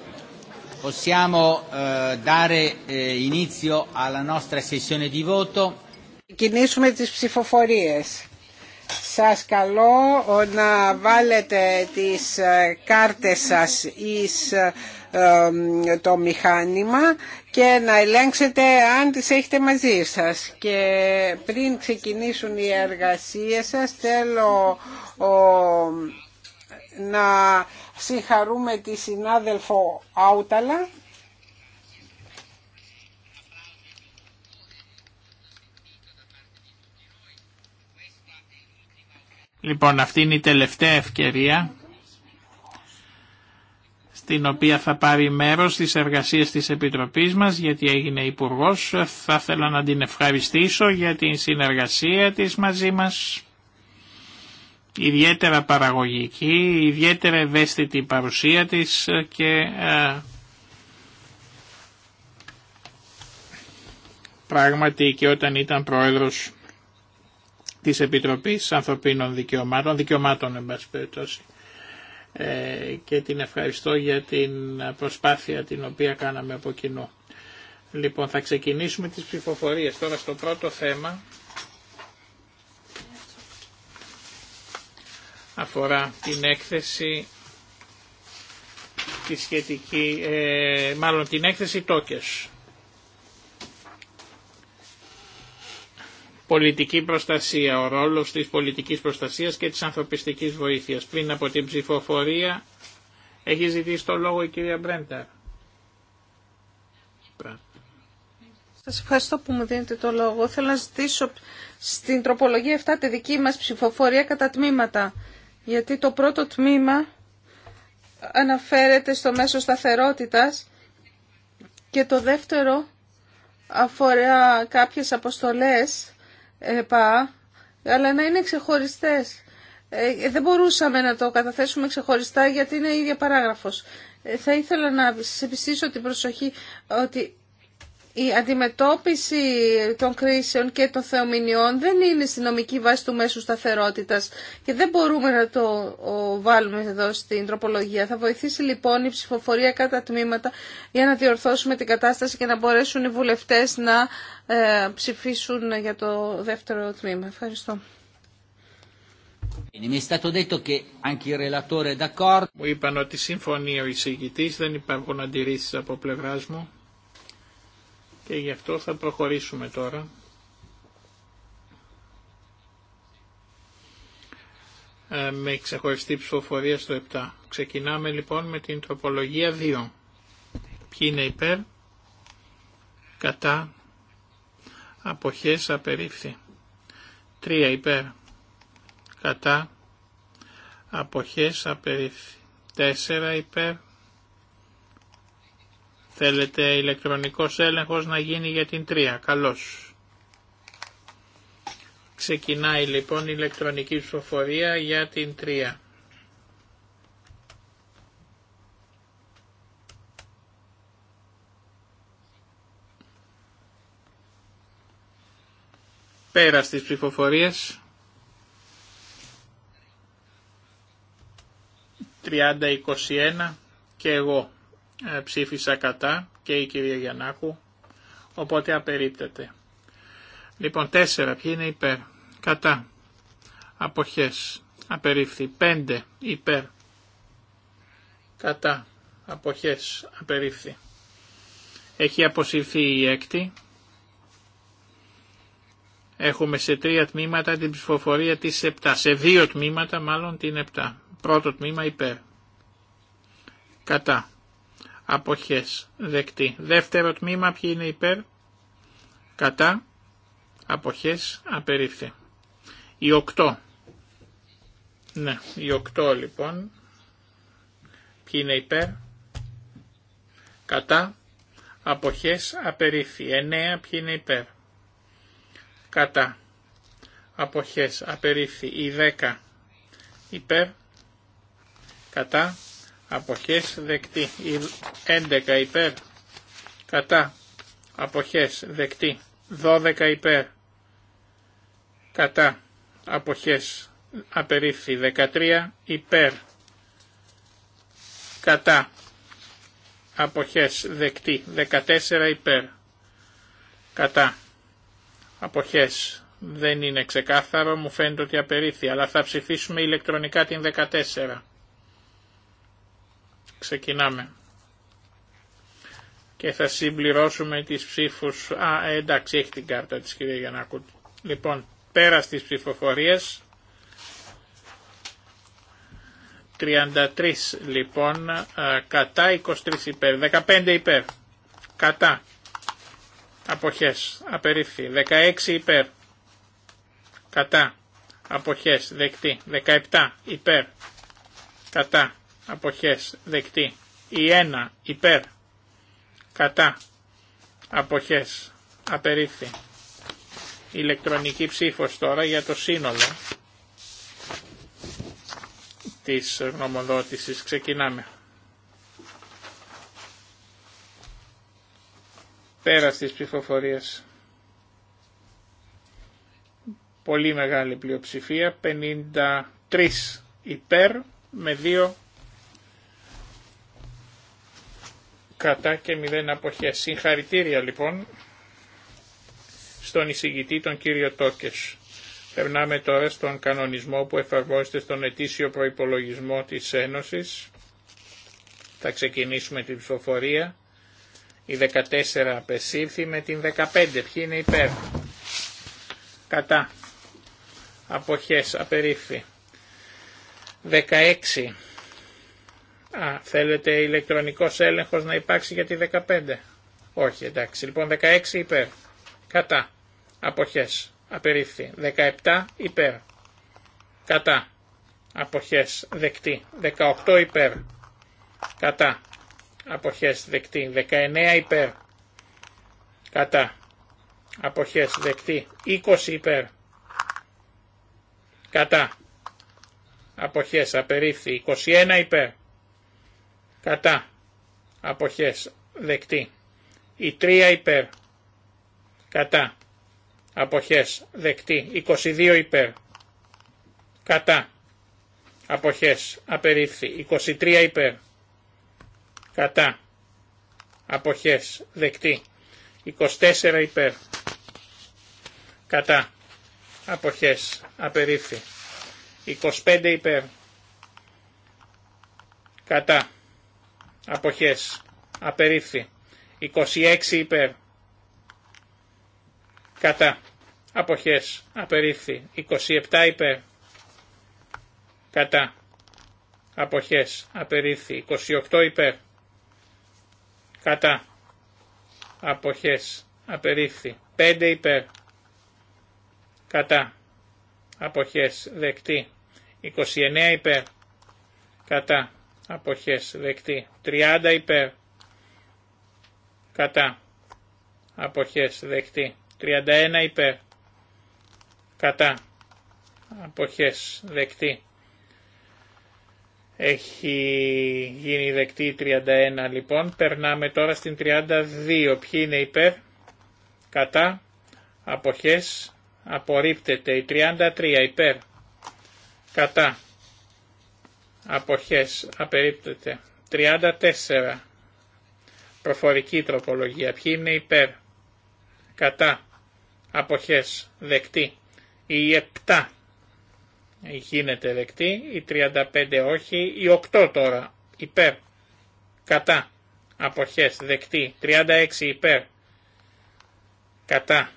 possiamo dare inizio alla nostra sessione di voto. Κινήσουμε τις ψηφοφορίες. Σας καλώ να βάλετε τις ε, κάρτες σας εις ε, το μηχάνημα και να ελέγξετε αν τις έχετε μαζί σας. Και πριν ξεκινήσουν οι εργασίες σας θέλω να συγχαρούμε τη συνάδελφο Άουταλα Λοιπόν, αυτή είναι η τελευταία ευκαιρία στην οποία θα πάρει μέρος στις εργασίες της Επιτροπής μας γιατί έγινε υπουργό. Θα ήθελα να την ευχαριστήσω για την συνεργασία της μαζί μας. Ιδιαίτερα παραγωγική, ιδιαίτερα ευαίσθητη παρουσία της και ε, πράγματι και όταν ήταν πρόεδρος της Επιτροπής Ανθρωπίνων Δικαιωμάτων, δικαιωμάτων εν πάση περιπτώσει. Ε, και την ευχαριστώ για την προσπάθεια την οποία κάναμε από κοινού. Λοιπόν, θα ξεκινήσουμε τις ψηφοφορίες. Τώρα στο πρώτο θέμα αφορά την έκθεση τη σχετική, ε, μάλλον την έκθεση Τόκες. πολιτική προστασία, ο ρόλος της πολιτικής προστασίας και της ανθρωπιστικής βοήθειας. Πριν από την ψηφοφορία έχει ζητήσει το λόγο η κυρία Μπρέντερ. Σας ευχαριστώ που μου δίνετε το λόγο. Θέλω να ζητήσω στην τροπολογία 7 τη δική μας ψηφοφορία κατά τμήματα. Γιατί το πρώτο τμήμα αναφέρεται στο μέσο σταθερότητας και το δεύτερο αφορά κάποιες αποστολές Πά, αλλά να είναι ξεχωριστές. Ε, δεν μπορούσαμε να το καταθέσουμε ξεχωριστά γιατί είναι η ίδια παράγραφος. Ε, θα ήθελα να σας επιστήσω την προσοχή ότι η αντιμετώπιση των κρίσεων και των θεομηνιών δεν είναι στη νομική βάση του μέσου σταθερότητας και δεν μπορούμε να το βάλουμε εδώ στην τροπολογία. Θα βοηθήσει λοιπόν η ψηφοφορία κατά τμήματα για να διορθώσουμε την κατάσταση και να μπορέσουν οι βουλευτές να ε, ψηφίσουν για το δεύτερο τμήμα. Ευχαριστώ. Μου είπαν ότι συμφωνεί ο εισηγητής, δεν υπάρχουν αντιρρήσεις από πλευράς μου και γι' αυτό θα προχωρήσουμε τώρα. Ε, με ξεχωριστή ψηφοφορία στο 7. Ξεκινάμε λοιπόν με την τροπολογία 2. Ποιοι είναι υπέρ, κατά, αποχές απερίφθη. 3 υπέρ, κατά, αποχές απερίφθη. 4 υπέρ, Θέλετε ηλεκτρονικός έλεγχος να γίνει για την 3. Καλώς. Ξεκινάει λοιπόν η ηλεκτρονική ψηφοφορία για την 3. Πέρα στις ψηφοφορίες. 30-21 και εγώ. Ε, ψήφισα κατά και η κυρία Γιαννάκου, οπότε απερίπτεται. Λοιπόν, τέσσερα. Ποιοι είναι υπέρ. Κατά. Αποχές. Απερίφθη. Πέντε. Υπέρ. Κατά. Αποχές. Απερίφθη. Έχει αποσυρθεί η έκτη. Έχουμε σε τρία τμήματα την ψηφοφορία της 7. Σε δύο τμήματα μάλλον την 7. Πρώτο τμήμα υπέρ. Κατά αποχές δεκτή. Δεύτερο τμήμα ποιοι είναι υπέρ, κατά, αποχές απερίφθη. Η 8. Ναι, η 8 λοιπόν. Ποιοι είναι υπέρ, κατά, αποχές απερίφθη. 9 ποιοι είναι υπέρ, κατά, αποχές απερίφθη. Η 10 υπέρ, κατά, αποχές δεκτή. 11 υπέρ κατά αποχές δεκτή. 12 υπέρ κατά αποχές απερίφθη. 13 υπέρ κατά αποχές δεκτή. 14 υπέρ κατά αποχές δεν είναι ξεκάθαρο, μου φαίνεται ότι απερίφθη, αλλά θα ψηφίσουμε ηλεκτρονικά την 14 ξεκινάμε. Και θα συμπληρώσουμε τις ψήφους. Α, ε, εντάξει, έχει την κάρτα της κυρία Γιαννάκου. Λοιπόν, πέρα στις ψηφοφορίες. 33 λοιπόν, κατά 23 υπέρ, 15 υπέρ, κατά, αποχές, απερίφθη, 16 υπέρ, κατά, αποχές, δεκτή, 17 υπέρ, κατά, αποχές δεκτή. Η 1 υπέρ κατά αποχές απερίφθη. Ηλεκτρονική ψήφος τώρα για το σύνολο της γνωμοδότησης. Ξεκινάμε. Πέρα της ψηφοφορίας. Πολύ μεγάλη πλειοψηφία, 53 υπέρ με 2 κατά και μηδέν αποχές. Συγχαρητήρια λοιπόν στον εισηγητή τον κύριο Τόκες. Περνάμε τώρα στον κανονισμό που εφαρμόζεται στον ετήσιο προϋπολογισμό της Ένωσης. Θα ξεκινήσουμε την ψηφοφορία. Η 14 απεσύρθη με την 15. Ποιοι είναι υπέρ. Κατά. Αποχές. Απερίφθη. 16 Α, θέλετε ηλεκτρονικός έλεγχος να υπάρξει για τη 15. Όχι, εντάξει. Λοιπόν, 16 υπέρ. Κατά. Αποχές. Απερίφθη. 17 υπέρ. Κατά. Αποχές. Δεκτή. 18 υπέρ. Κατά. Αποχές. Δεκτή. 19 υπέρ. Κατά. Αποχές. Δεκτή. 20 υπέρ. Κατά. Αποχές. Απερίφθη. 21 υπέρ κατά αποχές δεκτή. Η 3 υπέρ κατά αποχές δεκτή. 22 υπέρ κατά αποχές απερίφθη. 23 υπέρ κατά αποχές δεκτή. 24 υπέρ κατά αποχές απερίφθη. 25 υπέρ κατά Αποχές. Απερίφθη. 26 υπέρ. Κατά. Αποχές. Απερίφθη. 27 υπέρ. Κατά. Αποχές. Απερίφθη. 28 υπέρ. Κατά. Αποχές. Απερίφθη. 5 υπέρ. Κατά. Αποχές. Δεκτή. 29 υπέρ. Κατά αποχές δεκτή 30 υπέρ κατά αποχές δεκτή 31 υπέρ κατά αποχές δεκτή έχει γίνει δεκτή 31 λοιπόν περνάμε τώρα στην 32 ποιοι είναι υπέρ κατά αποχές απορρίπτεται η 33 υπέρ κατά Αποχές. Απερίπτωται. 34. Προφορική τροπολογία. Ποιοι είναι υπέρ. Κατά. Αποχές. Δεκτή. Η 7 γίνεται δεκτή. Η 35 όχι. Η 8 τώρα. Υπέρ. Κατά. Αποχές. Δεκτή. 36 υπέρ. Κατά.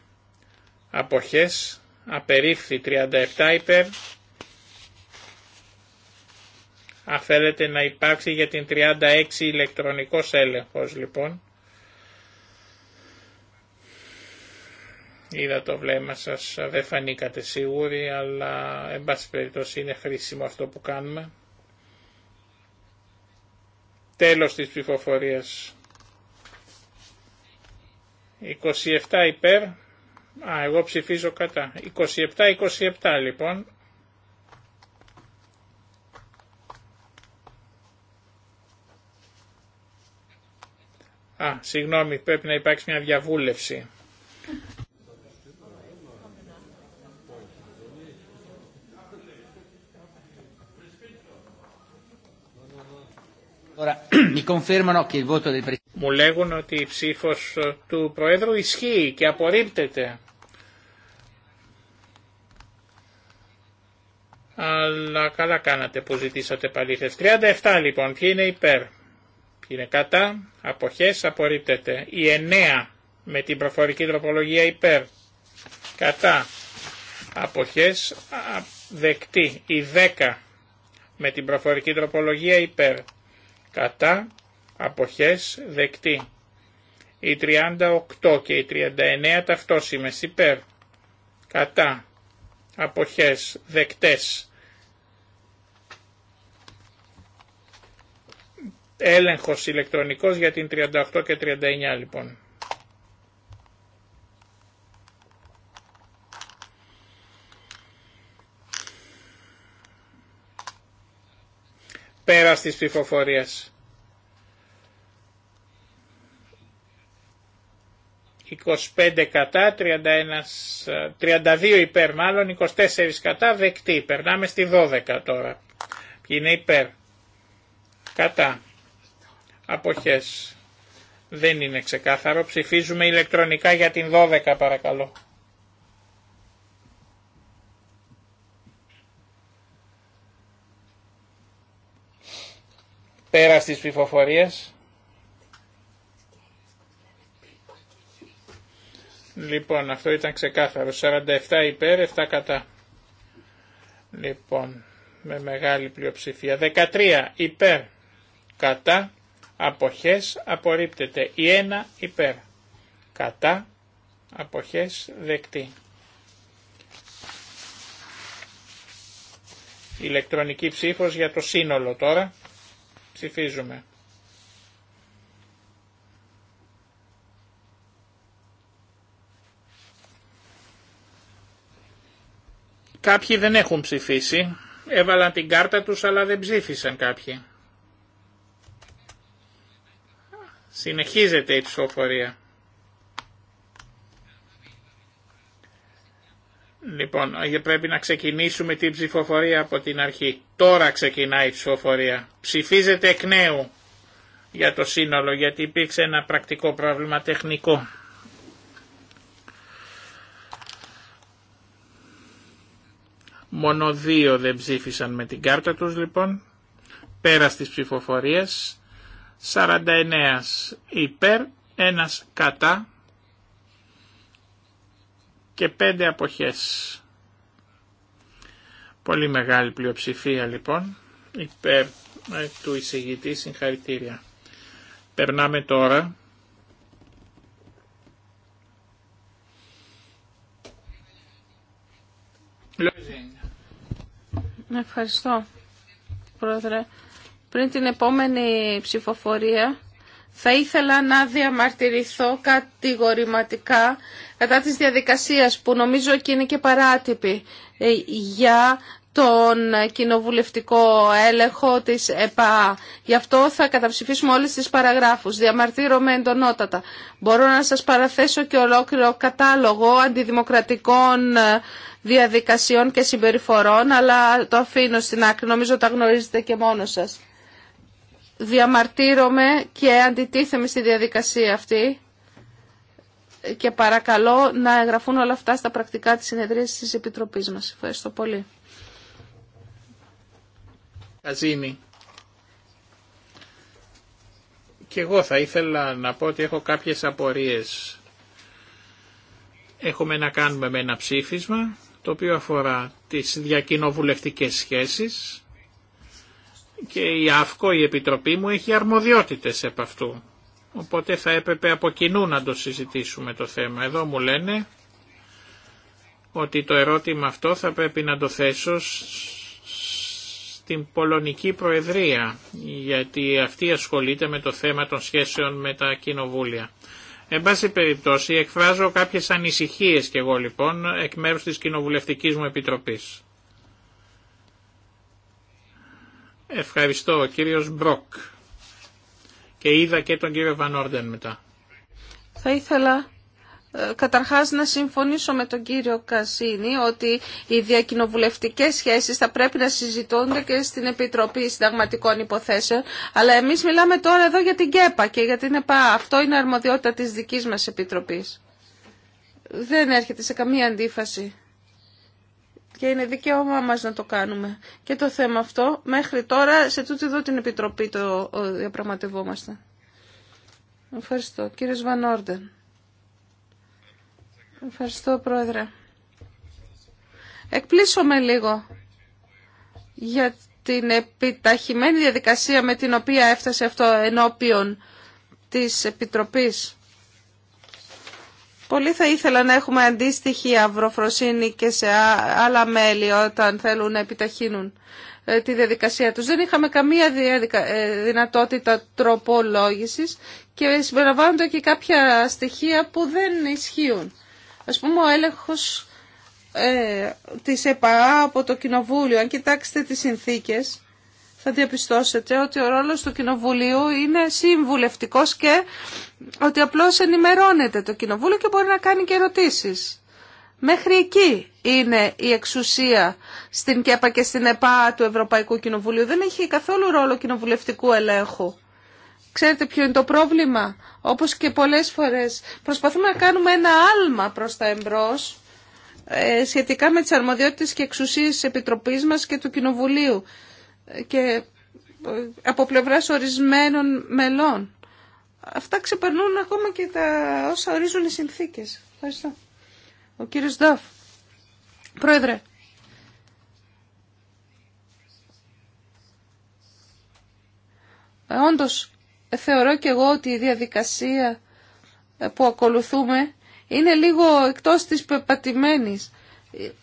Αποχές. Απερίφθη. 37 υπέρ. Αν θέλετε να υπάρξει για την 36 ηλεκτρονικό έλεγχος λοιπόν. Είδα το βλέμμα σας, δεν φανήκατε σίγουροι, αλλά εν πάση περιπτώσει είναι χρήσιμο αυτό που κάνουμε. Τέλος της ψηφοφορίας. 27 υπέρ, α εγώ ψηφίζω κατά, 27-27 λοιπόν, Α, συγγνώμη, πρέπει να υπάρξει μια διαβούλευση. Μου λέγουν ότι η ψήφος ε, του Προέδρου ισχύει και απορρίπτεται. Αλλά καλά κάνατε που ζητήσατε παλήθες. 37 λοιπόν, ποιοι είναι υπέρ. Είναι κατά. Αποχές απορρίπτεται. Η 9 με την προφορική τροπολογία υπέρ. Κατά. Αποχές δεκτή. Η 10 με την προφορική τροπολογία υπέρ. Κατά. Αποχές δεκτή. Η 38 και η 39 ταυτόσημες υπέρ. Κατά. Αποχές δεκτές. Έλεγχος ηλεκτρονικός για την 38 και 39 λοιπόν. Πέρα στις ψηφοφορίες. 25 κατά, 31, 32 υπέρ μάλλον, 24 κατά, δεκτή. Περνάμε στη 12 τώρα. είναι υπέρ. Κατά. Αποχές. Δεν είναι ξεκάθαρο. Ψηφίζουμε ηλεκτρονικά για την 12 παρακαλώ. Πέρα στις ψηφοφορίες. Λοιπόν, αυτό ήταν ξεκάθαρο. 47 υπέρ, 7 κατά. Λοιπόν, με μεγάλη πλειοψηφία. 13 υπέρ, κατά, αποχές απορρίπτεται. Η ένα υπέρ κατά αποχές δεκτή. Ηλεκτρονική ψήφος για το σύνολο τώρα. Ψηφίζουμε. Κάποιοι δεν έχουν ψηφίσει. Έβαλαν την κάρτα τους αλλά δεν ψήφισαν κάποιοι. Συνεχίζεται η ψηφοφορία. Λοιπόν, ε, πρέπει να ξεκινήσουμε την ψηφοφορία από την αρχή. Τώρα ξεκινάει η ψηφοφορία. Ψηφίζεται εκ νέου για το σύνολο, γιατί υπήρξε ένα πρακτικό πρόβλημα τεχνικό. Μόνο δύο δεν ψήφισαν με την κάρτα τους λοιπόν, πέρα στις ψηφοφορίες. 49 υπέρ, ένας κατά και 5 αποχές. Πολύ μεγάλη πλειοψηφία λοιπόν υπέρ ε, του εισηγητή συγχαρητήρια. Περνάμε τώρα Ευχαριστώ, Πρόεδρε πριν την επόμενη ψηφοφορία θα ήθελα να διαμαρτυρηθώ κατηγορηματικά κατά της διαδικασίας που νομίζω και είναι και παράτυπη ε, για τον κοινοβουλευτικό έλεγχο της ΕΠΑ. Γι' αυτό θα καταψηφίσουμε όλες τις παραγράφους. Διαμαρτύρομαι εντονότατα. Μπορώ να σας παραθέσω και ολόκληρο κατάλογο αντιδημοκρατικών ε, διαδικασιών και συμπεριφορών, αλλά το αφήνω στην άκρη. Νομίζω τα γνωρίζετε και μόνο σας διαμαρτύρομαι και αντιτίθεμαι στη διαδικασία αυτή και παρακαλώ να εγγραφούν όλα αυτά στα πρακτικά της συνεδρίας της Επιτροπής μας. Ευχαριστώ πολύ. Καζίνη. Και εγώ θα ήθελα να πω ότι έχω κάποιες απορίες. Έχουμε να κάνουμε με ένα ψήφισμα το οποίο αφορά τις διακοινοβουλευτικές σχέσεις και η ΑΦΚΟ, η Επιτροπή μου, έχει αρμοδιότητες επ' αυτού. Οπότε θα έπρεπε από κοινού να το συζητήσουμε το θέμα. Εδώ μου λένε ότι το ερώτημα αυτό θα πρέπει να το θέσω στην Πολωνική Προεδρία, γιατί αυτή ασχολείται με το θέμα των σχέσεων με τα κοινοβούλια. Εν πάση περιπτώσει εκφράζω κάποιες ανησυχίες και εγώ λοιπόν εκ μέρους της Κοινοβουλευτικής μου Επιτροπής. Ευχαριστώ, ο κύριος Μπροκ. Και είδα και τον κύριο Βανόρντεν μετά. Θα ήθελα ε, καταρχάς να συμφωνήσω με τον κύριο Κασίνη ότι οι διακοινοβουλευτικές σχέσεις θα πρέπει να συζητώνται και στην Επιτροπή Συνταγματικών Υποθέσεων αλλά εμείς μιλάμε τώρα εδώ για την ΚΕΠΑ και για την ΕΠΑ. Αυτό είναι αρμοδιότητα της δικής μας Επιτροπής. Δεν έρχεται σε καμία αντίφαση και είναι δικαίωμά μας να το κάνουμε. Και το θέμα αυτό μέχρι τώρα σε τούτη εδώ την Επιτροπή το διαπραγματευόμαστε. Ευχαριστώ. Κύριε Βαν Ευχαριστώ Πρόεδρε. με λίγο για την επιταχυμένη διαδικασία με την οποία έφτασε αυτό ενώπιον της Επιτροπής. Πολύ θα ήθελα να έχουμε αντίστοιχη αυροφροσύνη και σε άλλα μέλη όταν θέλουν να επιταχύνουν ε, τη διαδικασία τους. Δεν είχαμε καμία ε, δυνατότητα τροπολόγησης και συμπεριλαμβάνονται και κάποια στοιχεία που δεν ισχύουν. Ας πούμε ο έλεγχος ε, της ΕΠΑ από το Κοινοβούλιο, αν κοιτάξετε τις συνθήκες, θα διαπιστώσετε ότι ο ρόλος του Κοινοβουλίου είναι συμβουλευτικός και ότι απλώς ενημερώνεται το Κοινοβούλιο και μπορεί να κάνει και ερωτήσεις. Μέχρι εκεί είναι η εξουσία στην ΚΕΠΑ και στην ΕΠΑ του Ευρωπαϊκού Κοινοβουλίου. Δεν έχει καθόλου ρόλο κοινοβουλευτικού ελέγχου. Ξέρετε ποιο είναι το πρόβλημα. Όπως και πολλές φορές προσπαθούμε να κάνουμε ένα άλμα προς τα εμπρός ε, σχετικά με τις αρμοδιότητες και εξουσίες της Επιτροπής μας και του Κοινοβουλίου και ε, από πλευράς ορισμένων μελών. Αυτά ξεπερνούν ακόμα και τα όσα ορίζουν οι συνθήκες. Ευχαριστώ. Ο κύριος Νταφ. Πρόεδρε. Ε, όντως, θεωρώ και εγώ ότι η διαδικασία ε, που ακολουθούμε είναι λίγο εκτός της πεπατημένης.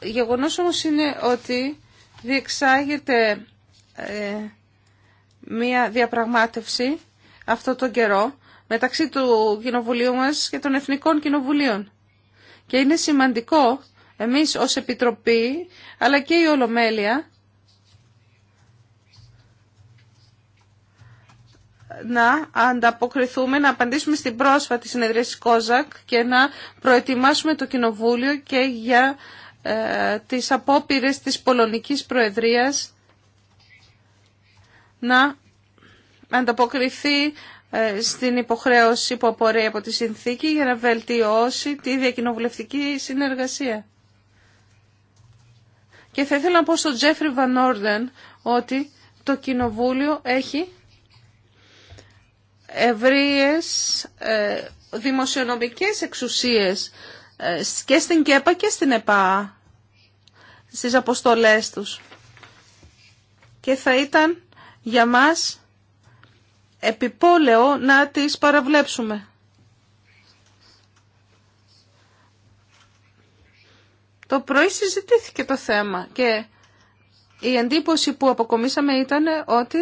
Γεγονός όμως είναι ότι διεξάγεται ε, μία διαπραγμάτευση αυτό τον καιρό μεταξύ του Κοινοβουλίου μας και των Εθνικών Κοινοβουλίων. Και είναι σημαντικό εμείς ως Επιτροπή, αλλά και η Ολομέλεια, να ανταποκριθούμε, να απαντήσουμε στην πρόσφατη συνεδρία της ΚΟΖΑΚ και να προετοιμάσουμε το Κοινοβούλιο και για ε, τις απόπειρες της Πολωνικής Προεδρίας να ανταποκριθεί ε, στην υποχρέωση που απορρέει από τη συνθήκη για να βελτιώσει τη διακοινοβουλευτική συνεργασία. Και θα ήθελα να πω στον Τζέφρι Βαν ότι το Κοινοβούλιο έχει ευρείες ε, δημοσιονομικές εξουσίες ε, και στην ΚΕΠΑ και στην ΕΠΑ στις αποστολές τους. Και θα ήταν για μας επιπόλαιο να τις παραβλέψουμε. Το πρωί συζητήθηκε το θέμα και η εντύπωση που αποκομίσαμε ήταν ότι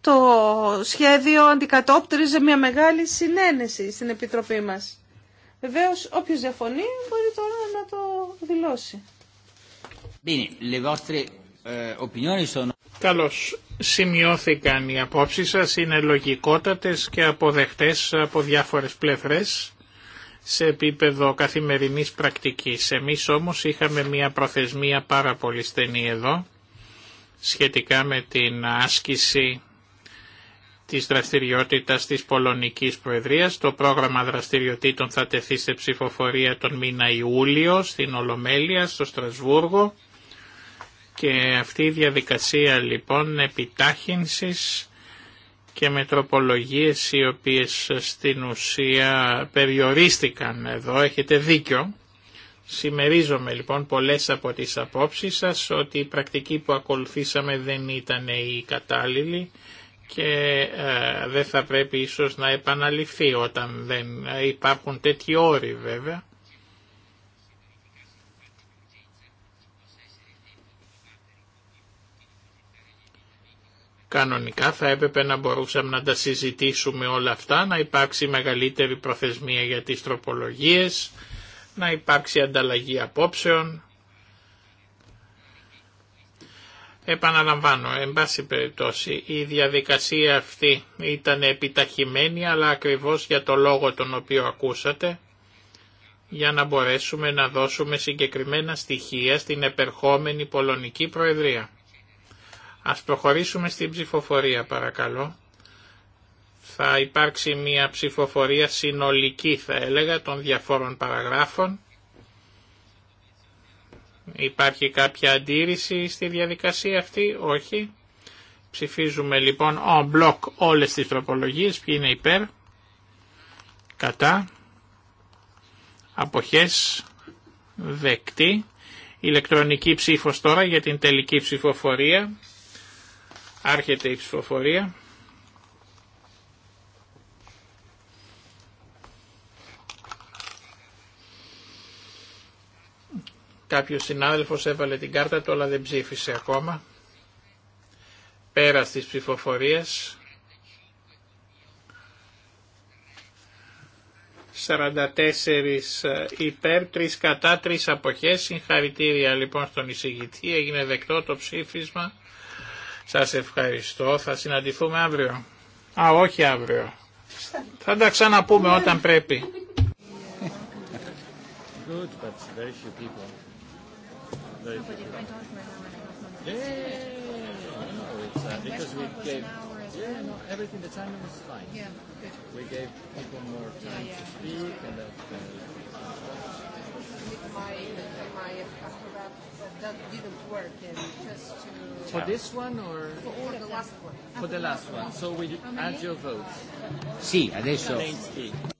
το σχέδιο αντικατόπτριζε μια μεγάλη συνένεση στην Επιτροπή μας. Βεβαίως όποιος διαφωνεί μπορεί τώρα να το δηλώσει. Eh, Καλώς σημειώθηκαν οι απόψεις σας, είναι λογικότατες και αποδεχτές από διάφορες πλευρές σε επίπεδο καθημερινής πρακτικής. Εμείς όμως είχαμε μια προθεσμία πάρα πολύ στενή εδώ σχετικά με την άσκηση της δραστηριότητας της Πολωνικής Προεδρίας. Το πρόγραμμα δραστηριοτήτων θα τεθεί σε ψηφοφορία τον μήνα Ιούλιο στην Ολομέλεια, στο Στρασβούργο και αυτή η διαδικασία λοιπόν επιτάχυνσης και με οι οποίες στην ουσία περιορίστηκαν εδώ, έχετε δίκιο. Σημερίζομαι λοιπόν πολλές από τις απόψεις σας ότι η πρακτική που ακολουθήσαμε δεν ήταν η κατάλληλη και ε, δεν θα πρέπει ίσως να επαναληφθεί όταν δεν υπάρχουν τέτοιοι όροι βέβαια Κανονικά θα έπρεπε να μπορούσαμε να τα συζητήσουμε όλα αυτά, να υπάρξει μεγαλύτερη προθεσμία για τις τροπολογίες, να υπάρξει ανταλλαγή απόψεων. Επαναλαμβάνω, εν πάση περιπτώσει, η διαδικασία αυτή ήταν επιταχυμένη, αλλά ακριβώς για το λόγο τον οποίο ακούσατε, για να μπορέσουμε να δώσουμε συγκεκριμένα στοιχεία στην επερχόμενη Πολωνική Προεδρία. Ας προχωρήσουμε στην ψηφοφορία παρακαλώ. Θα υπάρξει μια ψηφοφορία συνολική θα έλεγα των διαφόρων παραγράφων. Υπάρχει κάποια αντίρρηση στη διαδικασία αυτή, όχι. Ψηφίζουμε λοιπόν on block όλες τις τροπολογίες, ποιοι είναι υπέρ, κατά, αποχές, δεκτή, ηλεκτρονική ψήφος τώρα για την τελική ψηφοφορία. Άρχεται η ψηφοφορία. Κάποιος συνάδελφος έβαλε την κάρτα του αλλά δεν ψήφισε ακόμα. Πέρα στις ψηφοφορίες. 44 ε, υπέρ, 3 κατά, 3 αποχές. Συγχαρητήρια λοιπόν στον εισηγητή. Έγινε δεκτό το ψήφισμα. Σας ευχαριστώ. Θα συναντηθούμε αύριο. Α, όχι αύριο. Θα τα ξαναπούμε όταν πρέπει. Good, but very few people. Very few people. Yeah, yeah, yeah, No, it's uh, because we gave. Yeah, no, everything the timing was fine. Yeah, good. We gave people more time to speak and that. Uh, my, my that didn't work and just to for this one or for the last one for the last one so we add your votes sì adesso